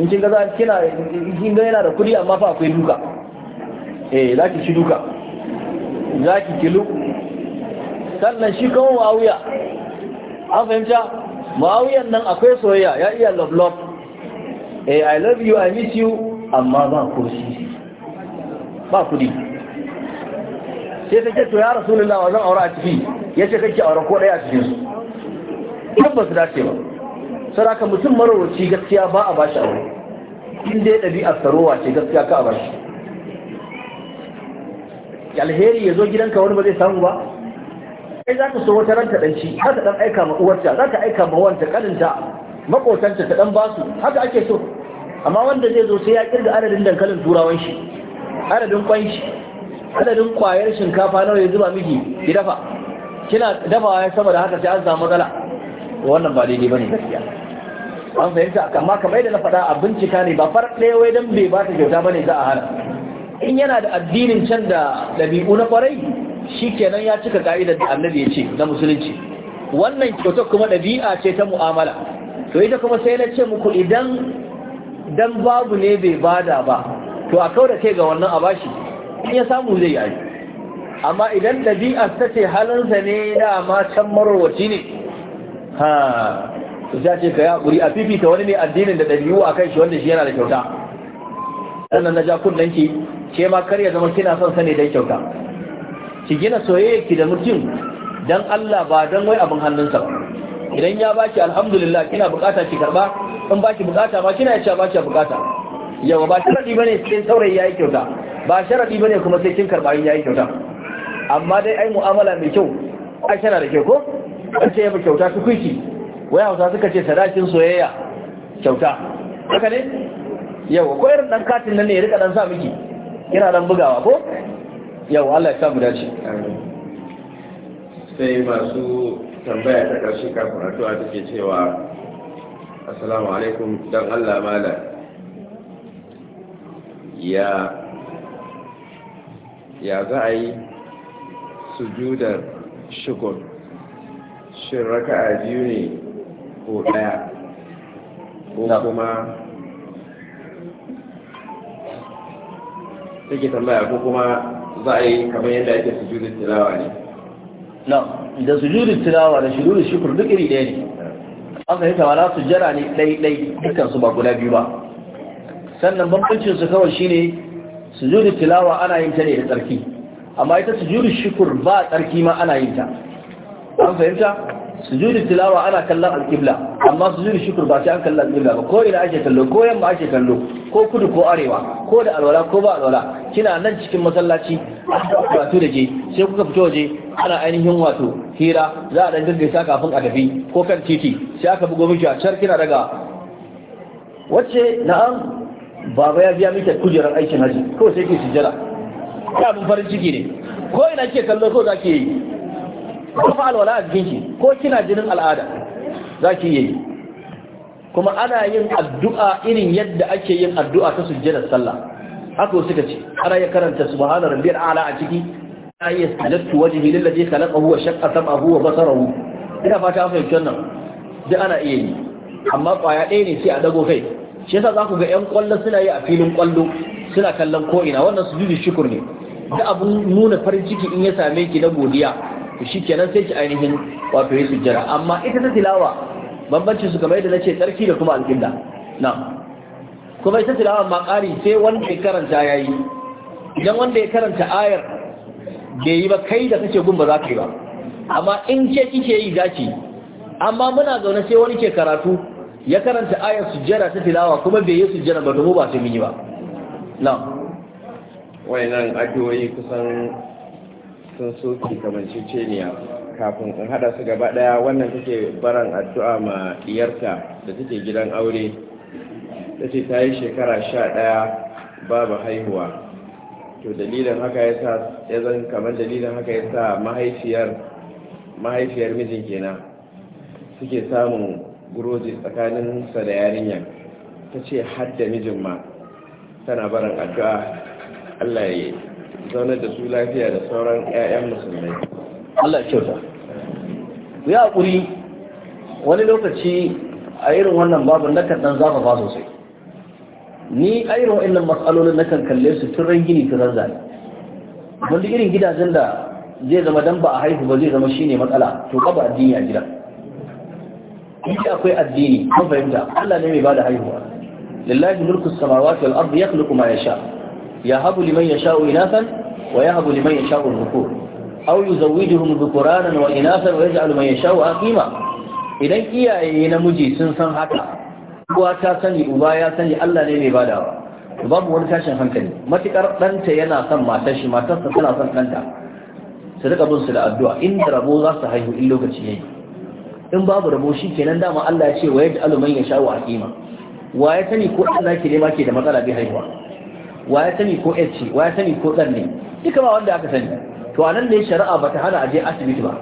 in kin ga za kina kin ga yana da kudi amma fa akwai duka eh zaki ci duka zaki kilu sannan shi kawo Muawiya an fahimta Muawiyan nan akwai soyayya ya iya love love eh i love you i miss you amma ba kursi ba kudi sai ta to ya rasulullah wa zan aure a ciki yace kake aure ko daya a cikin su tabbas dace ba saraka mutum marawaci gaskiya ba a bashi aure in dai ɗabi'ar sarowa ce gaskiya ka a bashi alheri ya zo gidanka wani ba zai samu ba kai za ka so wata ranta ɗanci za ka ɗan aika ma uwarta za ka aika ma wanta ƙaninta makotanta ta dan basu haka ake so amma wanda zai zo sai ya kirga adadin dankalin turawan shi adadin kwan shi adadin kwayar shinkafa nawa ya zuba miki ki dafa kina dafawa ya sama da haka sai an samu matsala wannan ba daidai bane gaskiya an fahimta amma kamar yadda na faɗa a bincika ne ba far ɗaya wai dan bai ba ta kyauta bane za a hana in yana da addinin can da ɗabi'u na kwarai kenan ya cika ka'idar da annabi ya ce na musulunci wannan kyautar kuma ɗabi'a ce ta mu'amala to ita kuma sai na ce muku idan dan babu ne bai bada ba to a kawo da kai ga wannan a bashi in ya samu zai yi amma idan dabi'a ta ce halinsa ne da ma can marwaci ne ha su ta ce ka ya ƙuri a fifita wani ne addinin da ɗabi'u a kan shi wanda shi yana da kyauta sannan na ja kunnen ki ke ma kar ya zama kina son sani don kyauta ki gina soyayya ki da mutum don Allah ba don wai abin hannunsa ba idan ya baki alhamdulillah kina bukata ki karba in baki bukata ma kina yace baki bukata yawa ba sharadi bane sai saurayi yayi kyauta ba sharadi bane kuma sai kin karba yayi kyauta amma dai ai mu'amala mai kyau ai kana da ke ko an ce yaba kyauta su kuki wai hausa suka ce sadakin soyayya kyauta haka ne yawa ko irin dan katin nan ne ya rika dan sa miki kina dan bugawa ko yawa Allah ya sa mu dace sai masu tambaya ta karshe kafin addu'a take cewa assalamu alaikum dan Allah mala ya ya za a yi sujudar shukur shin raka'a biyu ne ko daya ko kuma take tambaya ko kuma za a yi kamar yadda ake sujudar tilawa ne da sujudin tilawa da sujudin shukur duk iri ɗaya ne an fahimta su sujjara ne ɗai-ɗai dukansu ba guda biyu ba sannan bambancin su kawai shine sujudin tilawa ana yin ta ne da tsarki amma ita sujudin shukur ba tsarki ma ana yin ta an fahimta sujudin tilawa ana kallon alƙibla amma sujudin shukur ba sai an kallon alƙibla ba ko ina ake kallo ko yamma ake kallo ko kudu ko arewa ko da alwala ko ba alwala kina nan cikin masallaci wato da je sai kuka fito waje ana ainihin wato hira za a dan gaggaisa kafin a tafi ko kan titi sai aka bugo miki a can kina daga wacce na'am baba ya biya miki kujerar aikin haji ko sai ki sujjada ya mun farin ciki ne ko ina kike kallo ko zaki yi ko fa alwala a jikin ki ko kina jinin al'ada zaki yi kuma ana yin addu'a irin yadda ake yin addu'a ta sujjadar sallah haka suka ce ana ya karanta subhanar rabbiyal a'la a ciki ya yi salatu wajhi lillazi ladhi khalaqahu wa shaqqa sam'ahu wa basarahu ina fata an fahimci wannan duk ana iya yi amma kwaya ɗaya ne sai a dago kai shi yasa za ku ga 'yan kwallo suna yi a filin kwallo suna kallon ko ina wannan sujudi shukur ne da abun nuna farin ciki in ya same ki na godiya to kenan sai ki ainihin wato yi sujjara amma ita ta tilawa bambanci su kamar yadda ce tsarki da kuma alƙibla na'am kuma ita tilawa makari sai wanda ya karanta ya idan wanda ya karanta ayar bai yi ba kai da kake gun ba za ka yi ba amma in ce kike yi zaki amma muna zaune sai wani ke karatu ya karanta ayar sujjara ta tilawa kuma bai yi sujjara ba domin ba su yi ba na wayannan addu'o'i kusan sun soke kamanceceniya kafin in hada su gaba daya wannan take baran addu'a ma diyarta da take gidan aure ta ce ta yi shekara sha ɗaya babu haihuwa to dalilin haka ya sa ya zan kamar dalilin haka ya sa mahaifiyar mijin kenan suke samun guroji tsakaninsa da yarinyar ta ce har da mijin ma tana barin addu'a Allah ya zaunar da su lafiya da sauran 'ya'yan musulmai Allah kyauta ya haƙuri wani lokaci a irin wannan babu na kaɗan ba sosai ni a irin wa'annan matsalolin na kan kalle su tun gini tun zane wanda irin gidajen da zai zama dan ba a haihu ba zai zama shine matsala to babu addini a gida in akwai addini ko fahimta Allah ne mai bada haihuwa lillahi mulku samawati wal ardi yakhluqu ma yasha yahabu liman yasha'u inathan wa yahabu liman yasha'u dhukur aw yuzawwijuhum dhukuranan wa inathan wa yaj'alu man yasha'u aqima idan iyaye namiji sun san haka uwa ta sani uba ya sani Allah ne mai badawa babu wani tashin hankali matukar ɗanta yana son matar shi matarsa tana son ɗanta su rika bin su da addu'a in da rabo za su haihu in lokaci yayi in babu rabo shi kenan dama Allah ya ce wa yaj'alu man yasha'u aqima wa ya sani ko ɗan ke nema ke da matsala bi haihuwa wa ya sani ko ƴace wa ya sani ko ɗan ne duka ba wanda aka sani to anan ne shari'a bata hana aje asibiti ba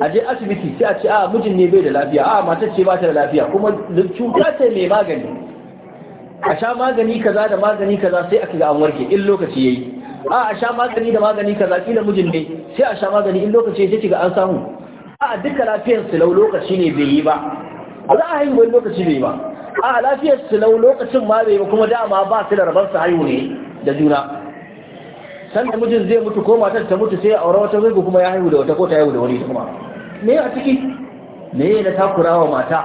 a je asibiti sai a ce a mijin ne bai da lafiya a matar ce ba ta da lafiya kuma cuta ce mai magani a sha magani kaza da magani kaza sai a ga an warke in lokaci yayi a a sha magani da magani kaza kila mijin ne sai a sha magani in lokaci sai kiga an samu a duka lafiyar su lau lokaci ne bai yi ba za a haihu wani lokaci bai ba a lafiyar su lau lokacin ma bai ba kuma dama ba su da rabar su haihu ne da juna san da mijin zai mutu ko matar ta mutu sai a aure wata zai kuma ya haihu da wata ko ta haihu da wani kuma me a ciki me na takura wa mata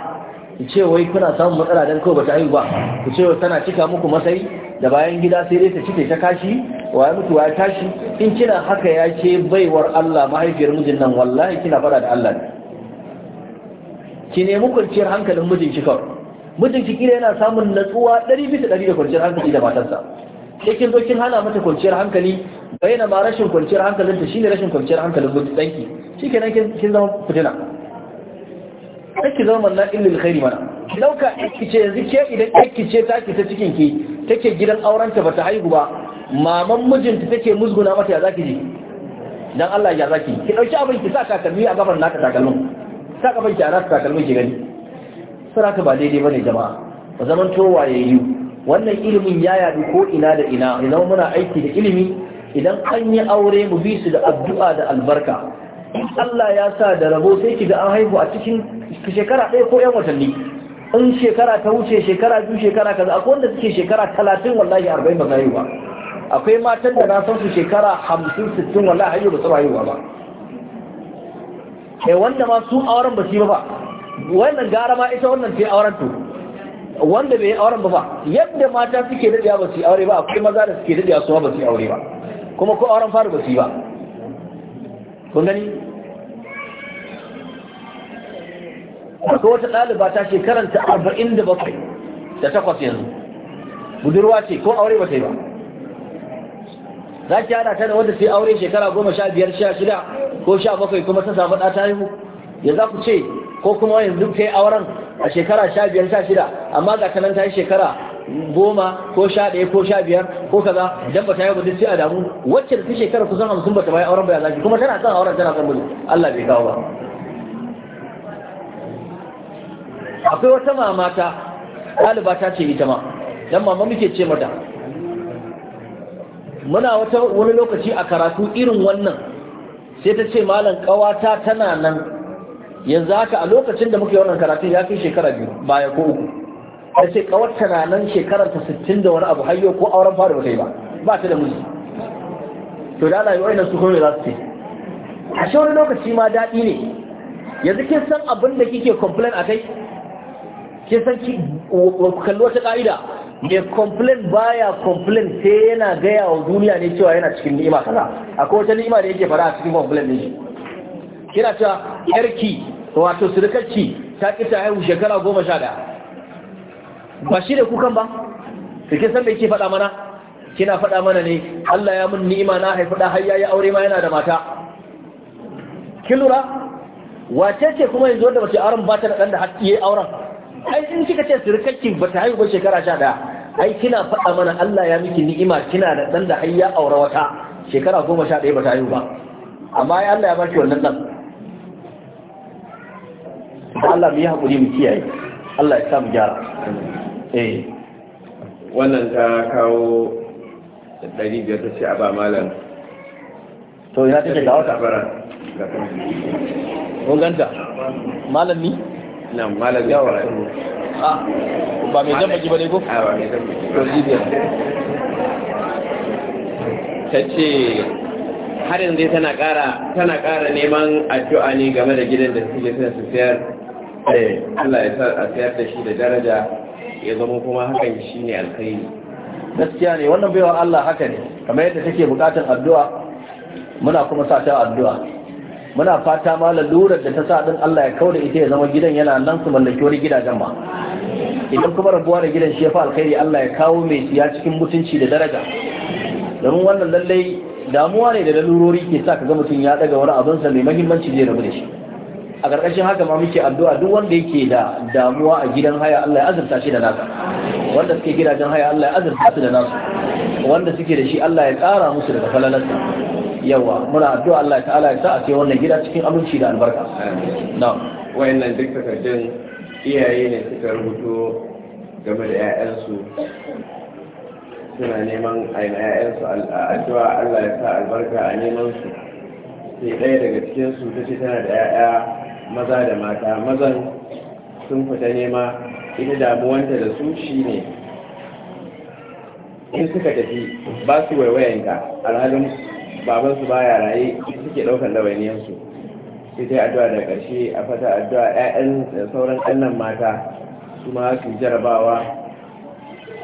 ki ce wai kuna samun matsala dan kawai bata haihu ba ku ce tana cika muku masai da bayan gida sai dai ta cike ta kashi wa ya mutu wa tashi in kina haka ya ce baiwar Allah mahaifiyar mijin nan wallahi kina fara da Allah ki nemi kwanciyar hankalin mijin shi kawai mijin shi kila yana samun natsuwa 100 bisa 100 da kwanciyar hankali da matarsa sai kin zo kin hana mata kwanciyar hankali bayyana ma rashin kwanciyar hankalin ta shine rashin kwanciyar hankalin ku shi ke nan kin zama fitina ki zama manna illil khairi mana dauka ce yanzu ke idan ce ta ki ta cikin ki take gidan auren ta bata haihu ba maman mijinta take musguna mata ya zaki ji dan Allah ya zaki ki dauki abin ki sa takalmi a gaban naka takalmin sa ban ki a naka takalmin ki gani ta ba daidai bane jama'a ba zaman to yi yiwu wannan ilimin ya yaɗu ko ina da ina idan muna aiki da ilimi idan an yi aure mu bi su da addu'a da albarka in Allah ya sa da rabo sai ki ga an haihu a cikin shekara ɗaya ko 'yan watanni in shekara ta wuce shekara biyu shekara kaza akwai wanda suke shekara talatin wallahi arba'in ba haihuwa akwai matan da na san su shekara hamsin sittin wallahi haihu ba su haihuwa ba eh wanda ma su auren ba su yi ba wannan gara ma ita wannan ce auren to wanda bai auren ba ba yadda mata suke daɗewa ba su aure ba akwai maza da suke daɗewa su ba su aure ba kuma ko auren fara ba su ba kun gani ko wata daliba ta shekaranta arba'in da bakwai da takwas yanzu budurwa ce ko aure ba ta yi ba za ki hada ta da wanda sai aure shekara goma sha biyar sha shida ko sha bakwai kuma ta samu ta haihu ya za ku ce ko kuma duk ta yi auren a shekara sha biyar sha shida amma ga kanan ta yi shekara goma ko sha ɗaya ko sha biyar ko kaza idan ba ta yi ba duk sai a damu wacce da ta shekara kusan hamsin ba ta bayi auren ba ya zaki kuma tana son auren tana son Allah bai kawo ba akwai wata mamata ɗaliba ta ce ita ma dan mama muke ce mata muna wata wani lokaci a karatu irin wannan sai ta ce malam ƙawata tana nan yanzu haka a lokacin da muka wannan karatun ya kai shekara biyu baya ko uku ta ce kawarta tana nan shekarar ta sittin da wani abu hayo ko auren fara ba ba ba ta da musu to da alayi ya su kome za su ce a shi wani lokaci ma daɗi ne yanzu kin san abin da kike complain a kai kin san ki kalli wata ka'ida mai complain baya complain sai yana gaya wa duniya ne cewa yana cikin ni'ima kaza akwai wata ni'ima da yake fara a cikin complain ne Kira cewa yarki wato surukarci ta kita haihu shekara goma sha daya. ba shi da kukan ba suke san da yake faɗa mana kina faɗa mana ne Allah ya mun ni'ima na haifi da har yayi aure ma yana da mata kin lura wace ce kuma yanzu wanda mace auren ba ta da ɗan da har yayi auren ai in kika ce surukarki ba ta haihu ba shekara sha daya. ai kina faɗa mana Allah ya miki ni'ima kina da ɗan da har ya aure wata shekara goma sha daya ba ta haihu ba amma ai Allah ya baki wannan dan da Allah mu yi haƙuri mu kiyaye Allah ya sa mu gyara eh wannan ta kawo ɗari biyar ta ce a ba malam to ya take da wata bara kun ganta malam ni na malam ya wara ah, a ba mai zama baki ba ne ko a ba mai zama ji ba ta ce har yanzu tana ƙara tana ƙara neman addu'a ne game da gidan da suke suna su sayar Eh, Allah ya sa a da shi da daraja ya zama kuma hakan shi ne alkhairi gaskiya ne wannan baiwa Allah haka ne kamar yadda take bukatar addu'a muna kuma sa ta addu'a muna fata ma lalurar da ta sa din Allah ya kauda ita ya zama gidan yana nan su mallaki wani gidajen ba idan kuma rabuwa da gidan shi ya fa alkhairi Allah ya kawo mai siya cikin mutunci da daraja domin wannan lallai damuwa ne da lalurori ke sa ka ga mutum ya daga wani abinsa mai muhimmanci zai rabu da shi a ƙarƙashin haka ma muke addu'a duk wanda yake da damuwa a gidan haya Allah ya azurta shi da nasa wanda suke gidajen haya Allah ya azurta su da nasu wanda suke da shi Allah ya ƙara musu daga falalarsa yawa muna addu'a Allah ta'ala ya sa a cikin wannan gida cikin aminci da albarka na'am wayannan duk takardun iyaye ne suka rubuto game da 'ya'yansu suna neman a 'ya'yansu addu'a Allah ya sa albarka a neman su sai ɗaya daga cikinsu ta ce tana da 'ya'ya maza da mata mazan sun fita nema ita damuwanta da su shi ne in suka tafi ba su waiwayanka alhalin babansu ba ya raye suke ɗaukar ɗawainiyarsu sai dai addu'a da ƙarshe a fata addu'a 'ya'yan da sauran ƙannan mata su ma su jarabawa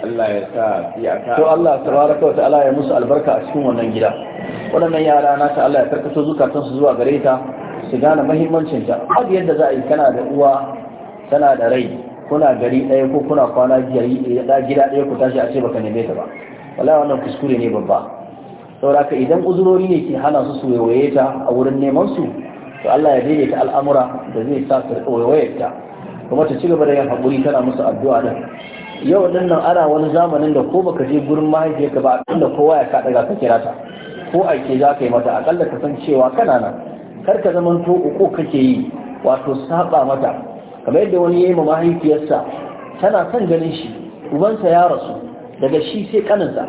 Allah ya sa iyaka to Allah tabaraka wa ta'ala ya musu albarka a cikin wannan gida waɗannan yara na ta Allah ya karkato zukatansu zuwa gare ta su gane mahimmancinta har yadda za a yi kana da uwa tana da rai kuna gari ɗaya ko kuna kwana gida ɗaya ku tashi a ce baka neme ta ba wala wannan kuskure ne babba sauraka idan uzurori ne ke hana su su ta a wurin neman su to Allah ya daidaita al'amura da zai sa su waiwaye ta kuma ta ci gaba da yin haƙuri tana musu addu'a din yau din nan ana wani zamanin da ko baka je gurin mahaifiyarka ba a da kowa ya ka daga ka kira ta ko aike za ka yi mata akalla ka san cewa kana nan kar ka zaman to uku kake yi wato saba mata kamar yadda wani yayi ma mahaifiyarsa tana son ganin shi ubansa ya rasu daga shi sai kaninsa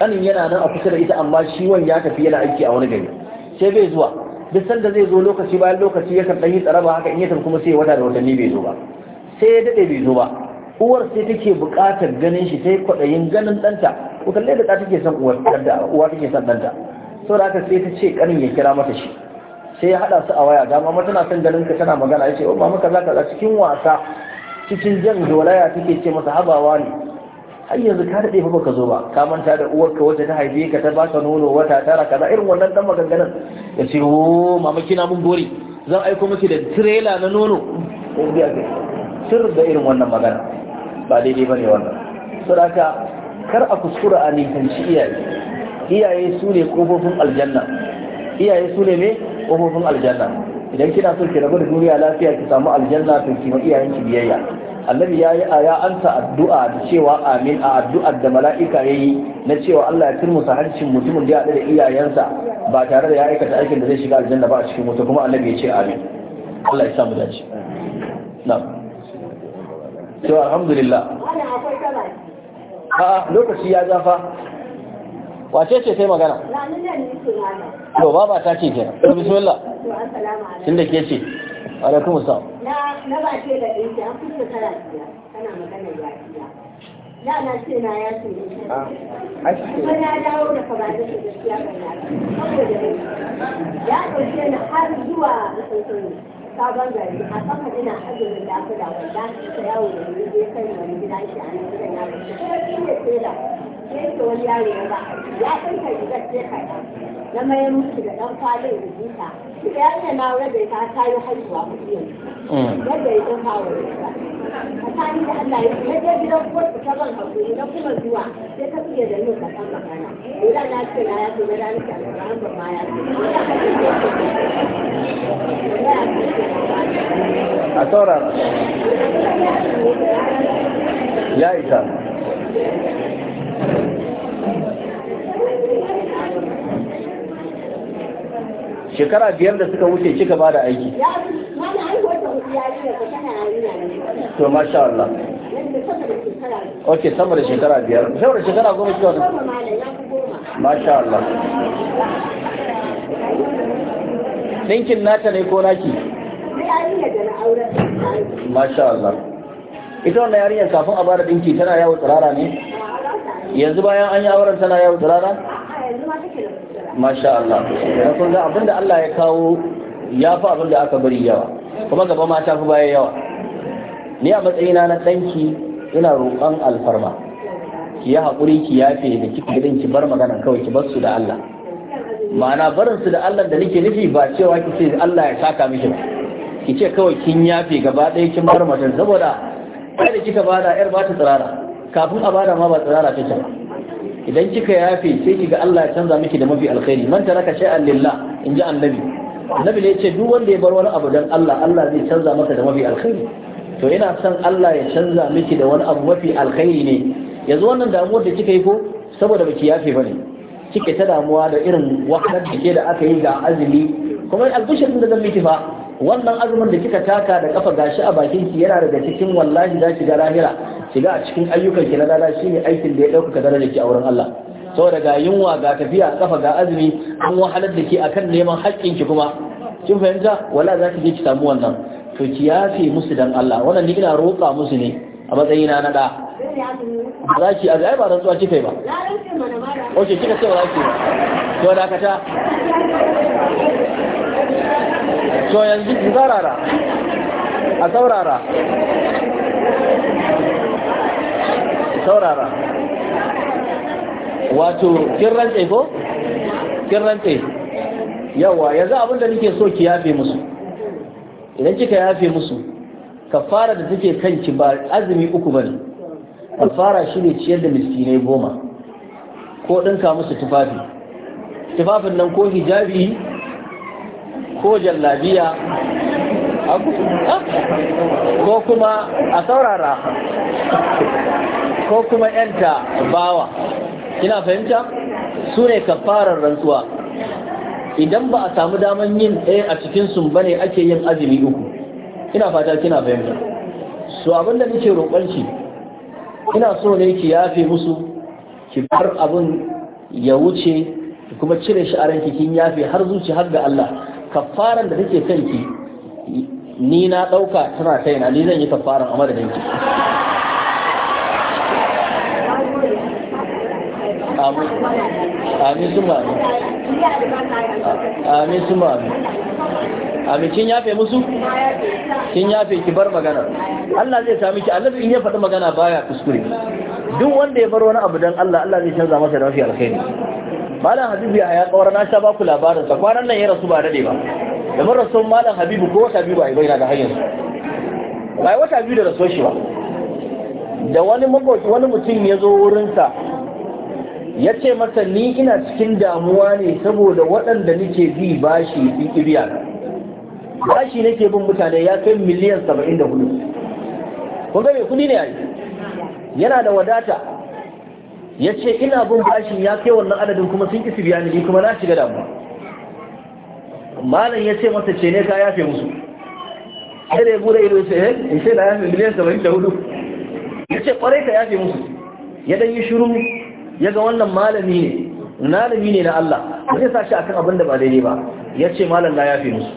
kanin yana nan a kusa da ita amma shi wani ya tafi yana aiki a wani gari sai bai zuwa duk sanda zai zo lokaci bayan lokaci ya ɗan yi tsaraba haka in ya tafi kuma sai wata da watanni bai zo ba sai ya dade bai zo ba uwar sai take buƙatar ganin shi sai kwaɗayin ganin ɗanta ko kalle da ta take son uwar da uwa take son ɗanta saboda haka sai ta ce kanin ya kira mata shi sai ya haɗa su a waya dama ma tana son ganin ka tana magana ya ce o za ka cikin wasa cikin jan zolaya take ce masa habawa ne har yanzu ka daɗe ba ka zo ba ka manta da uwar ka wata ta haife ka ta baka nono wata tara kaza irin wannan dan maganganun ya ce o oh, mama kina mun gori zan aiko miki da tirela na nono sir da irin wannan magana ba daidai bane wannan saboda kar a kuskura a nisanci iyaye iyaye su ne kofofin aljanna iyaye su ne me ƙofofin aljanna idan kina so ki rabu da duniya lafiya ki samu aljanna to ki ma ki biyayya annabi ya yi ansa addu'a da cewa amin a addu'ar da mala'ika ya yi na cewa Allah ya turmusa harshen mutumin da ya haɗu da iyayensa ba tare da ya aikata aikin da zai shiga aljanna ba a cikin wuta kuma annabi ya ce amin Allah ya samu dace na'am to alhamdulillah a lokaci ya zafa wace ce kai magana? to ba ba ta ce kenan to bismillah tun da ke ce alaikum salam na ba ce da ɗinki an kusa tara kana magana ya na ce na ya ce ne ya ah, dawo da kaba da gaskiya kan ya ya ɗauke ni har zuwa sabon gari a kafa ina azumin da aka da wanda ya yawo da zai kai wani gidan shi a nan gidan ya ba shi sai wani yare ba ya ka rigar sai na da dan kwalin rubuta mm. ya na wurin da ta kayo haihuwa kuɗi yadda ya ɗan kawo rubuta da Allah ya gidan kotu ta ban hakuri na kuma zuwa sai ta fiye da yin kasan magana ina na ce na ya ce na a ya isa shekara biyar da suka wuce kika ba da aiki to masha Allah ok sama da shekara biyar sama da shekara goma shi wata masha Allah ɗinkin nata ne ko naki masha Allah ita wannan yarinyar kafin a bada ɗinki tana yawo tsirara ne yanzu bayan an yi auren tana yau da rana masha Allah da kun ga abinda Allah ya kawo ya fi abinda aka bari yawa kuma gaba ma ta fi baya yawa ni a matsayina na ɗanki ina roƙon alfarma ki yi haƙuri ki yafe da kika gidan ki bar magana kawai ki basu da Allah ma'ana barin su da Allah da nake nufi ba cewa ki ce Allah ya saka miki ba ki ce kawai kin yafe gaba ɗaya kin bar mutum saboda kai kika bada yar ba ta tsirara kafin a bada ma ba tsirara ta ba idan kika yafe sai kiga Allah ya canza miki da mafi alkhairi man taraka shay'an in ji annabi annabi ne ya ce duk wanda ya bar wani abu dan Allah Allah zai canza maka da mafi alkhairi to ina son Allah ya canza miki da wani abu mafi alkhairi ne yanzu wannan damuwar da kika yi ko saboda baki yafe bane kike ta damuwa da irin wahalar da ke da aka yi ga azumi kuma albishir da zan miki fa wannan azumin da kika taka da kafa gashi a bakin ki yana daga cikin wallahi za ki ga lahira shiga a cikin ayyukan ki na lada shine aikin da ya dauka darajar ki a wurin Allah saboda ga yunwa ga tafiya kafa ga azumi an wahalar da ki akan neman haƙƙin ki kuma kin fahimta wala za ki je ki samu wannan to ki yafe musu dan Allah wannan ni ina roƙa musu ne a matsayina na da za ki a zai ba rantsuwa kika yi ba oke kika ce ba za ki to da ka ta to yanzu ku saurara a saurara saurara wato kin rantse ko kin rantse yawa yanzu abin da nake so ki yafe musu idan kika yafe musu kafara da take kanki ba azumi uku bane kafara shine ciyar da miskinai goma ko dinka musu tufafi tufafin nan ko hijabi ko jallabiya ko kuma a saurara ko kuma yanta bawa kina fahimta su ne kafarar rantsuwa idan ba a samu daman yin ɗaya a cikin sun bane ake yin azumi uku ina fata kina fahimta su abinda nake roƙonci ina so ne ki yafe musu ki bar abin ya wuce kuma cire shi a ranki kin yafe har zuci har ga Allah kafaran da take kanki ni na ɗauka tana kai na, ni zan yi kafaran a madadin ki amin su ma'amin amin amin kin yafe musu kin yafe ki bar magana Allah zai sami ki annabi in ya faɗi magana baya kuskure duk wanda ya bar wani abu dan Allah Allah zai canza masa da mafi alkhairi malam habibu ya haya tsawar na sha ba ku labarin sa kwanan nan ya rasu ba dade ba da mun rasu malam habibu ko wata biyu ba ai bayyana da hanyar ba wata biyu da rasuwar shi ba da wani wani mutum ya zo wurinsa ya ce masa ni ina cikin damuwa ne saboda waɗanda nake bi bashi sun ƙiriya bashi nake bin mutane ya kai miliyan saba'in da hudu kun mai kudi ne a yana da wadata ya ce ina bin bashin ya kai wannan adadin kuma sun ƙi biyani ni kuma na shiga damuwa malam ya ce masa ce ne ka yafe musu sai da ya bude ido ce eh, in ce na yafe miliyan saba'in da hudu ya ce kwarai ka yafe musu ya dan yi shiru ya ga wannan malami ne malami ne na Allah ba zai sa shi akan abin da ba daidai ba ya ce malam na yafe musu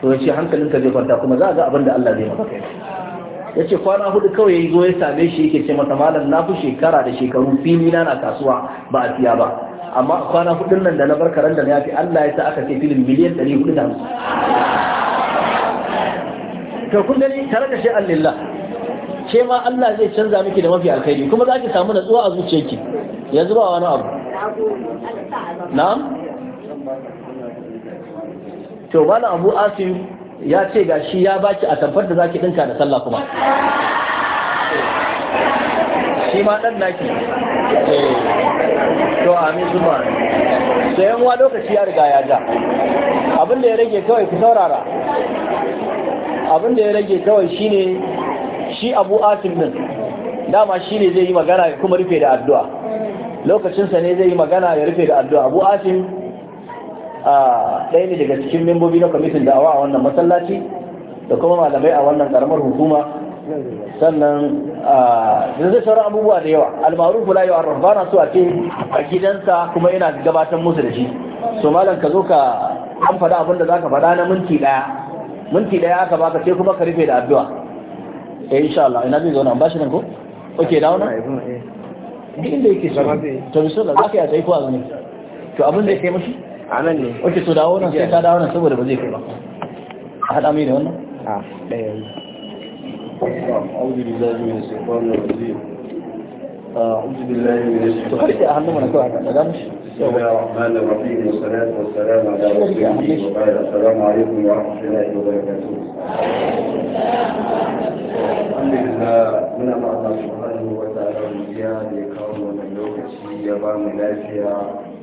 to ya ce hankalinka zai kwanta kuma za a ga abin da Allah zai maka kai ya ce kwana hudu kawai ya yi goyi same shi yake ce mata malam na fi shekara da shekaru fili na na kasuwa ba a siya ba amma kwana hudun nan da na bar karen da na yafi Allah ya sa aka ce filin miliyan ɗari hamsin to kun gani tare da shi lillah ke ma Allah zai canza miki da mafi alkhairi kuma za ki samu natsuwa a zuciyarki yanzu ba wani abu na'am to Bala abu asim ya ce ga shi ya baki a tamfar da zaki dinka da sallah kuma shi ma dan naki eh. to amin zuma. ma sai yan lokaci ya riga ya ja abin da ya rage kawai ku saurara abin da ya rage kawai shine shi abu asim din dama shine zai yi magana ya kuma rufe da addu'a lokacinsa ne zai yi magana ya rufe da addu'a abu asim ɗaya ne daga cikin membobi na kwamitin da'awa a wannan masallaci da kuma malamai a wannan karamar hukuma sannan da zai sauran abubuwa da yawa almaru kula yau an na su a ce a gidansa kuma yana gabatar musu da shi so malam ka zo ka an faɗa abin da za ka faɗa na minti ɗaya minti ɗaya aka baka sai kuma ka rufe da addu'a eh insha Allah ina zai zauna an bashi nan ko oke da wannan duk inda yake so to bisu da za ka yi a tsaye ko a zaune to abin da ya kai mashi anan ne oke to dawo nan sai ka dawo nan saboda ba zai kai ba a haɗa mai da wannan a ɗaya yanzu أعوذ بالله من الشيطان الرجيم والصلاة والسلام على رسول الله السلام عليكم ورحمة الله وبركاته الحمد لله من الله سبحانه وتعالى ya kawo wannan lokaci ya ba mu lafiya